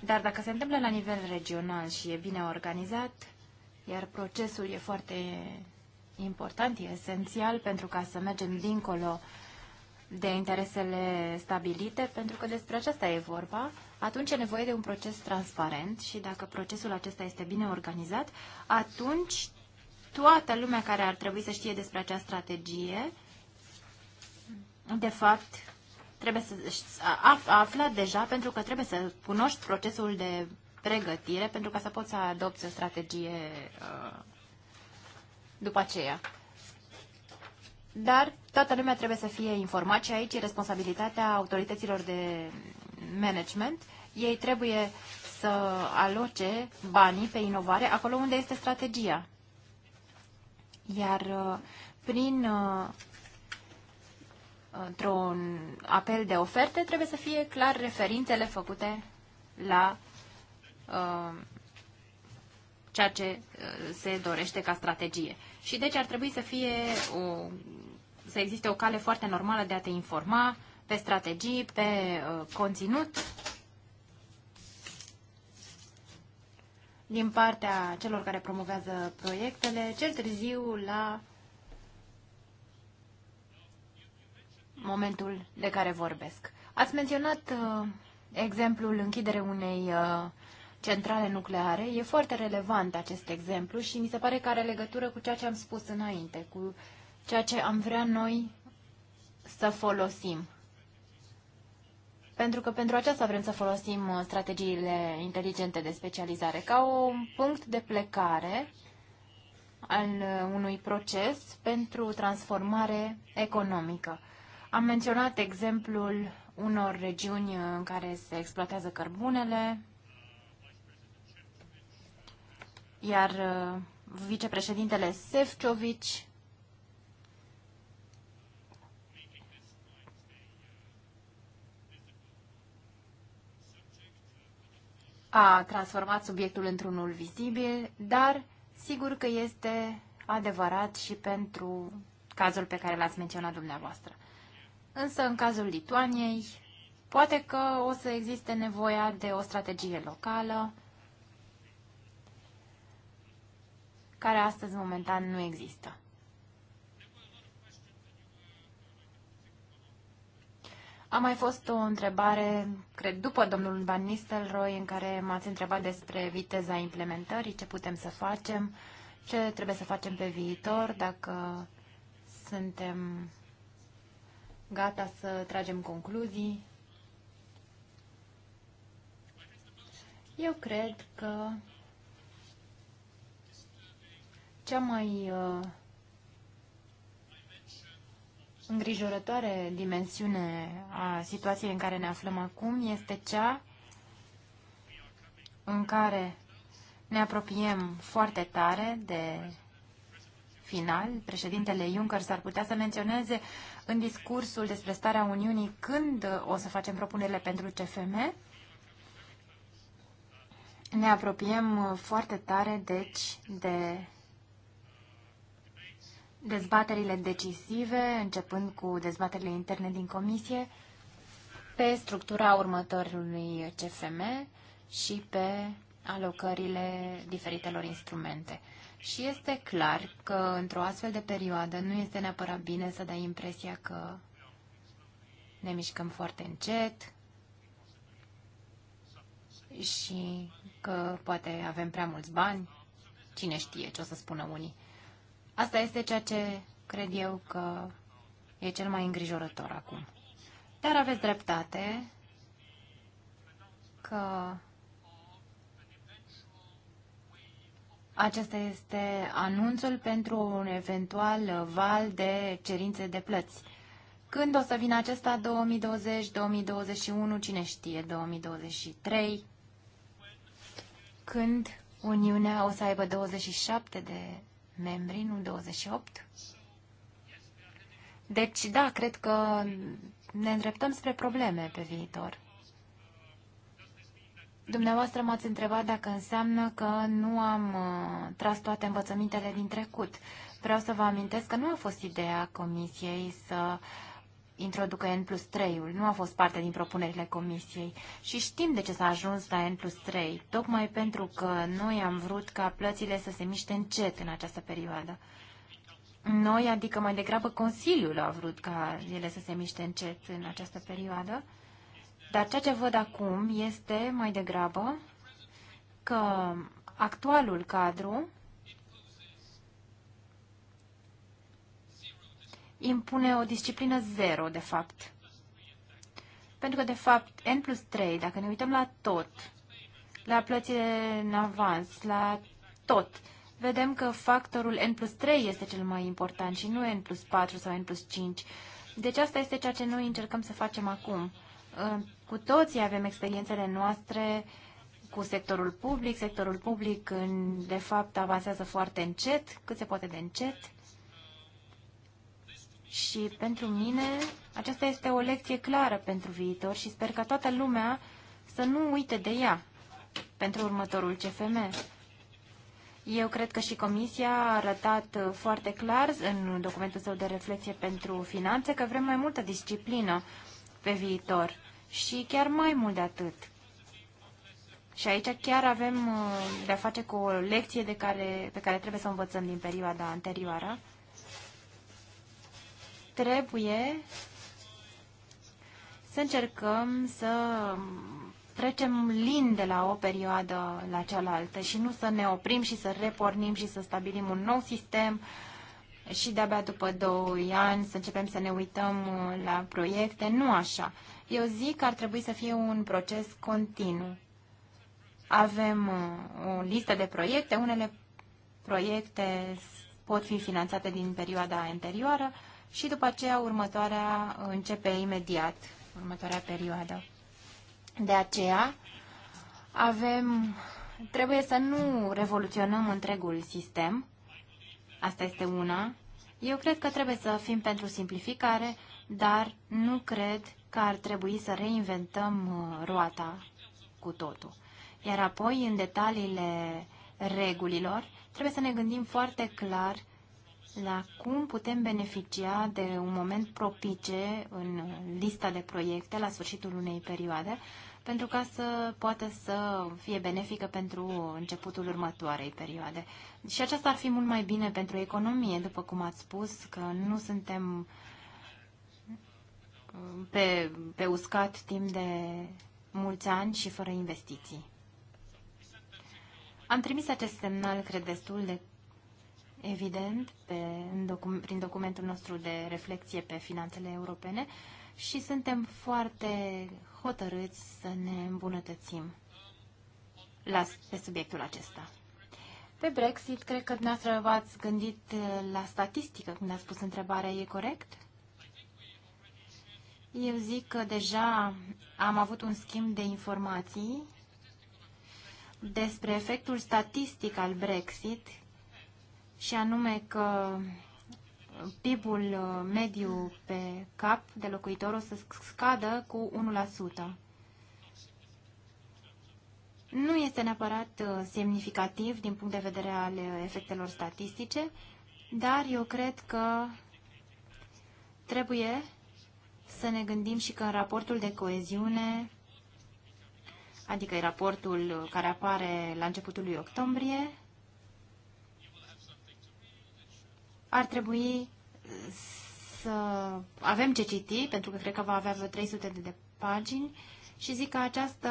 dar dacă se întâmplă la nivel regional și e bine organizat, iar procesul e foarte important, e esențial pentru ca să mergem dincolo de interesele stabilite, pentru că despre aceasta e vorba, atunci e nevoie de un proces transparent și dacă procesul acesta este bine organizat, atunci toată lumea care ar trebui să știe despre această strategie, de fapt, trebuie să a, aflat deja pentru că trebuie să cunoști procesul de pregătire pentru ca să poți să adopți o strategie uh, după aceea. Dar toată lumea trebuie să fie informat și aici e responsabilitatea autorităților de management. Ei trebuie să aloce banii pe inovare acolo unde este strategia. Iar uh, prin uh, uh, într-un apel de oferte trebuie să fie clar referințele făcute la ceea ce se dorește ca strategie. Și deci ar trebui să fie o, să existe o cale foarte normală de a te informa pe strategii, pe conținut din partea celor care promovează proiectele, cel târziu la momentul de care vorbesc. Ați menționat uh, exemplul închidere unei uh, centrale nucleare. E foarte relevant acest exemplu și mi se pare că are legătură cu ceea ce am spus înainte, cu ceea ce am vrea noi să folosim. Pentru că pentru aceasta vrem să folosim uh, strategiile inteligente de specializare ca un punct de plecare al uh, unui proces pentru transformare economică. Am menționat exemplul unor regiuni uh, în care se exploatează cărbunele, iar vicepreședintele Sefcovici a transformat subiectul într-unul vizibil, dar sigur că este adevărat și pentru cazul pe care l-ați menționat dumneavoastră. Însă, în cazul Lituaniei, poate că o să existe nevoia de o strategie locală, care astăzi momentan nu există. A mai fost o întrebare, cred, după domnul Van Nistelrooy, în care m-ați întrebat despre viteza implementării, ce putem să facem, ce trebuie să facem pe viitor, dacă suntem gata să tragem concluzii. Eu cred că cea mai uh, îngrijorătoare dimensiune a situației în care ne aflăm acum este cea în care ne apropiem foarte tare de final. Președintele Juncker s-ar putea să menționeze în discursul despre starea Uniunii când o să facem propunerile pentru CFM. Ne apropiem foarte tare, deci, de dezbaterile decisive, începând cu dezbaterile interne din comisie, pe structura următorului CFM și pe alocările diferitelor instrumente. Și este clar că într-o astfel de perioadă nu este neapărat bine să dai impresia că ne mișcăm foarte încet și că poate avem prea mulți bani. Cine știe ce o să spună unii. Asta este ceea ce cred eu că e cel mai îngrijorător acum. Dar aveți dreptate că acesta este anunțul pentru un eventual val de cerințe de plăți. Când o să vină acesta 2020, 2021, cine știe, 2023, când Uniunea o să aibă 27 de membri, nu 28. Deci, da, cred că ne îndreptăm spre probleme pe viitor. Dumneavoastră m-ați întrebat dacă înseamnă că nu am uh, tras toate învățămintele din trecut. Vreau să vă amintesc că nu a fost ideea Comisiei să uh, introducă N plus 3-ul. Nu a fost parte din propunerile comisiei. Și știm de ce s-a ajuns la N plus 3, tocmai pentru că noi am vrut ca plățile să se miște încet în această perioadă. Noi, adică mai degrabă Consiliul a vrut ca ele să se miște încet în această perioadă. Dar ceea ce văd acum este mai degrabă că actualul cadru impune o disciplină zero, de fapt. Pentru că, de fapt, N plus 3, dacă ne uităm la tot, la plățile în avans, la tot, vedem că factorul N plus 3 este cel mai important și nu N plus 4 sau N plus 5. Deci asta este ceea ce noi încercăm să facem acum. Cu toții avem experiențele noastre cu sectorul public. Sectorul public, de fapt, avansează foarte încet, cât se poate de încet. Și pentru mine aceasta este o lecție clară pentru viitor și sper ca toată lumea să nu uite de ea pentru următorul CFM. Eu cred că și Comisia a arătat uh, foarte clar în documentul său de reflexie pentru finanțe că vrem mai multă disciplină pe viitor și chiar mai mult de atât. Și aici chiar avem uh, de-a face cu o lecție de care, pe care trebuie să o învățăm din perioada anterioară trebuie să încercăm să trecem lin de la o perioadă la cealaltă și nu să ne oprim și să repornim și să stabilim un nou sistem și de-abia după 2 ani să începem să ne uităm la proiecte. Nu așa. Eu zic că ar trebui să fie un proces continuu. Avem uh, o listă de proiecte, unele proiecte pot fi finanțate din perioada anterioară, și după aceea următoarea începe imediat, următoarea perioadă. De aceea avem, trebuie să nu revoluționăm întregul sistem, asta este una. Eu cred că trebuie să fim pentru simplificare, dar nu cred că ar trebui să reinventăm uh, roata cu totul. Iar apoi, în detaliile regulilor, trebuie să ne gândim foarte clar la cum putem beneficia de un moment propice în lista de proiecte la sfârșitul unei perioade, pentru ca să poată să fie benefică pentru începutul următoarei perioade. Și aceasta ar fi mult mai bine pentru economie, după cum ați spus, că nu suntem uh, pe, pe uscat timp de mulți ani și fără investiții. Am trimis acest semnal, cred, destul de evident, pe, în docu- prin documentul nostru de reflexie pe finanțele europene și suntem foarte hotărâți să ne îmbunătățim la, pe subiectul acesta. Pe Brexit, cred că dumneavoastră v-ați gândit uh, la statistică când ați pus întrebarea, e corect? Eu zic că deja am avut un schimb de informații despre efectul statistic al Brexit și anume că PIB-ul uh, mediu pe cap de locuitor o să scadă cu 1%. Nu este neapărat uh, semnificativ din punct de vedere al uh, efectelor statistice, dar eu cred că trebuie să ne gândim și că în raportul de coeziune, adică raportul care apare la începutul lui octombrie, ar trebui să avem ce citi, pentru că cred că va avea vreo 300 de pagini și zic că această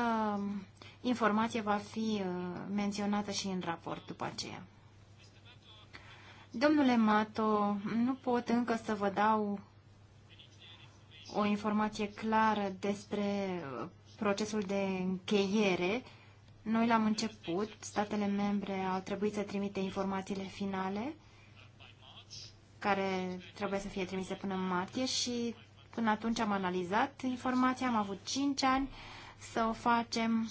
informație va fi uh, menționată și în raport după aceea. Domnule Mato, nu pot încă să vă dau o informație clară despre uh, procesul de încheiere. Noi l-am început, statele membre au trebuit să trimite informațiile finale care trebuie să fie trimise până în martie și până atunci am analizat informația, am avut 5 ani să o facem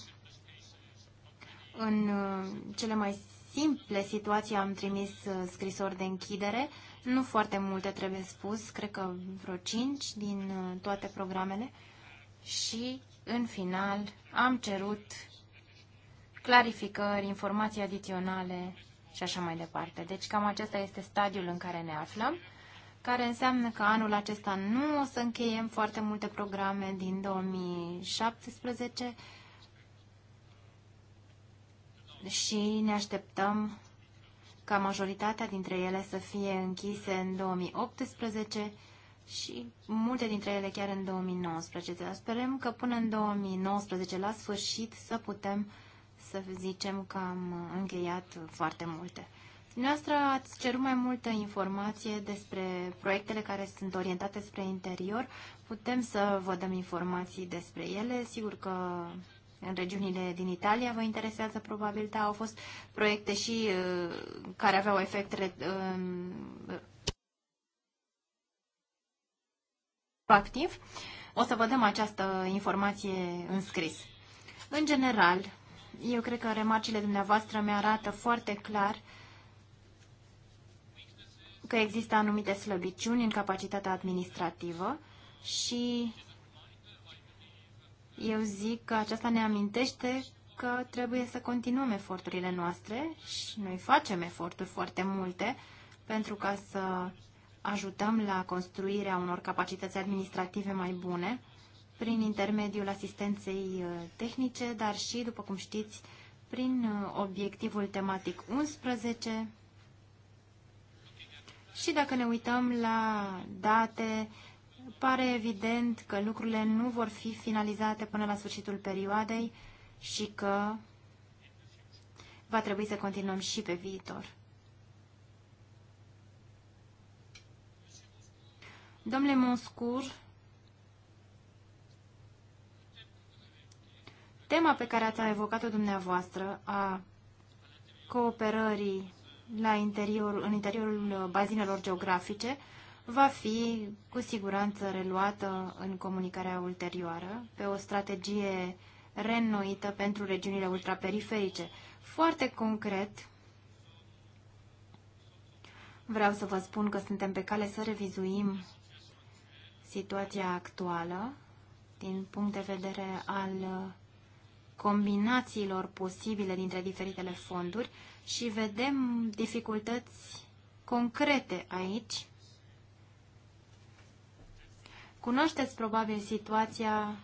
în uh, cele mai simple situații am trimis uh, scrisori de închidere, nu foarte multe trebuie spus, cred că vreo 5 din uh, toate programele și în final am cerut clarificări, informații adiționale și așa mai departe. Deci cam acesta este stadiul în care ne aflăm, care înseamnă că anul acesta nu o să încheiem foarte multe programe din 2017 și ne așteptăm ca majoritatea dintre ele să fie închise în 2018 și multe dintre ele chiar în 2019. Sperăm că până în 2019, la sfârșit, să putem uh, să zicem că am încheiat foarte multe. Noastră ați cerut mai multă informație despre proiectele care sunt orientate spre interior. Putem să vă dăm informații despre ele. Sigur că în regiunile din Italia vă interesează probabil, dar au fost proiecte și uh, care aveau efect um, activ. O să vă dăm această informație în scris. În general, eu cred că remarcile dumneavoastră mi-arată foarte clar că există anumite slăbiciuni în capacitatea administrativă și eu zic că aceasta ne amintește că trebuie să continuăm eforturile noastre și noi facem eforturi foarte multe pentru ca să ajutăm la construirea unor capacități administrative mai bune prin intermediul asistenței uh, tehnice, dar și, după cum știți, prin uh, obiectivul tematic 11. Și dacă ne uităm la date, pare evident că lucrurile nu vor fi finalizate până la sfârșitul perioadei și că va trebui să continuăm și pe viitor. Domnule Monscur, Tema pe care ați evocat-o dumneavoastră a cooperării la interior, în interiorul uh, bazinelor geografice va fi cu siguranță reluată în comunicarea ulterioară pe o strategie reînnoită pentru regiunile ultraperiferice. Foarte concret, vreau să vă spun că suntem pe cale să revizuim situația actuală din punct de vedere al uh, combinațiilor posibile dintre diferitele fonduri și vedem dificultăți concrete aici. Cunoașteți probabil situația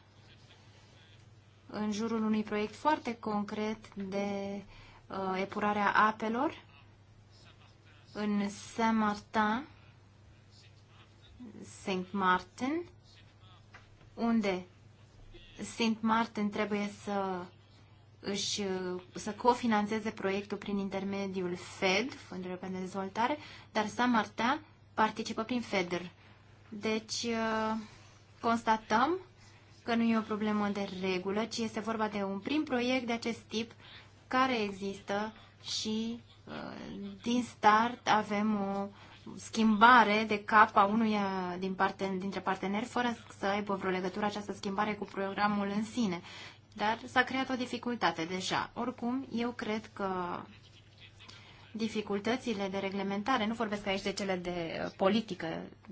în jurul unui proiect foarte concret de uh, epurarea apelor în Saint-Martin, Saint Martin, unde Saint Martin trebuie să își, să cofinanțeze proiectul prin intermediul FED, Fondul European de Dezvoltare, dar San Martin participă prin FEDER. Deci, uh, constatăm că nu e o problemă de regulă, ci este vorba de un prim proiect de acest tip care există și uh, din start avem o schimbare de cap a unuia uh, din parte, dintre parteneri fără să aibă vreo legătură această schimbare cu programul în sine. Dar s-a creat o dificultate deja. Oricum, eu cred că dificultățile de reglementare, nu vorbesc aici de cele de uh, politică,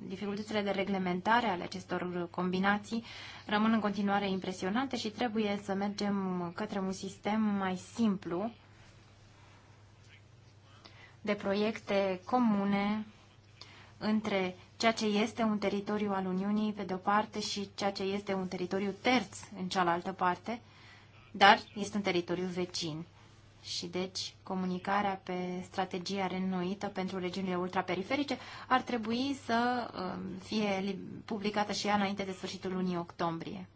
dificultățile de reglementare ale acestor combinații rămân în continuare impresionante și trebuie să mergem către un sistem mai simplu de proiecte comune între ceea ce este un teritoriu al Uniunii pe de-o parte și ceea ce este un teritoriu terț în cealaltă parte, dar este un teritoriu vecin. Și deci comunicarea pe strategia renuită pentru regiunile ultraperiferice ar trebui să um, fie publicată și ea înainte de sfârșitul lunii octombrie.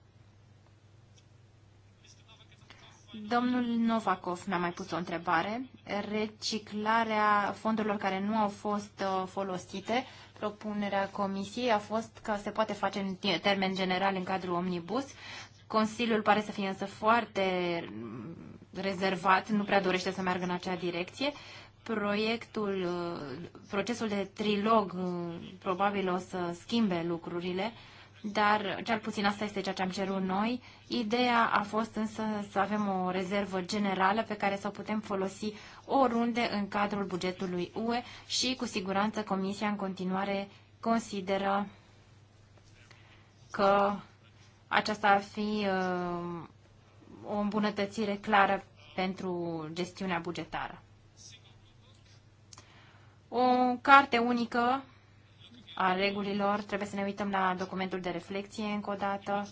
Domnul Novakov mi-a mai pus o întrebare. Reciclarea fondurilor care nu au fost uh, folosite, propunerea comisiei a fost că se poate face în termen general în cadrul omnibus. Consiliul pare să fie însă foarte mm, rezervat, nu prea dorește să meargă în acea direcție. Proiectul, uh, procesul de trilog uh, probabil o să schimbe lucrurile dar cel puțin asta este ceea ce am cerut noi. Ideea a fost însă să avem o rezervă generală pe care să o putem folosi oriunde în cadrul bugetului UE și cu siguranță Comisia în continuare consideră că aceasta ar fi uh, o îmbunătățire clară pentru gestiunea bugetară. O carte unică a regulilor, trebuie să ne uităm la documentul de reflexie încă o dată.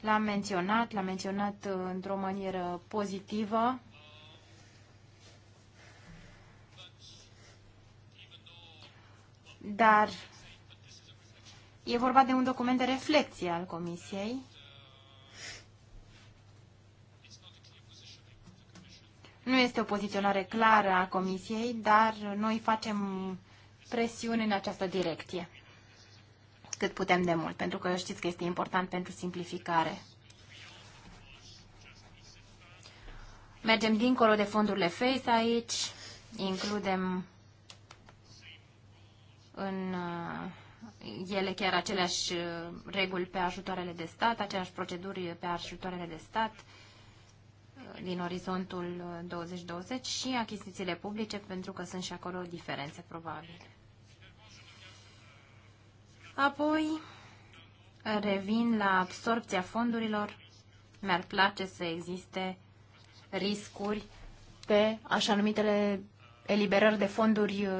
L-am menționat, l-am menționat într-o manieră pozitivă. Dar e vorba de un document de reflexie al Comisiei. Nu este o poziționare clară a Comisiei, dar noi facem presiune în această direcție cât putem de mult, pentru că știți că este important pentru simplificare. Mergem dincolo de fondurile FACE aici, includem în uh, ele chiar aceleași uh, reguli pe ajutoarele de stat, aceleași proceduri pe ajutoarele de stat uh, din orizontul 2020 și achizițiile publice, pentru că sunt și acolo diferențe, probabil. Apoi revin la absorpția fondurilor. Mi-ar place să existe riscuri pe așa numitele eliberări de fonduri uh,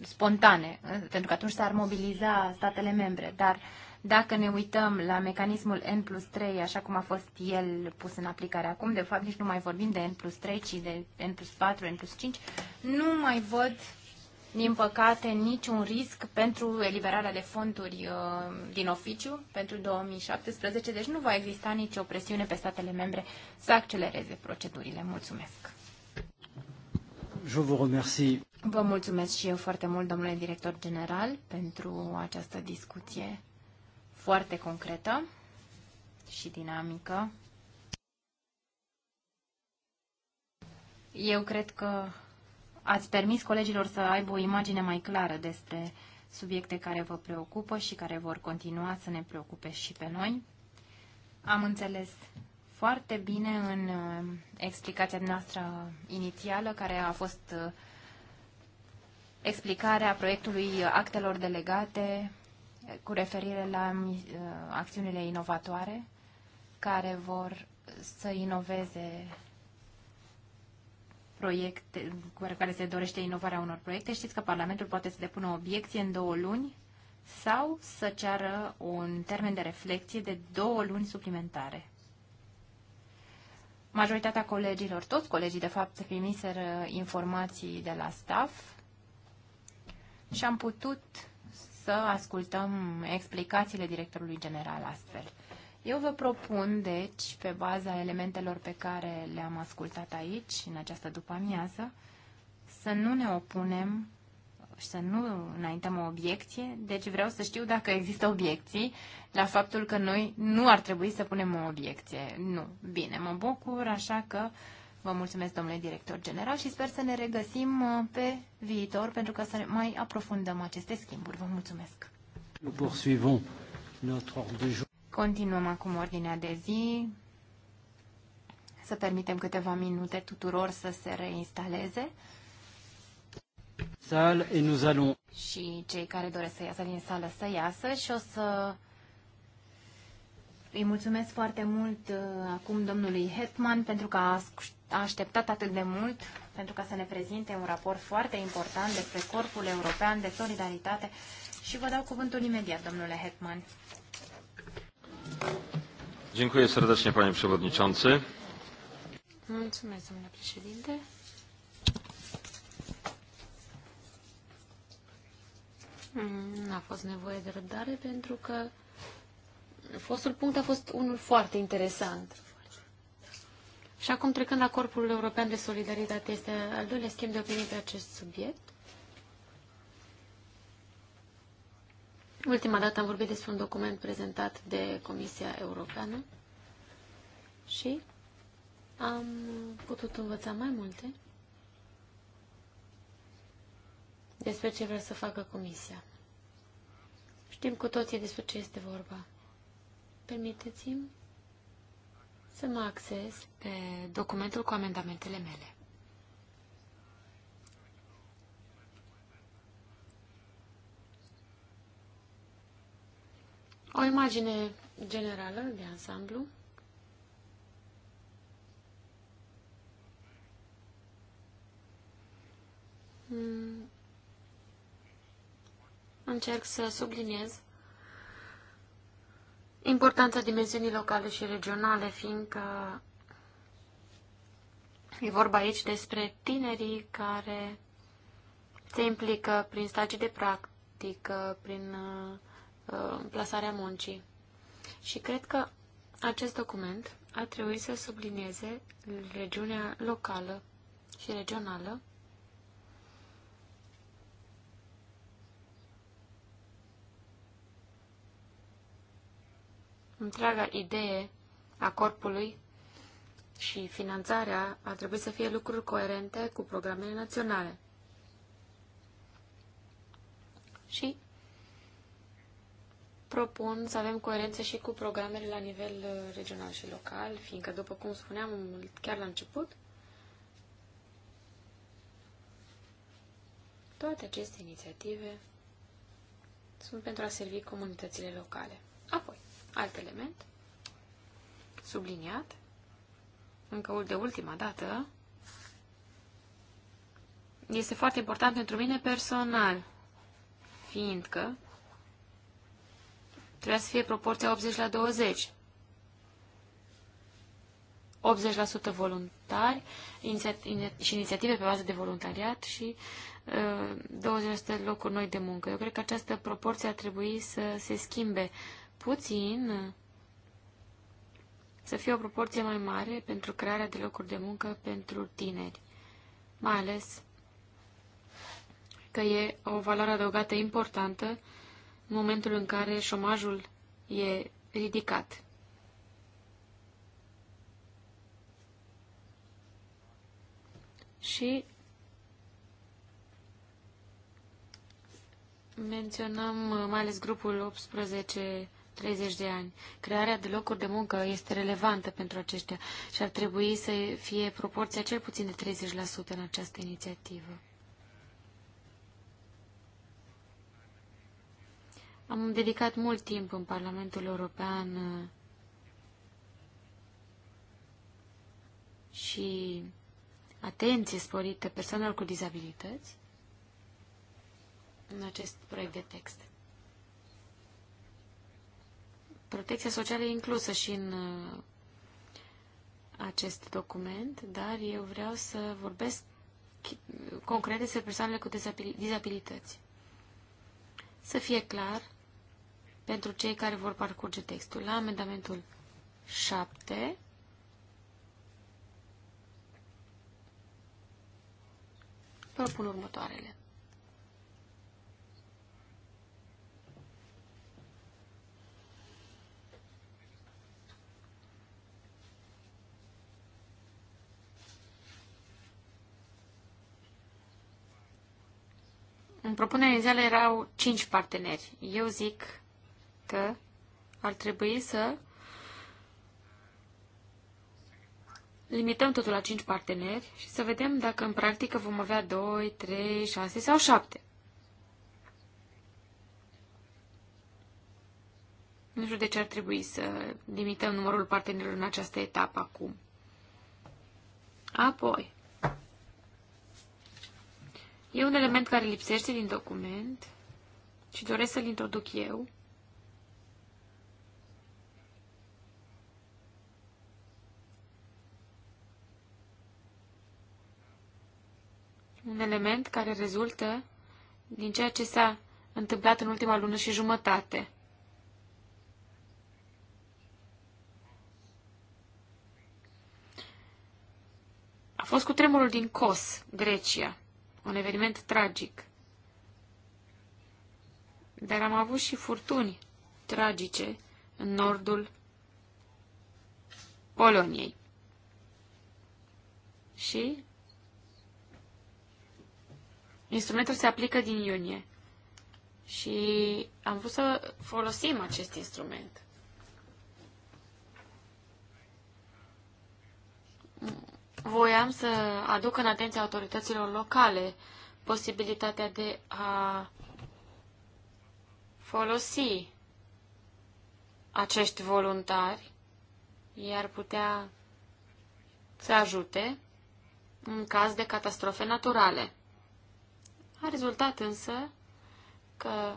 spontane, uh, pentru că atunci s-ar mobiliza statele membre. Dar dacă ne uităm la mecanismul N plus 3, așa cum a fost el pus în aplicare acum, de fapt nici nu mai vorbim de N plus 3, ci de N plus 4, N plus 5, nu mai văd din păcate, niciun risc pentru eliberarea de fonduri uh, din oficiu pentru 2017, deci nu va exista nicio presiune pe statele membre să accelereze procedurile. Mulțumesc! Vă mulțumesc și eu foarte mult, domnule director general, pentru această discuție foarte concretă și dinamică. Eu cred că ați permis colegilor să aibă o imagine mai clară despre subiecte care vă preocupă și care vor continua să ne preocupe și pe noi. Am înțeles foarte bine în uh, explicația noastră inițială, care a fost uh, explicarea proiectului actelor delegate cu referire la uh, acțiunile inovatoare care vor să inoveze proiecte, cu care se dorește inovarea unor proiecte, știți că Parlamentul poate să depună o obiecție în două luni sau să ceară un termen de reflexie de două luni suplimentare. Majoritatea colegilor, toți colegii, de fapt, primiseră informații de la staff și am putut să ascultăm explicațiile directorului general astfel. Eu vă propun, deci, pe baza elementelor pe care le-am ascultat aici, în această după-amiază, să nu ne opunem și să nu înaintăm o obiecție. Deci vreau să știu dacă există obiecții la faptul că noi nu ar trebui să punem o obiecție. Nu. Bine, mă bucur, așa că vă mulțumesc, domnule director general, și sper să ne regăsim uh, pe viitor pentru că să mai aprofundăm aceste schimburi. Vă mulțumesc. Nous poursuivons notre ordre du jour. Continuăm acum ordinea de zi. Să permitem câteva minute tuturor să se reinstaleze. Sal et Și cei care doresc să iasă din sală să iasă și o să îi mulțumesc foarte mult uh, acum domnului Hetman pentru că a așteptat atât de mult pentru ca să ne prezinte un raport foarte important despre Corpul European de Solidaritate și vă dau cuvântul imediat, domnule Hetman. Dziękuję serdecznie, panie przewodniczący. Mulțumesc, domnule președinte. Mm, n-a fost nevoie de răbdare pentru că fostul punct a fost unul foarte interesant. Și acum, trecând la Corpul European de Solidaritate, este al doilea schimb de opinie pe acest subiect. Ultima dată am vorbit despre un document prezentat de Comisia Europeană și am putut învăța mai multe despre ce vrea să facă Comisia. Știm cu toții despre ce este vorba. Permiteți-mi să mă acces pe documentul cu amendamentele mele. O imagine generală de ansamblu. Hmm. Încerc să subliniez importanța dimensiunii locale și regionale, fiindcă e vorba aici despre tinerii care se implică prin stagii de practică, prin uh, Uh, plasarea muncii. Și cred că acest document ar trebui să sublinieze regiunea locală și regională întreaga idee a corpului și finanțarea ar trebui să fie lucruri coerente cu programele naționale. Și propun să avem coerență și cu programele la nivel uh, regional și local, fiindcă, după cum spuneam chiar la început, toate aceste inițiative sunt pentru a servi comunitățile locale. Apoi, alt element subliniat, încă de ultima dată, este foarte important pentru mine personal, fiindcă Trebuia să fie proporția 80 la 20. 80% voluntari și inițiative pe bază de voluntariat și 20% uh, locuri noi de muncă. Eu cred că această proporție ar trebui să se schimbe puțin, să fie o proporție mai mare pentru crearea de locuri de muncă pentru tineri. Mai ales că e o valoare adăugată importantă în momentul în care șomajul e ridicat. Și menționăm mai ales grupul 18-30 de ani. Crearea de locuri de muncă este relevantă pentru aceștia și ar trebui să fie proporția cel puțin de 30% în această inițiativă. Am dedicat mult timp în Parlamentul European uh, și atenție sporită persoanelor cu dizabilități în acest proiect de text. Protecția socială e inclusă și în uh, acest document, dar eu vreau să vorbesc concret despre persoanele cu dizabilități. Să fie clar pentru cei care vor parcurge textul. La amendamentul 7, propun următoarele. În propunerea inițială erau cinci parteneri. Eu zic că ar trebui să limităm totul la 5 parteneri și să vedem dacă în practică vom avea 2, 3, 6 sau 7. Nu știu de ce ar trebui să limităm numărul partenerilor în această etapă acum. Apoi, e un element care lipsește din document și doresc să-l introduc eu. un element care rezultă din ceea ce s-a întâmplat în ultima lună și jumătate. A fost cu tremurul din Kos, Grecia, un eveniment tragic. Dar am avut și furtuni tragice în nordul Poloniei. Și Instrumentul se aplică din iunie și am vrut să folosim acest instrument. Voiam să aduc în atenția autorităților locale posibilitatea de a folosi acești voluntari, iar putea să ajute în caz de catastrofe naturale. A rezultat însă că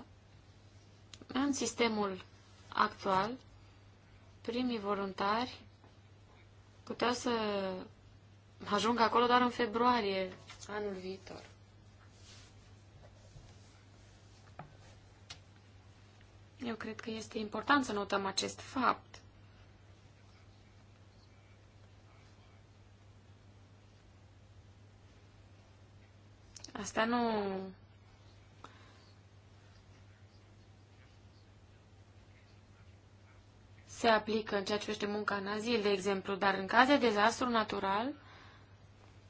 în sistemul actual primii voluntari puteau să ajungă acolo doar în februarie anul viitor. Eu cred că este important să notăm acest fapt. Asta nu se aplică în ceea ce privește munca în azil, de exemplu, dar în caz de dezastru natural,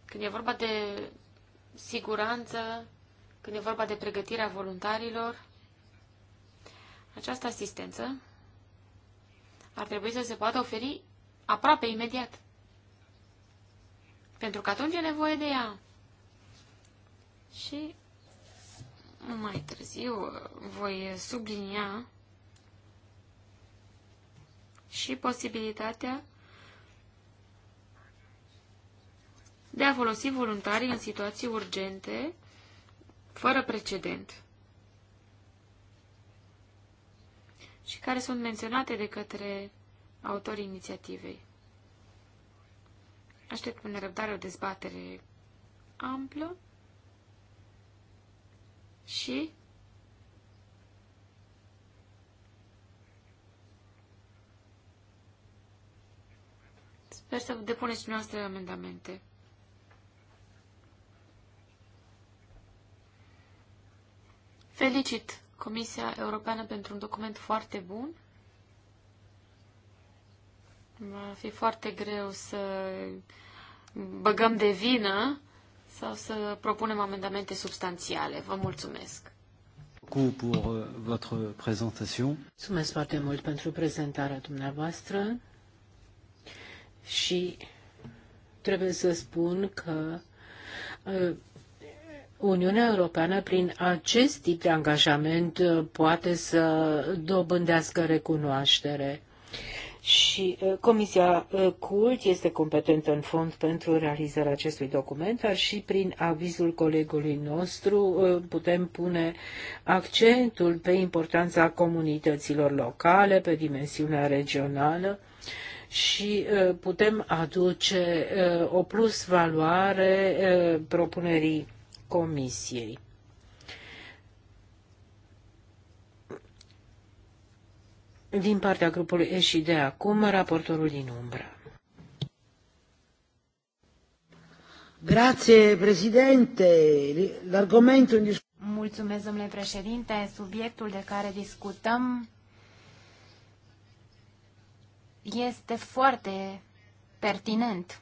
când e vorba de siguranță, când e vorba de pregătirea voluntarilor, această asistență ar trebui să se poată oferi aproape imediat. Pentru că atunci e nevoie de ea. Și mai târziu voi sublinia și posibilitatea de a folosi voluntarii în situații urgente fără precedent și care sunt menționate de către autorii inițiativei. Aștept cu nerăbdare o dezbatere amplă și sper să depuneți dumneavoastră amendamente. Felicit Comisia Europeană pentru un document foarte bun. Va fi foarte greu să băgăm de vină sau să propunem amendamente substanțiale. Vă mulțumesc! Pour uh, votre présentation. Mulțumesc foarte mult pentru prezentarea dumneavoastră și trebuie să spun că uh, Uniunea Europeană, prin acest tip de angajament, uh, poate să dobândească recunoaștere și uh, Comisia uh, CULT este competentă în fond pentru realizarea acestui document, dar și prin avizul colegului nostru uh, putem pune accentul pe importanța comunităților locale, pe dimensiunea regională și putem aduce o plus valoare propunerii Comisiei. din partea grupului de acum, raportorul din umbră. Grazie, președinte. L'argomento Mulțumesc, domnule președinte. Subiectul de care discutăm este foarte pertinent.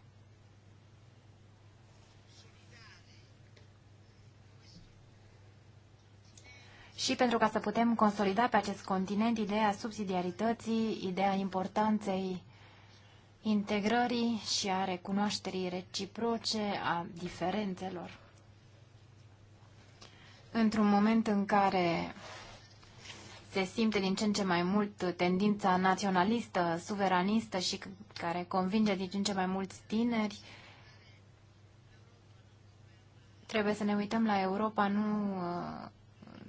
și pentru ca să putem consolida pe acest continent ideea subsidiarității, ideea importanței integrării și a recunoașterii reciproce a diferențelor. Într-un moment în care se simte din ce în ce mai mult tendința naționalistă, suveranistă și care convinge din ce în ce mai mulți tineri, trebuie să ne uităm la Europa nu uh,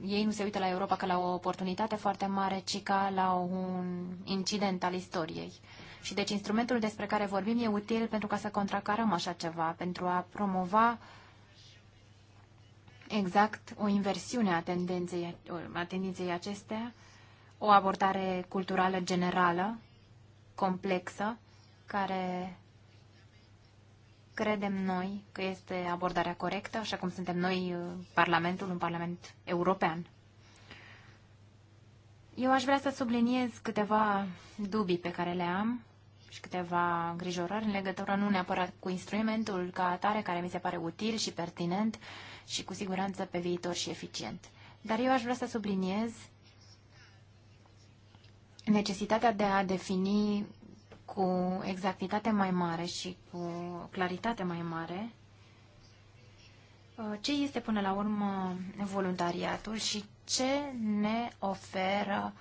ei nu se uită la Europa ca la o oportunitate foarte mare, ci ca la un incident al istoriei. Și deci instrumentul despre care vorbim e util pentru ca să contracarăm așa ceva, pentru a promova exact o inversiune a tendenței, a tendinței acestea, o abordare culturală generală, complexă, care credem noi că este abordarea corectă, așa cum suntem noi uh, Parlamentul, un Parlament european. Eu aș vrea să subliniez câteva dubii pe care le am și câteva îngrijorări în legătură nu neapărat cu instrumentul ca atare, care mi se pare util și pertinent și cu siguranță pe viitor și eficient. Dar eu aș vrea să subliniez necesitatea de a defini cu exactitate mai mare și cu claritate mai mare uh, ce este până la urmă voluntariatul și ce ne oferă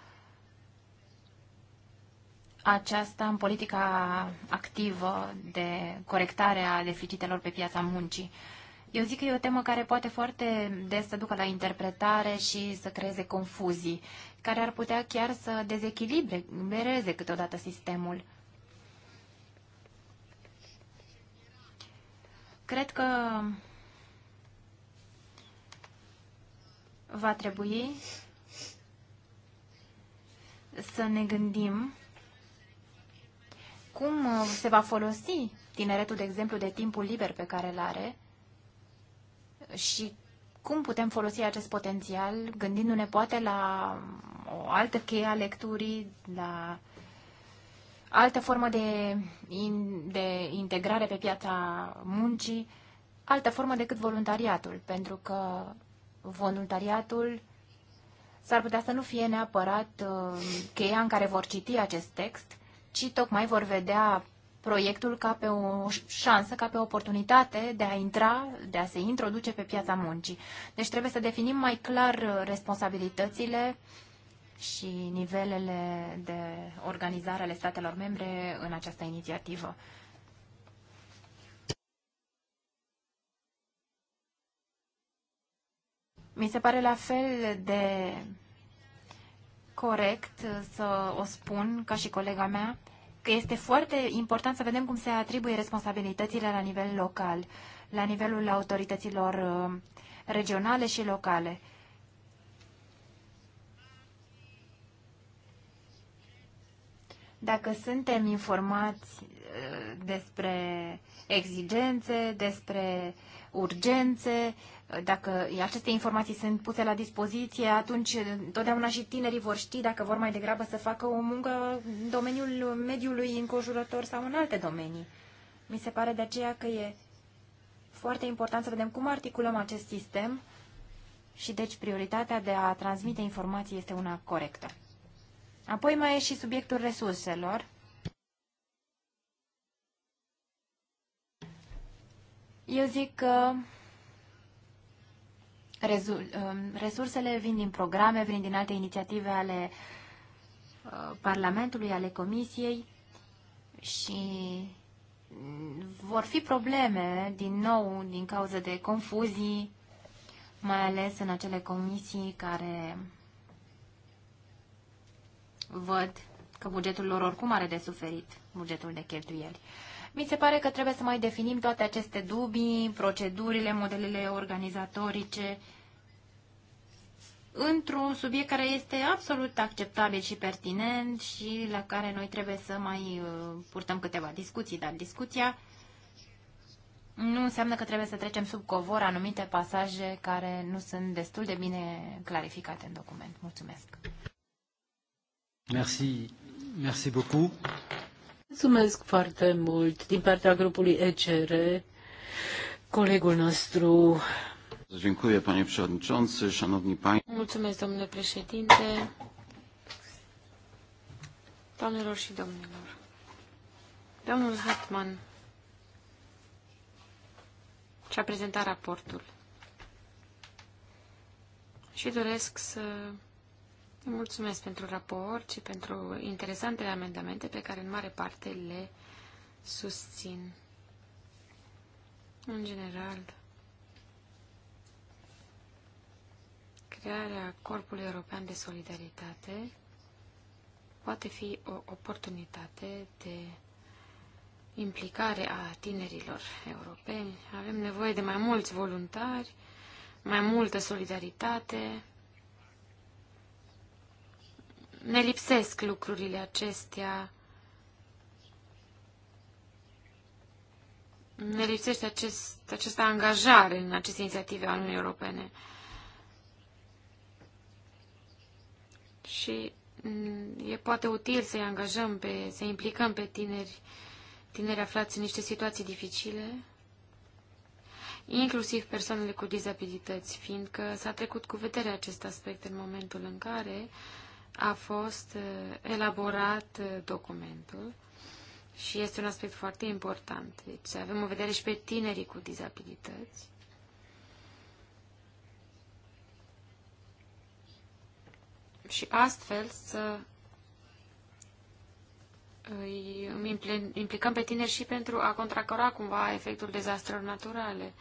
aceasta în politica activă de corectare a deficitelor pe piața muncii. Eu zic că e o temă care poate foarte des să ducă la interpretare și să creeze confuzii, care ar putea chiar să dezechilibreze câteodată sistemul. Cred că va trebui să ne gândim cum se va folosi tineretul, de exemplu, de timpul liber pe care îl are și cum putem folosi acest potențial, gândindu-ne poate la o altă cheie a lecturii, la altă formă de, in, de integrare pe piața muncii, altă formă decât voluntariatul, pentru că voluntariatul s-ar putea să nu fie neapărat uh, cheia în care vor citi acest text, ci tocmai vor vedea proiectul ca pe o șansă, ca pe o oportunitate de a intra, de a se introduce pe piața muncii. Deci trebuie să definim mai clar uh, responsabilitățile și nivelele de organizare ale statelor membre în această inițiativă. Mi se pare la fel de corect să o spun ca și colega mea că este foarte important să vedem cum se atribuie responsabilitățile la nivel local, la nivelul autorităților uh, regionale și locale. dacă suntem informați uh, despre exigențe, despre urgențe, uh, dacă aceste informații sunt puse la dispoziție, atunci uh, totdeauna și tinerii vor ști dacă vor mai degrabă să facă o muncă în domeniul mediului înconjurător sau în alte domenii. Mi se pare de aceea că e foarte important să vedem cum articulăm acest sistem și deci prioritatea de a transmite informații este una corectă. Apoi mai e și subiectul resurselor. Eu zic că um, resursele vin din programe, vin din alte inițiative ale uh, Parlamentului, ale Comisiei și mm, vor fi probleme din nou din cauza de confuzii, mai ales în acele comisii care văd că bugetul lor oricum are de suferit, bugetul de cheltuieli. Mi se pare că trebuie să mai definim toate aceste dubii, procedurile, modelele organizatorice, într-un subiect care este absolut acceptabil și pertinent și la care noi trebuie să mai uh, purtăm câteva discuții, dar discuția nu înseamnă că trebuie să trecem sub covor anumite pasaje care nu sunt destul de bine clarificate în document. Mulțumesc! Merci. Merci beaucoup. Mulțumesc foarte mult din partea grupului ECR, colegul nostru. Dziękuję, panie przewodniczący, szanowni państwo. Mulțumesc, domnule președinte, doamnelor și domnilor. Domnul Hartman și-a prezentat raportul. Și doresc să Mulțumesc pentru raport și pentru interesantele amendamente pe care în mare parte le susțin. În general, crearea Corpului European de Solidaritate poate fi o oportunitate de implicare a tinerilor europeni. Avem nevoie de mai mulți voluntari, mai multă solidaritate, ne lipsesc lucrurile acestea. Ne lipsește acest, această angajare în aceste inițiative al Uniunii Europene. Și mm, e poate util să-i angajăm, pe, să implicăm pe tineri, tineri aflați în niște situații dificile, inclusiv persoanele cu dizabilități, fiindcă s-a trecut cu vedere acest aspect în momentul în care uh, a fost uh, elaborat uh, documentul și este un aspect foarte important. Deci să avem o vedere și pe tinerii cu dizabilități. Și astfel să îi implicăm pe tineri și pentru a contracara cumva efectul dezastrelor naturale.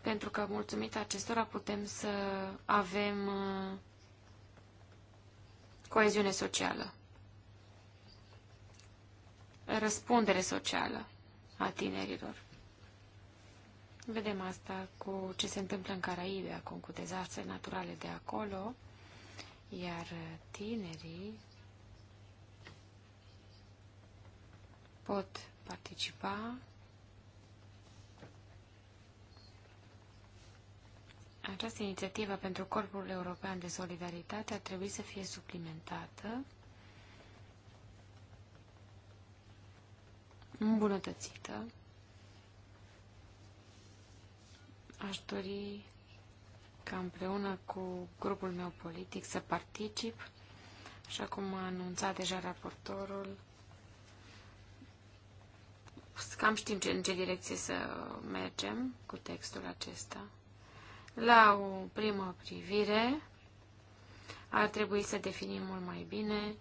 Pentru că, mulțumit acestora, putem să avem uh, coeziune socială, răspundere socială a tinerilor. Vedem asta cu ce se întâmplă în Caraibe acum, cu dezastre naturale de acolo, iar tinerii pot participa Această inițiativă pentru Corpul European de Solidaritate ar trebui să fie suplimentată, îmbunătățită. Aș dori ca împreună cu grupul meu politic să particip, așa cum a anunțat deja raportorul, cam știm ce, în ce direcție să mergem cu textul acesta. La o primă privire, ar trebui să definim mult mai bine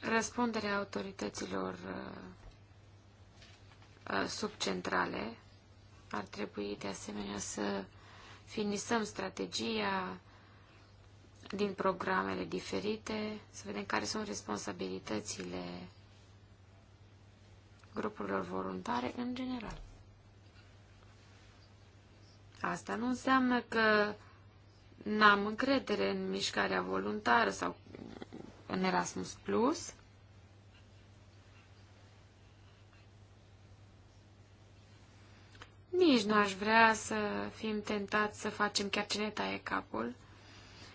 răspunderea autorităților uh, uh, subcentrale. Ar trebui de asemenea să finisăm strategia din programele diferite, să vedem care sunt responsabilitățile grupurilor voluntare în general. Asta nu înseamnă că n-am încredere în mișcarea voluntară sau în Erasmus Plus. Nici n-aș vrea să fim tentați să facem chiar ce ne taie capul,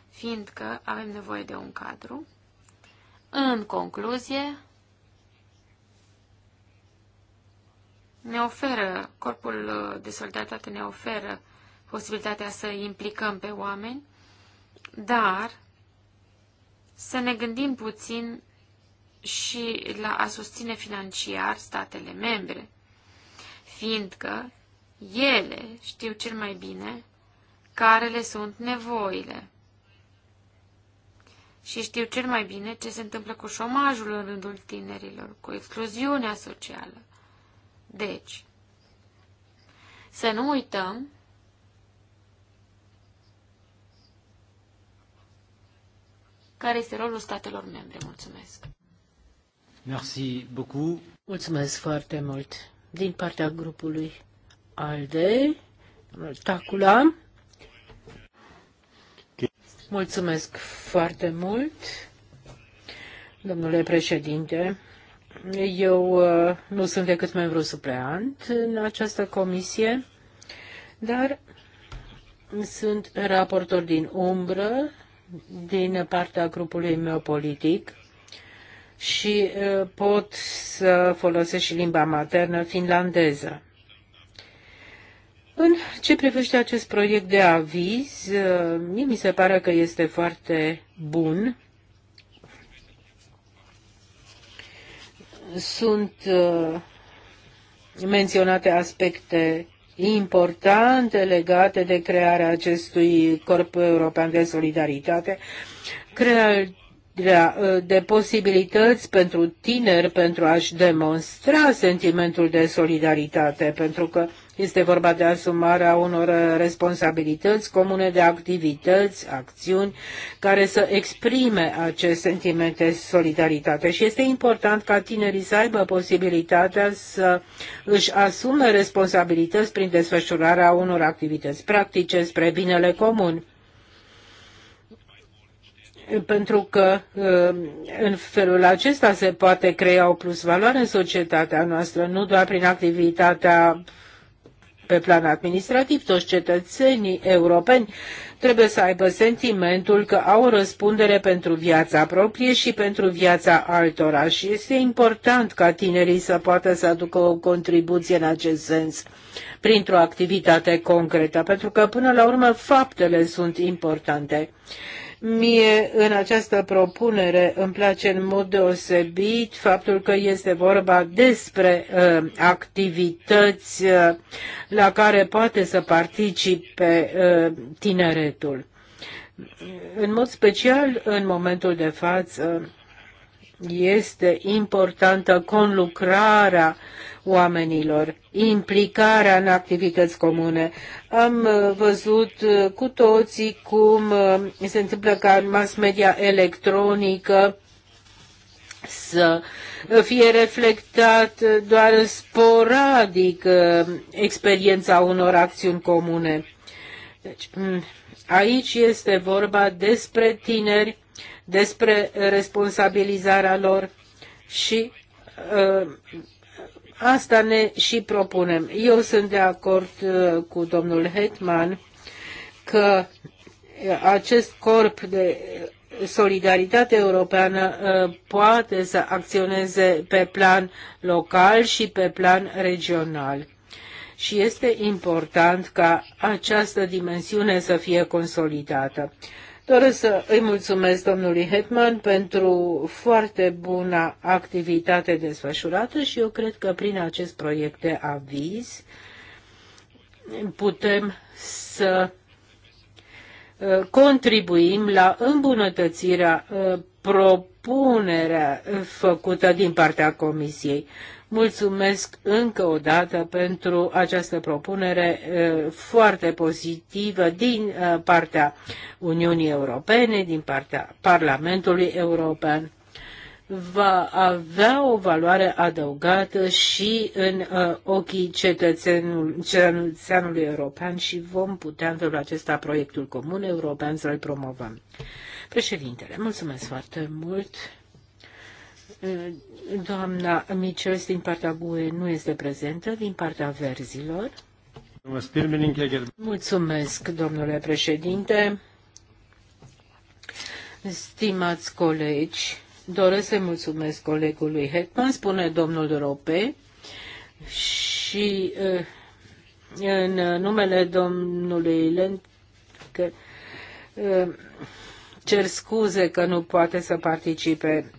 fiindcă avem nevoie de un cadru. În concluzie, ne oferă, corpul de solidaritate ne oferă posibilitatea să implicăm pe oameni, dar să ne gândim puțin și la a susține financiar statele membre, fiindcă ele știu cel mai bine care le sunt nevoile și știu cel mai bine ce se întâmplă cu șomajul în rândul tinerilor, cu excluziunea socială. Deci, să nu uităm care este rolul statelor membre. Mulțumesc! Merci beaucoup. Mulțumesc foarte mult. Din partea grupului ALDE, domnul Tacula. Mulțumesc foarte mult, domnule președinte. Eu uh, nu sunt decât membru supleant în această comisie, dar sunt raportor din umbră din partea grupului meu politic și pot să folosesc și limba maternă finlandeză. În ce privește acest proiect de aviz, mie mi se pare că este foarte bun. Sunt menționate aspecte importante legate de crearea acestui Corp European de Solidaritate, crearea uh, de posibilități pentru tineri pentru a-și demonstra sentimentul de solidaritate, pentru că este vorba de asumarea unor responsabilități comune de activități, acțiuni care să exprime acest sentiment de solidaritate. Și este important ca tinerii să aibă posibilitatea să își asume responsabilități prin desfășurarea unor activități practice spre binele comun pentru că uh, în felul acesta se poate crea o plusvaloare în societatea noastră, nu doar prin activitatea pe plan administrativ, toți cetățenii europeni trebuie să aibă sentimentul că au o răspundere pentru viața proprie și pentru viața altora și este important ca tinerii să poată să aducă o contribuție în acest sens printr-o activitate concretă, pentru că până la urmă faptele sunt importante. Mie în această propunere îmi place în mod deosebit faptul că este vorba despre uh, activități uh, la care poate să participe uh, tineretul. În mod special, în momentul de față, este importantă conlucrarea oamenilor, implicarea în activități comune. Am uh, văzut uh, cu toții cum uh, se întâmplă ca în mass media electronică să fie reflectat doar sporadic experiența unor acțiuni comune. Deci, mm, aici este vorba despre tineri, despre responsabilizarea lor și asta ne și propunem. Eu sunt de acord uh, cu domnul Hetman că acest corp de solidaritate europeană uh, poate să acționeze pe plan local și pe plan regional. Și este important ca această dimensiune să fie consolidată. Doresc să îi mulțumesc domnului Hetman pentru foarte bună activitate desfășurată și eu cred că prin acest proiect de aviz putem să uh, contribuim la îmbunătățirea uh, propunerea făcută din partea Comisiei. Mulțumesc încă o dată pentru această propunere eh, foarte pozitivă din eh, partea Uniunii Europene, din partea Parlamentului European va avea o valoare adăugată și în uh, ochii cetățenului european și vom putea în felul acesta proiectul comun european să-l promovăm. Președintele, mulțumesc foarte mult! Doamna Michels din partea GUE nu este prezentă, din partea verzilor. Mulțumesc, domnule președinte. Stimați colegi, doresc să mulțumesc colegului Hetman, spune domnul Rope, și uh, în numele domnului Lent, că uh, cer scuze că nu poate să participe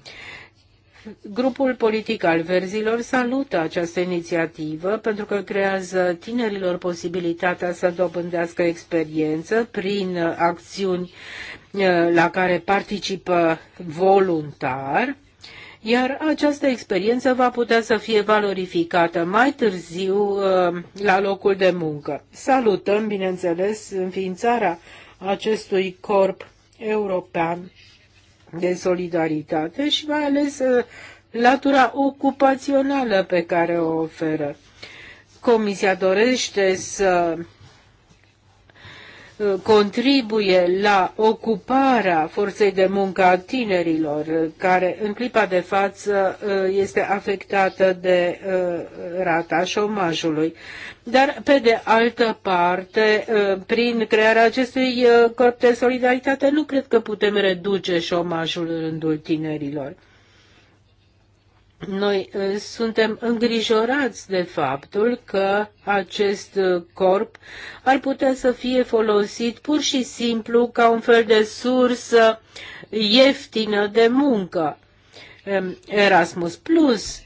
Grupul politic al verzilor salută această inițiativă pentru că creează tinerilor posibilitatea să dobândească experiență prin acțiuni eh, la care participă voluntar iar această experiență va putea să fie valorificată mai târziu eh, la locul de muncă. Salutăm, bineînțeles, înființarea acestui corp european de solidaritate și mai ales uh, latura ocupațională pe care o oferă. Comisia dorește să contribuie la ocuparea forței de muncă a tinerilor, care în clipa de față uh, este afectată de uh, rata șomajului. Dar, pe de altă parte, uh, prin crearea acestui corp de solidaritate, nu cred că putem reduce șomajul în rândul tinerilor. Noi uh, suntem îngrijorați de faptul că acest uh, corp ar putea să fie folosit pur și simplu ca un fel de sursă ieftină de muncă. Um, Erasmus Plus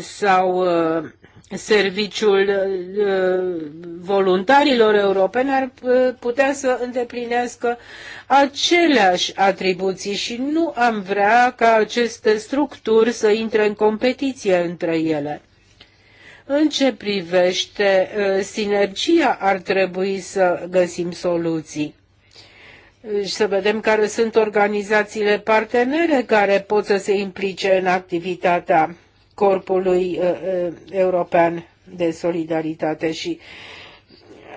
sau uh, serviciul uh, voluntarilor europeni ar uh, putea să îndeplinească aceleași atribuții și nu am vrea ca aceste structuri să intre în competiție între ele. În ce privește uh, sinergia, ar trebui să găsim soluții și să vedem care sunt organizațiile partenere care pot să se implice în activitatea Corpului uh, uh, European de Solidaritate și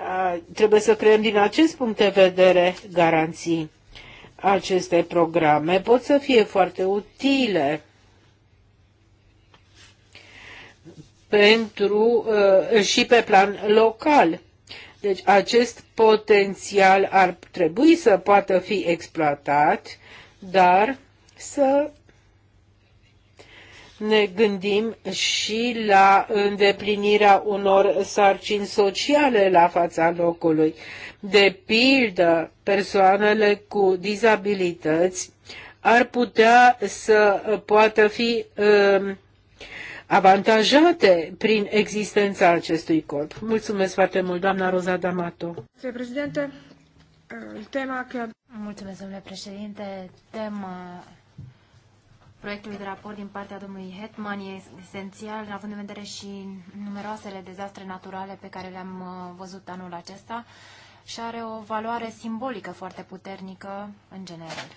uh, trebuie să creăm din acest punct de vedere garanții. Aceste programe pot să fie foarte utile pentru și pe plan local. Deci acest potențial ar trebui să poată fi exploatat, dar să ne gândim și la îndeplinirea unor sarcini sociale la fața locului. De pildă, persoanele cu dizabilități ar putea să poată fi uh, avantajate prin existența acestui corp. Mulțumesc foarte mult, doamna Roza D'Amato. Președinte, uh, tema Mulțumesc, domnule președinte. Tema proiectului de raport din partea domnului Hetman e esențial, având în vedere și numeroasele dezastre naturale pe care le-am uh, văzut anul acesta și are o valoare simbolică foarte puternică în general.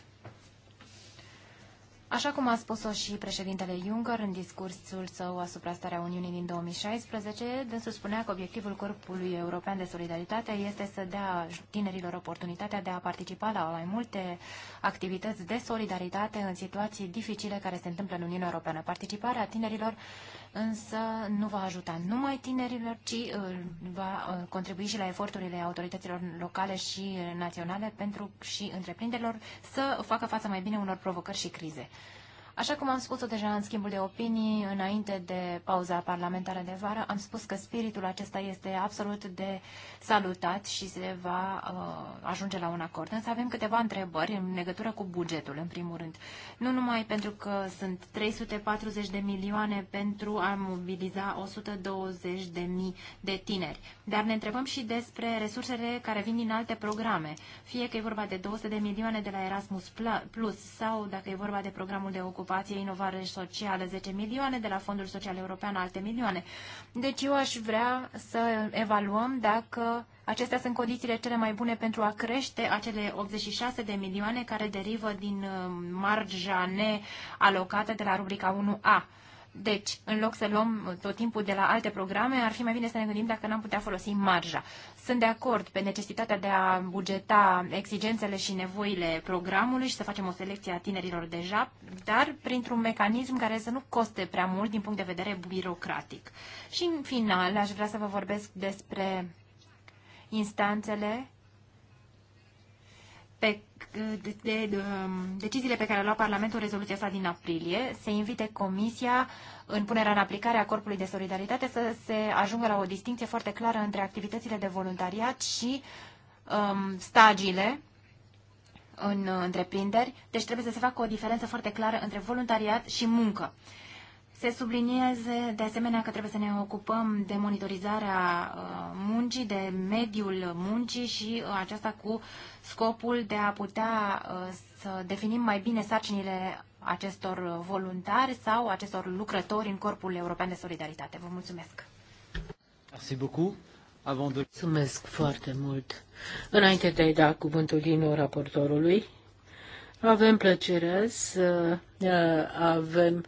Așa cum a spus-o și președintele Juncker în discursul său asupra starea Uniunii din 2016, dânsul spunea că obiectivul Corpului European de Solidaritate este să dea tinerilor oportunitatea de a participa la mai multe activități de solidaritate în situații dificile care se întâmplă în Uniunea Europeană. Participarea tinerilor însă nu va ajuta numai tinerilor, ci uh, va uh, contribui și la eforturile autorităților locale și naționale pentru și întreprinderilor să facă față mai bine unor provocări și crize. Așa cum am spus-o deja în schimbul de opinii, înainte de pauza parlamentară de vară, am spus că spiritul acesta este absolut de salutat și se va uh, ajunge la un acord. Însă avem câteva întrebări în legătură cu bugetul, în primul rând. Nu numai pentru că sunt 340 de milioane pentru a mobiliza 120 de mii de tineri, dar ne întrebăm și despre resursele care vin din alte programe, fie că e vorba de 200 de milioane de la Erasmus Plus sau dacă e vorba de programul de ocupare ocupație, inovare socială 10 milioane, de la Fondul Social European alte milioane. Deci eu aș vrea să evaluăm dacă acestea sunt condițiile cele mai bune pentru a crește acele 86 de milioane care derivă din uh, marja nealocată de la rubrica 1A. Deci, în loc să luăm uh, tot timpul de la alte programe, ar fi mai bine să ne gândim dacă n-am putea folosi marja. Sunt de acord pe necesitatea de a bugeta exigențele și nevoile programului și să facem o selecție a tinerilor deja, dar printr-un mecanism care să nu coste prea mult din punct de vedere birocratic. Și în final, aș vrea să vă vorbesc despre instanțele pe de, de, de um, deciziile pe care le-a luat Parlamentul în rezoluția sa din aprilie, se invite Comisia în punerea în aplicare a Corpului de Solidaritate să se ajungă la o distinție foarte clară între activitățile de voluntariat și um, stagiile în uh, întreprinderi, deci trebuie să se facă o diferență foarte clară între voluntariat și muncă. Uh, se sublinieze de asemenea că trebuie să ne ocupăm de monitorizarea uh, muncii, de mediul muncii și uh, aceasta cu scopul de a putea uh, să definim mai bine sarcinile acestor voluntari sau acestor lucrători în Corpul European de Solidaritate. Vă mulțumesc! Merci beaucoup. Avant de... Mulțumesc foarte mult. Înainte de a-i da cuvântul din nou raportorului, avem plăcerea să avem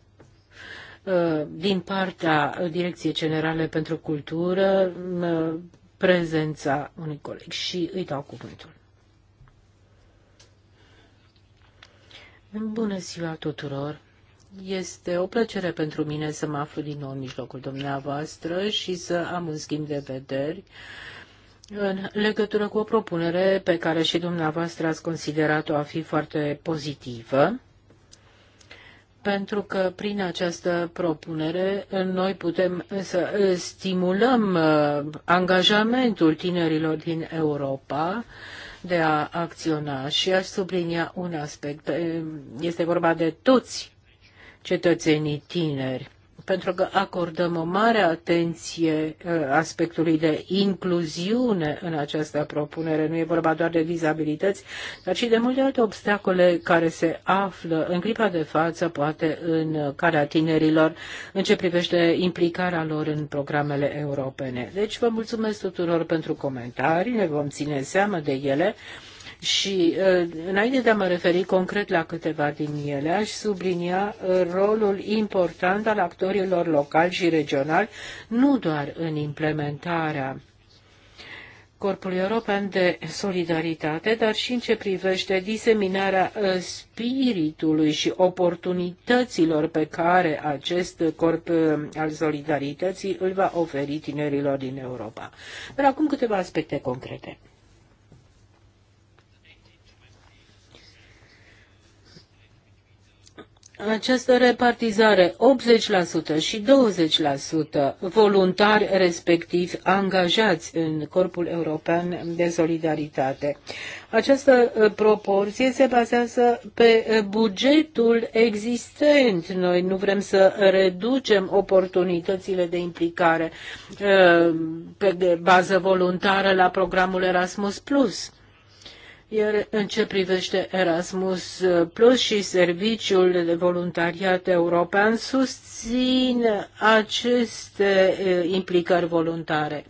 Uh, din partea Direcției Generale pentru Cultură uh, prezența unui coleg și îi dau cuvântul. Bună ziua tuturor! Este o plăcere pentru mine să mă aflu din nou în mijlocul dumneavoastră și să am un schimb de vederi în legătură cu o propunere pe care și dumneavoastră ați considerat-o a fi foarte pozitivă pentru că prin această propunere noi putem să stimulăm uh, angajamentul tinerilor din Europa de a acționa și aș sublinia un aspect. Este vorba de toți cetățenii tineri pentru că acordăm o mare atenție uh, aspectului de incluziune în această propunere. Nu e vorba doar de dizabilități, dar și de multe alte obstacole care se află în clipa de față, poate în calea tinerilor, în ce privește implicarea lor în programele europene. Deci vă mulțumesc tuturor pentru comentarii, ne vom ține seama de ele. Și ă, înainte de a mă referi concret la câteva din ele, aș sublinia ă, rolul important al actorilor locali și regionali, nu doar în implementarea Corpului European de Solidaritate, dar și în ce privește diseminarea ă, spiritului și oportunităților pe care acest corp al solidarității îl va oferi tinerilor din Europa. Dar acum câteva aspecte concrete. această repartizare 80% și 20% voluntari respectiv angajați în Corpul European de Solidaritate. Această uh, proporție se bazează pe uh, bugetul existent. Noi nu vrem să reducem oportunitățile de implicare uh, pe bază voluntară la programul Erasmus iar în ce privește Erasmus Plus și Serviciul de Voluntariat European, susțin aceste implicări voluntare.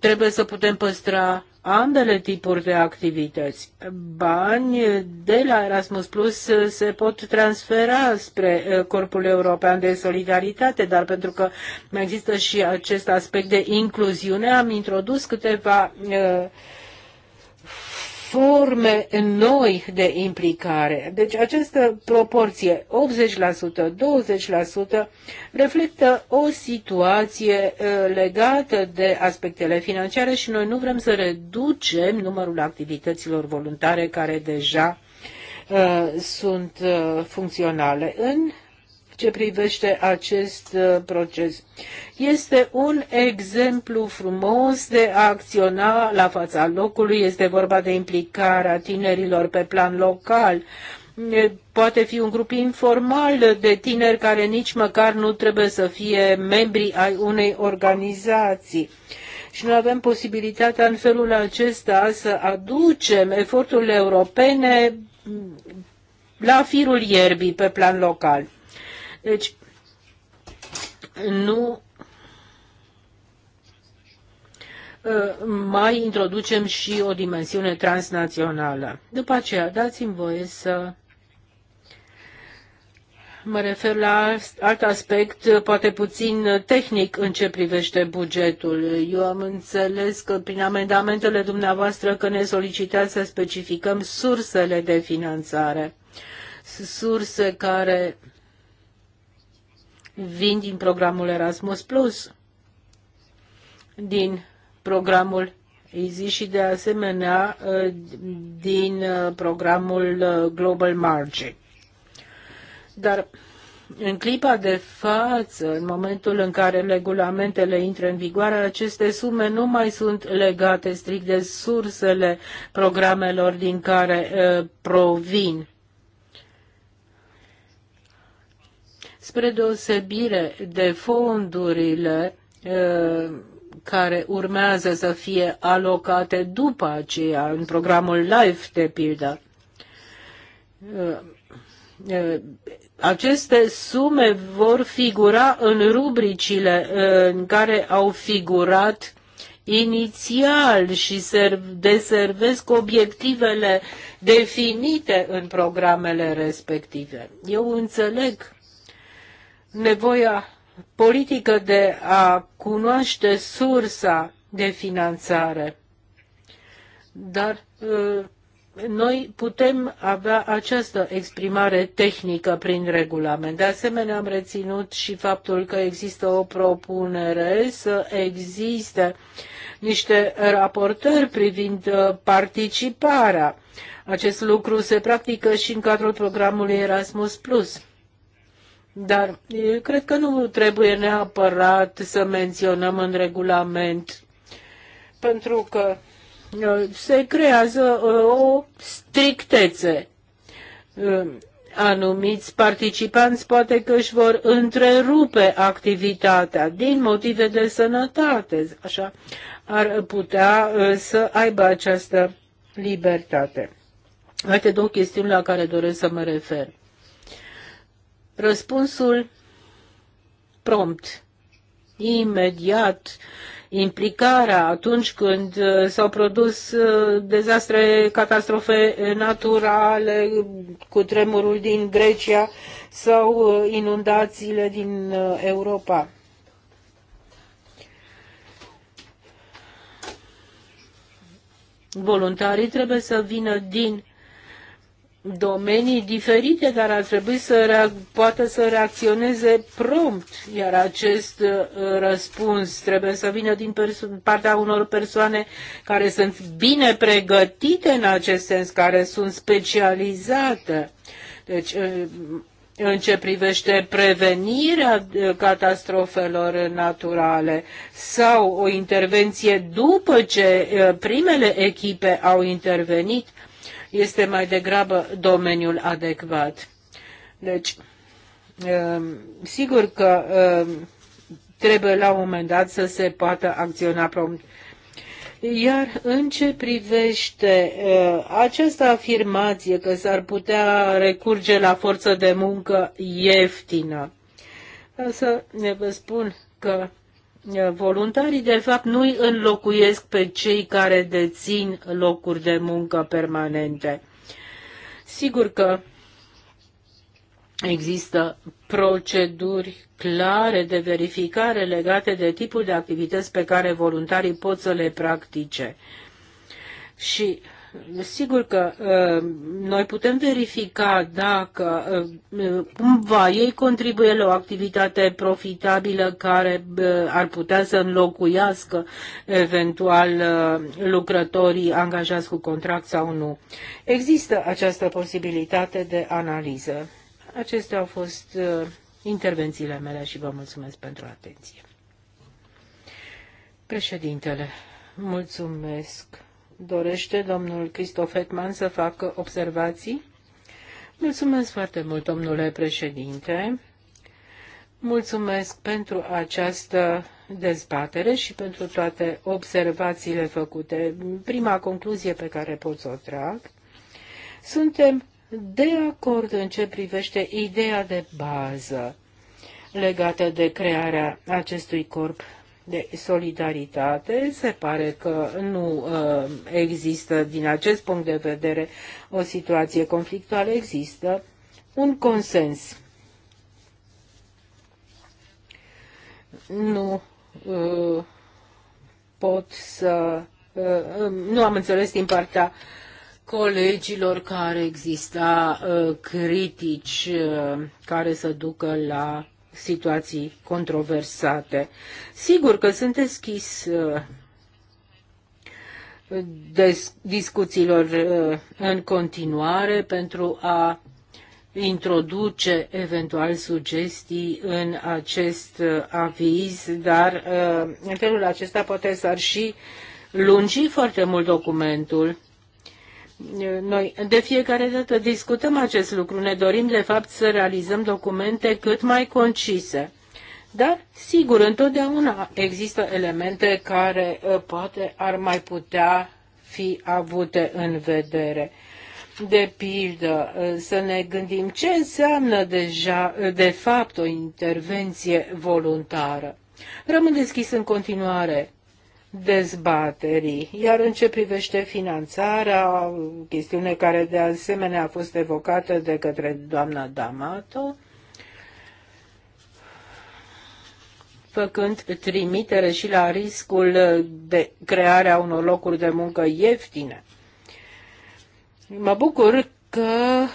Trebuie să putem păstra ambele tipuri de activități. Bani de la Erasmus Plus se pot transfera spre Corpul European de Solidaritate, dar pentru că mai există și acest aspect de incluziune, am introdus câteva uh, forme noi de implicare. Deci această proporție 80%-20% reflectă o situație uh, legată de aspectele financiare și noi nu vrem să reducem numărul activităților voluntare care deja uh, sunt uh, funcționale. În ce privește acest uh, proces. Este un exemplu frumos de a acționa la fața locului, este vorba de implicarea tinerilor pe plan local, poate fi un grup informal de tineri care nici măcar nu trebuie să fie membri ai unei organizații. Și noi avem posibilitatea în felul acesta să aducem eforturile europene la firul ierbii pe plan local. Deci, nu uh, mai introducem și o dimensiune transnațională. După aceea, dați-mi voie să mă refer la alt aspect, poate puțin tehnic în ce privește bugetul. Eu am înțeles că prin amendamentele dumneavoastră că ne solicitați să specificăm sursele de finanțare. Surse care vin din programul Erasmus Plus, din programul EASY și de asemenea uh, din uh, programul uh, Global Margin. Dar în clipa de față, în momentul în care regulamentele intră în vigoare, aceste sume nu mai sunt legate strict de sursele programelor din care uh, provin. spre deosebire de fondurile care urmează să fie alocate după aceea în programul LIFE, de pildă. Aceste sume vor figura în rubricile în care au figurat inițial și deservesc obiectivele definite în programele respective. Eu înțeleg nevoia politică de a cunoaște sursa de finanțare. Dar uh, noi putem avea această exprimare tehnică prin regulament. De asemenea, am reținut și faptul că există o propunere să existe niște raportări privind uh, participarea. Acest lucru se practică și în cadrul programului Erasmus dar eu cred că nu trebuie neapărat să menționăm în regulament, pentru că se creează o strictețe. Anumiți participanți poate că își vor întrerupe activitatea din motive de sănătate, așa ar putea să aibă această libertate. Alte două chestiuni la care doresc să mă refer. Răspunsul prompt, imediat, implicarea atunci când uh, s-au produs uh, dezastre, catastrofe naturale, cu tremurul din Grecia sau uh, inundațiile din Europa. Voluntarii trebuie să vină din domenii diferite care ar trebui să poată să reacționeze prompt, iar acest uh, răspuns trebuie să vină din partea unor persoane care sunt bine pregătite în acest sens, care sunt specializate. Deci, uh, în ce privește prevenirea uh, catastrofelor naturale sau o intervenție după ce uh, primele echipe au intervenit, este mai degrabă domeniul adecvat. Deci, um, sigur că um, trebuie la un moment dat să se poată acționa prompt. Iar în ce privește uh, această afirmație că s-ar putea recurge la forță de muncă ieftină, să ne vă spun că voluntarii, de fapt, nu îi înlocuiesc pe cei care dețin locuri de muncă permanente. Sigur că există proceduri clare de verificare legate de tipul de activități pe care voluntarii pot să le practice. Și sigur că uh, noi putem verifica dacă uh, cumva ei contribuie la o activitate profitabilă care uh, ar putea să înlocuiască eventual lucrătorii angajați cu contract sau nu. Există această posibilitate de analiză. Acestea au fost intervențiile mele și vă mulțumesc pentru atenție. Președintele, mulțumesc Dorește domnul Christoph Hetman să facă observații? Mulțumesc foarte mult, domnule președinte. Mulțumesc pentru această dezbatere și pentru toate observațiile făcute. Prima concluzie pe care pot să o trag. Suntem de acord în ce privește ideea de bază legată de crearea acestui corp de solidaritate. Se pare că nu uh, există, din acest punct de vedere, o situație conflictuală. Există un consens. Nu uh, pot să. Uh, um, nu am înțeles din partea colegilor care exista critici care să ducă la situații controversate. Sigur că sunt deschis uh, des, discuțiilor uh, în continuare pentru a introduce eventual sugestii în acest uh, aviz, dar în felul acesta poate s-ar și lungi foarte mult documentul noi de fiecare dată discutăm acest lucru. Ne dorim, de fapt, să realizăm documente cât mai concise. Dar, sigur, întotdeauna există elemente care uh, poate ar mai putea fi avute în vedere. De pildă, uh, să ne gândim ce înseamnă deja, uh, de fapt, o intervenție voluntară. Rămân deschis în continuare dezbaterii. Iar în ce privește finanțarea, chestiune care de asemenea a fost evocată de către doamna Damato, făcând trimitere și la riscul de crearea unor locuri de muncă ieftine. Mă bucur că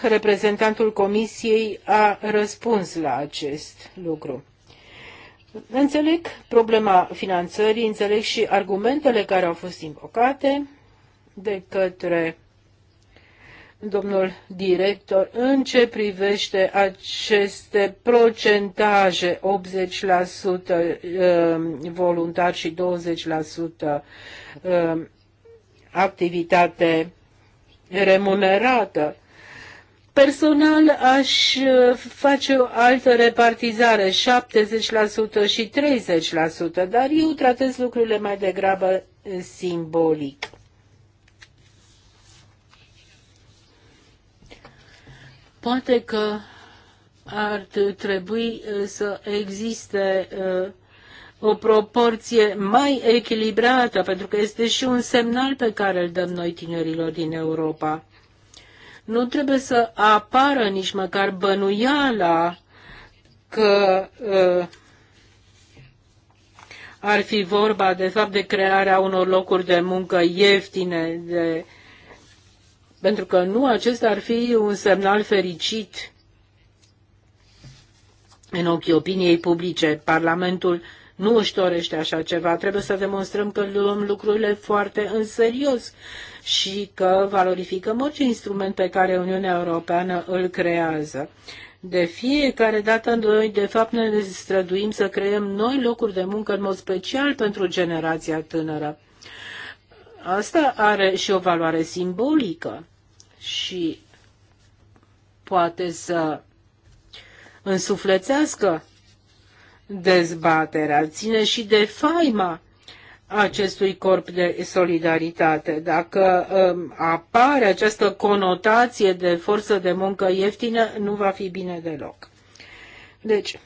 reprezentantul Comisiei a răspuns la acest lucru. Înțeleg problema finanțării, înțeleg și argumentele care au fost invocate de către domnul director în ce privește aceste procentaje 80% uh, voluntar și 20% uh, activitate remunerată. Personal aș uh, face o altă repartizare, 70% și 30%, dar eu tratez lucrurile mai degrabă simbolic. Poate că ar trebui uh, să existe uh, o proporție mai echilibrată, pentru că este și un semnal pe care îl dăm noi tinerilor din Europa nu trebuie să apară nici măcar bănuiala că uh, ar fi vorba, de fapt, de crearea unor locuri de muncă ieftine, de... pentru că nu acesta ar fi un semnal fericit în ochii opiniei publice. Parlamentul nu își dorește așa ceva. Trebuie să demonstrăm că luăm lucrurile foarte în serios și că valorificăm orice instrument pe care Uniunea Europeană îl creează. De fiecare dată noi, de fapt, ne străduim să creăm noi locuri de muncă, în mod special pentru generația tânără. Asta are și o valoare simbolică și poate să însuflețească dezbaterea, ține și de faima acestui corp de solidaritate. Dacă um, apare această conotație de forță de muncă ieftină, nu va fi bine deloc. Deci,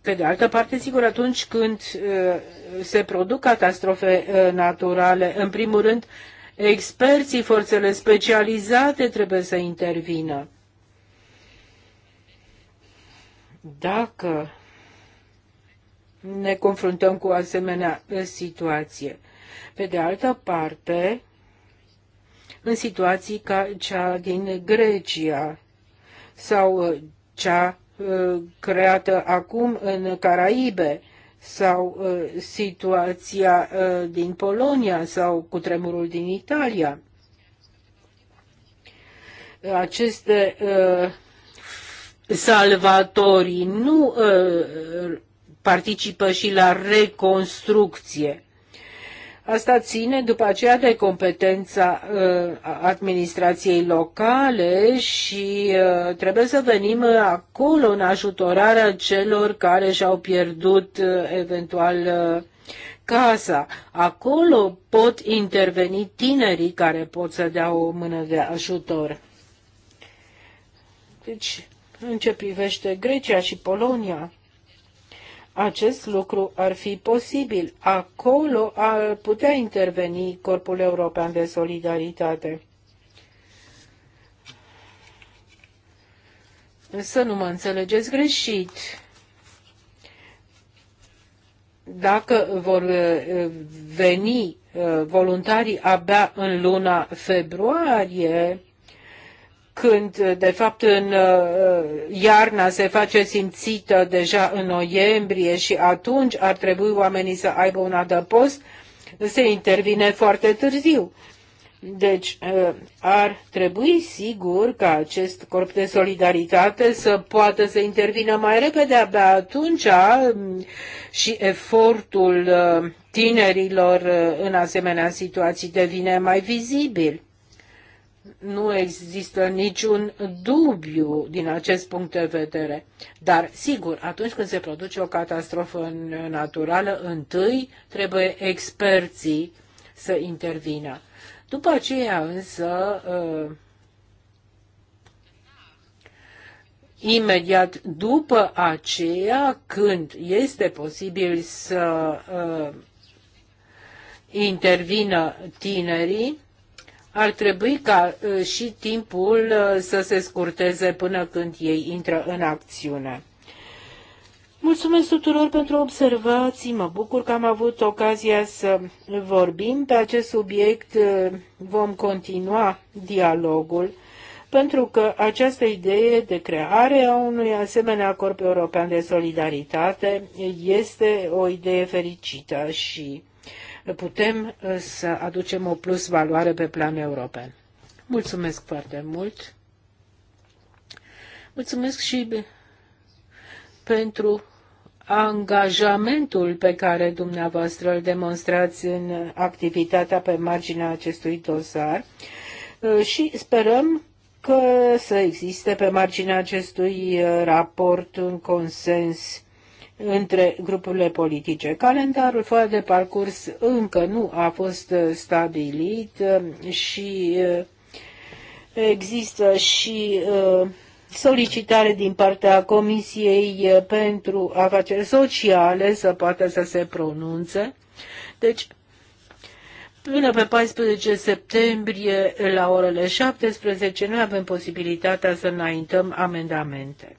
pe de altă parte, sigur, atunci când uh, se produc catastrofe uh, naturale, în primul rând, experții, forțele specializate trebuie să intervină. Dacă ne confruntăm cu o asemenea uh, situație. Pe de altă parte, în situații ca cea din Grecia sau uh, cea uh, creată acum în Caraibe sau situația din Polonia sau cu tremurul din Italia. Aceste salvatorii nu participă și la reconstrucție. Asta ține după aceea de competența uh, administrației locale și uh, trebuie să venim uh, acolo în ajutorarea celor care și-au pierdut eventual casa. Acolo pot interveni tinerii care pot să dea o mână de ajutor. Deci, în ce privește Grecia și Polonia, acest lucru ar fi posibil. Acolo ar putea interveni Corpul European de Solidaritate. Să nu mă înțelegeți greșit. Dacă vor uh, veni uh, voluntarii abia în luna februarie, când de fapt în uh, iarna se face simțită deja în noiembrie și atunci ar trebui oamenii să aibă un adăpost, se intervine foarte târziu. Deci uh, ar trebui sigur ca acest corp de solidaritate să poată să intervină mai repede, abia atunci um, și efortul uh, tinerilor în asemenea situații devine mai vizibil nu există niciun dubiu din acest punct de vedere. Dar, sigur, atunci când se produce o catastrofă naturală, întâi trebuie experții să intervină. După aceea, însă, uh, imediat după aceea, când este posibil să uh, intervină tinerii, ar trebui ca ă, și timpul ă, să se scurteze până când ei intră în acțiune. Mulțumesc tuturor pentru observații, mă bucur că am avut ocazia să vorbim pe acest subiect, ă, vom continua dialogul, pentru că această idee de creare a unui asemenea corp european de solidaritate este o idee fericită și putem uh, să aducem o plus valoare pe plan european. Mulțumesc foarte mult! Mulțumesc și pentru angajamentul pe care dumneavoastră îl demonstrați în activitatea pe marginea acestui dosar uh, și sperăm că să existe pe marginea acestui uh, raport un consens între grupurile politice. Calendarul fără de parcurs încă nu a fost uh, stabilit uh, și uh, există și solicitare din partea Comisiei pentru Afaceri Sociale să poată să se pronunțe. Deci, Până pe 14 septembrie, la orele 17, noi avem posibilitatea să înaintăm amendamente.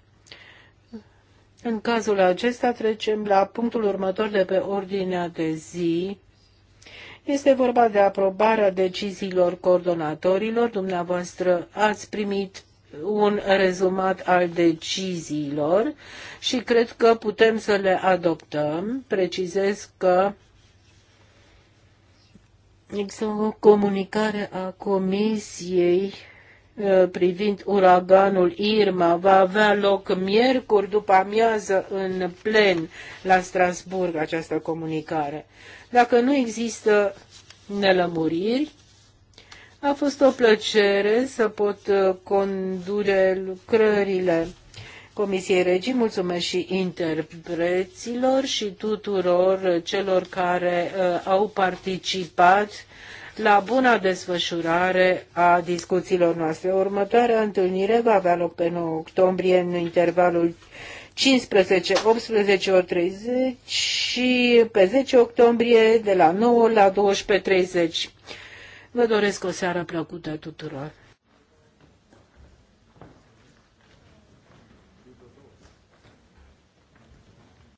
În cazul acesta trecem la punctul următor de pe ordinea de zi. Este vorba de aprobarea deciziilor coordonatorilor. Dumneavoastră ați primit un rezumat al deciziilor și cred că putem să le adoptăm. Precizez că există o comunicare a Comisiei Uh, privind uraganul Irma va avea loc miercuri după amiază în plen la Strasburg această comunicare. Dacă nu există nelămuriri, a fost o plăcere să pot uh, conduce lucrările Comisiei Regii. Mulțumesc și interpreților și tuturor celor care uh, au participat la buna desfășurare a discuțiilor noastre. Următoarea întâlnire va avea loc pe 9 octombrie în intervalul 15-18.30 și pe 10 octombrie de la 9 la 12.30. Vă doresc o seară plăcută tuturor!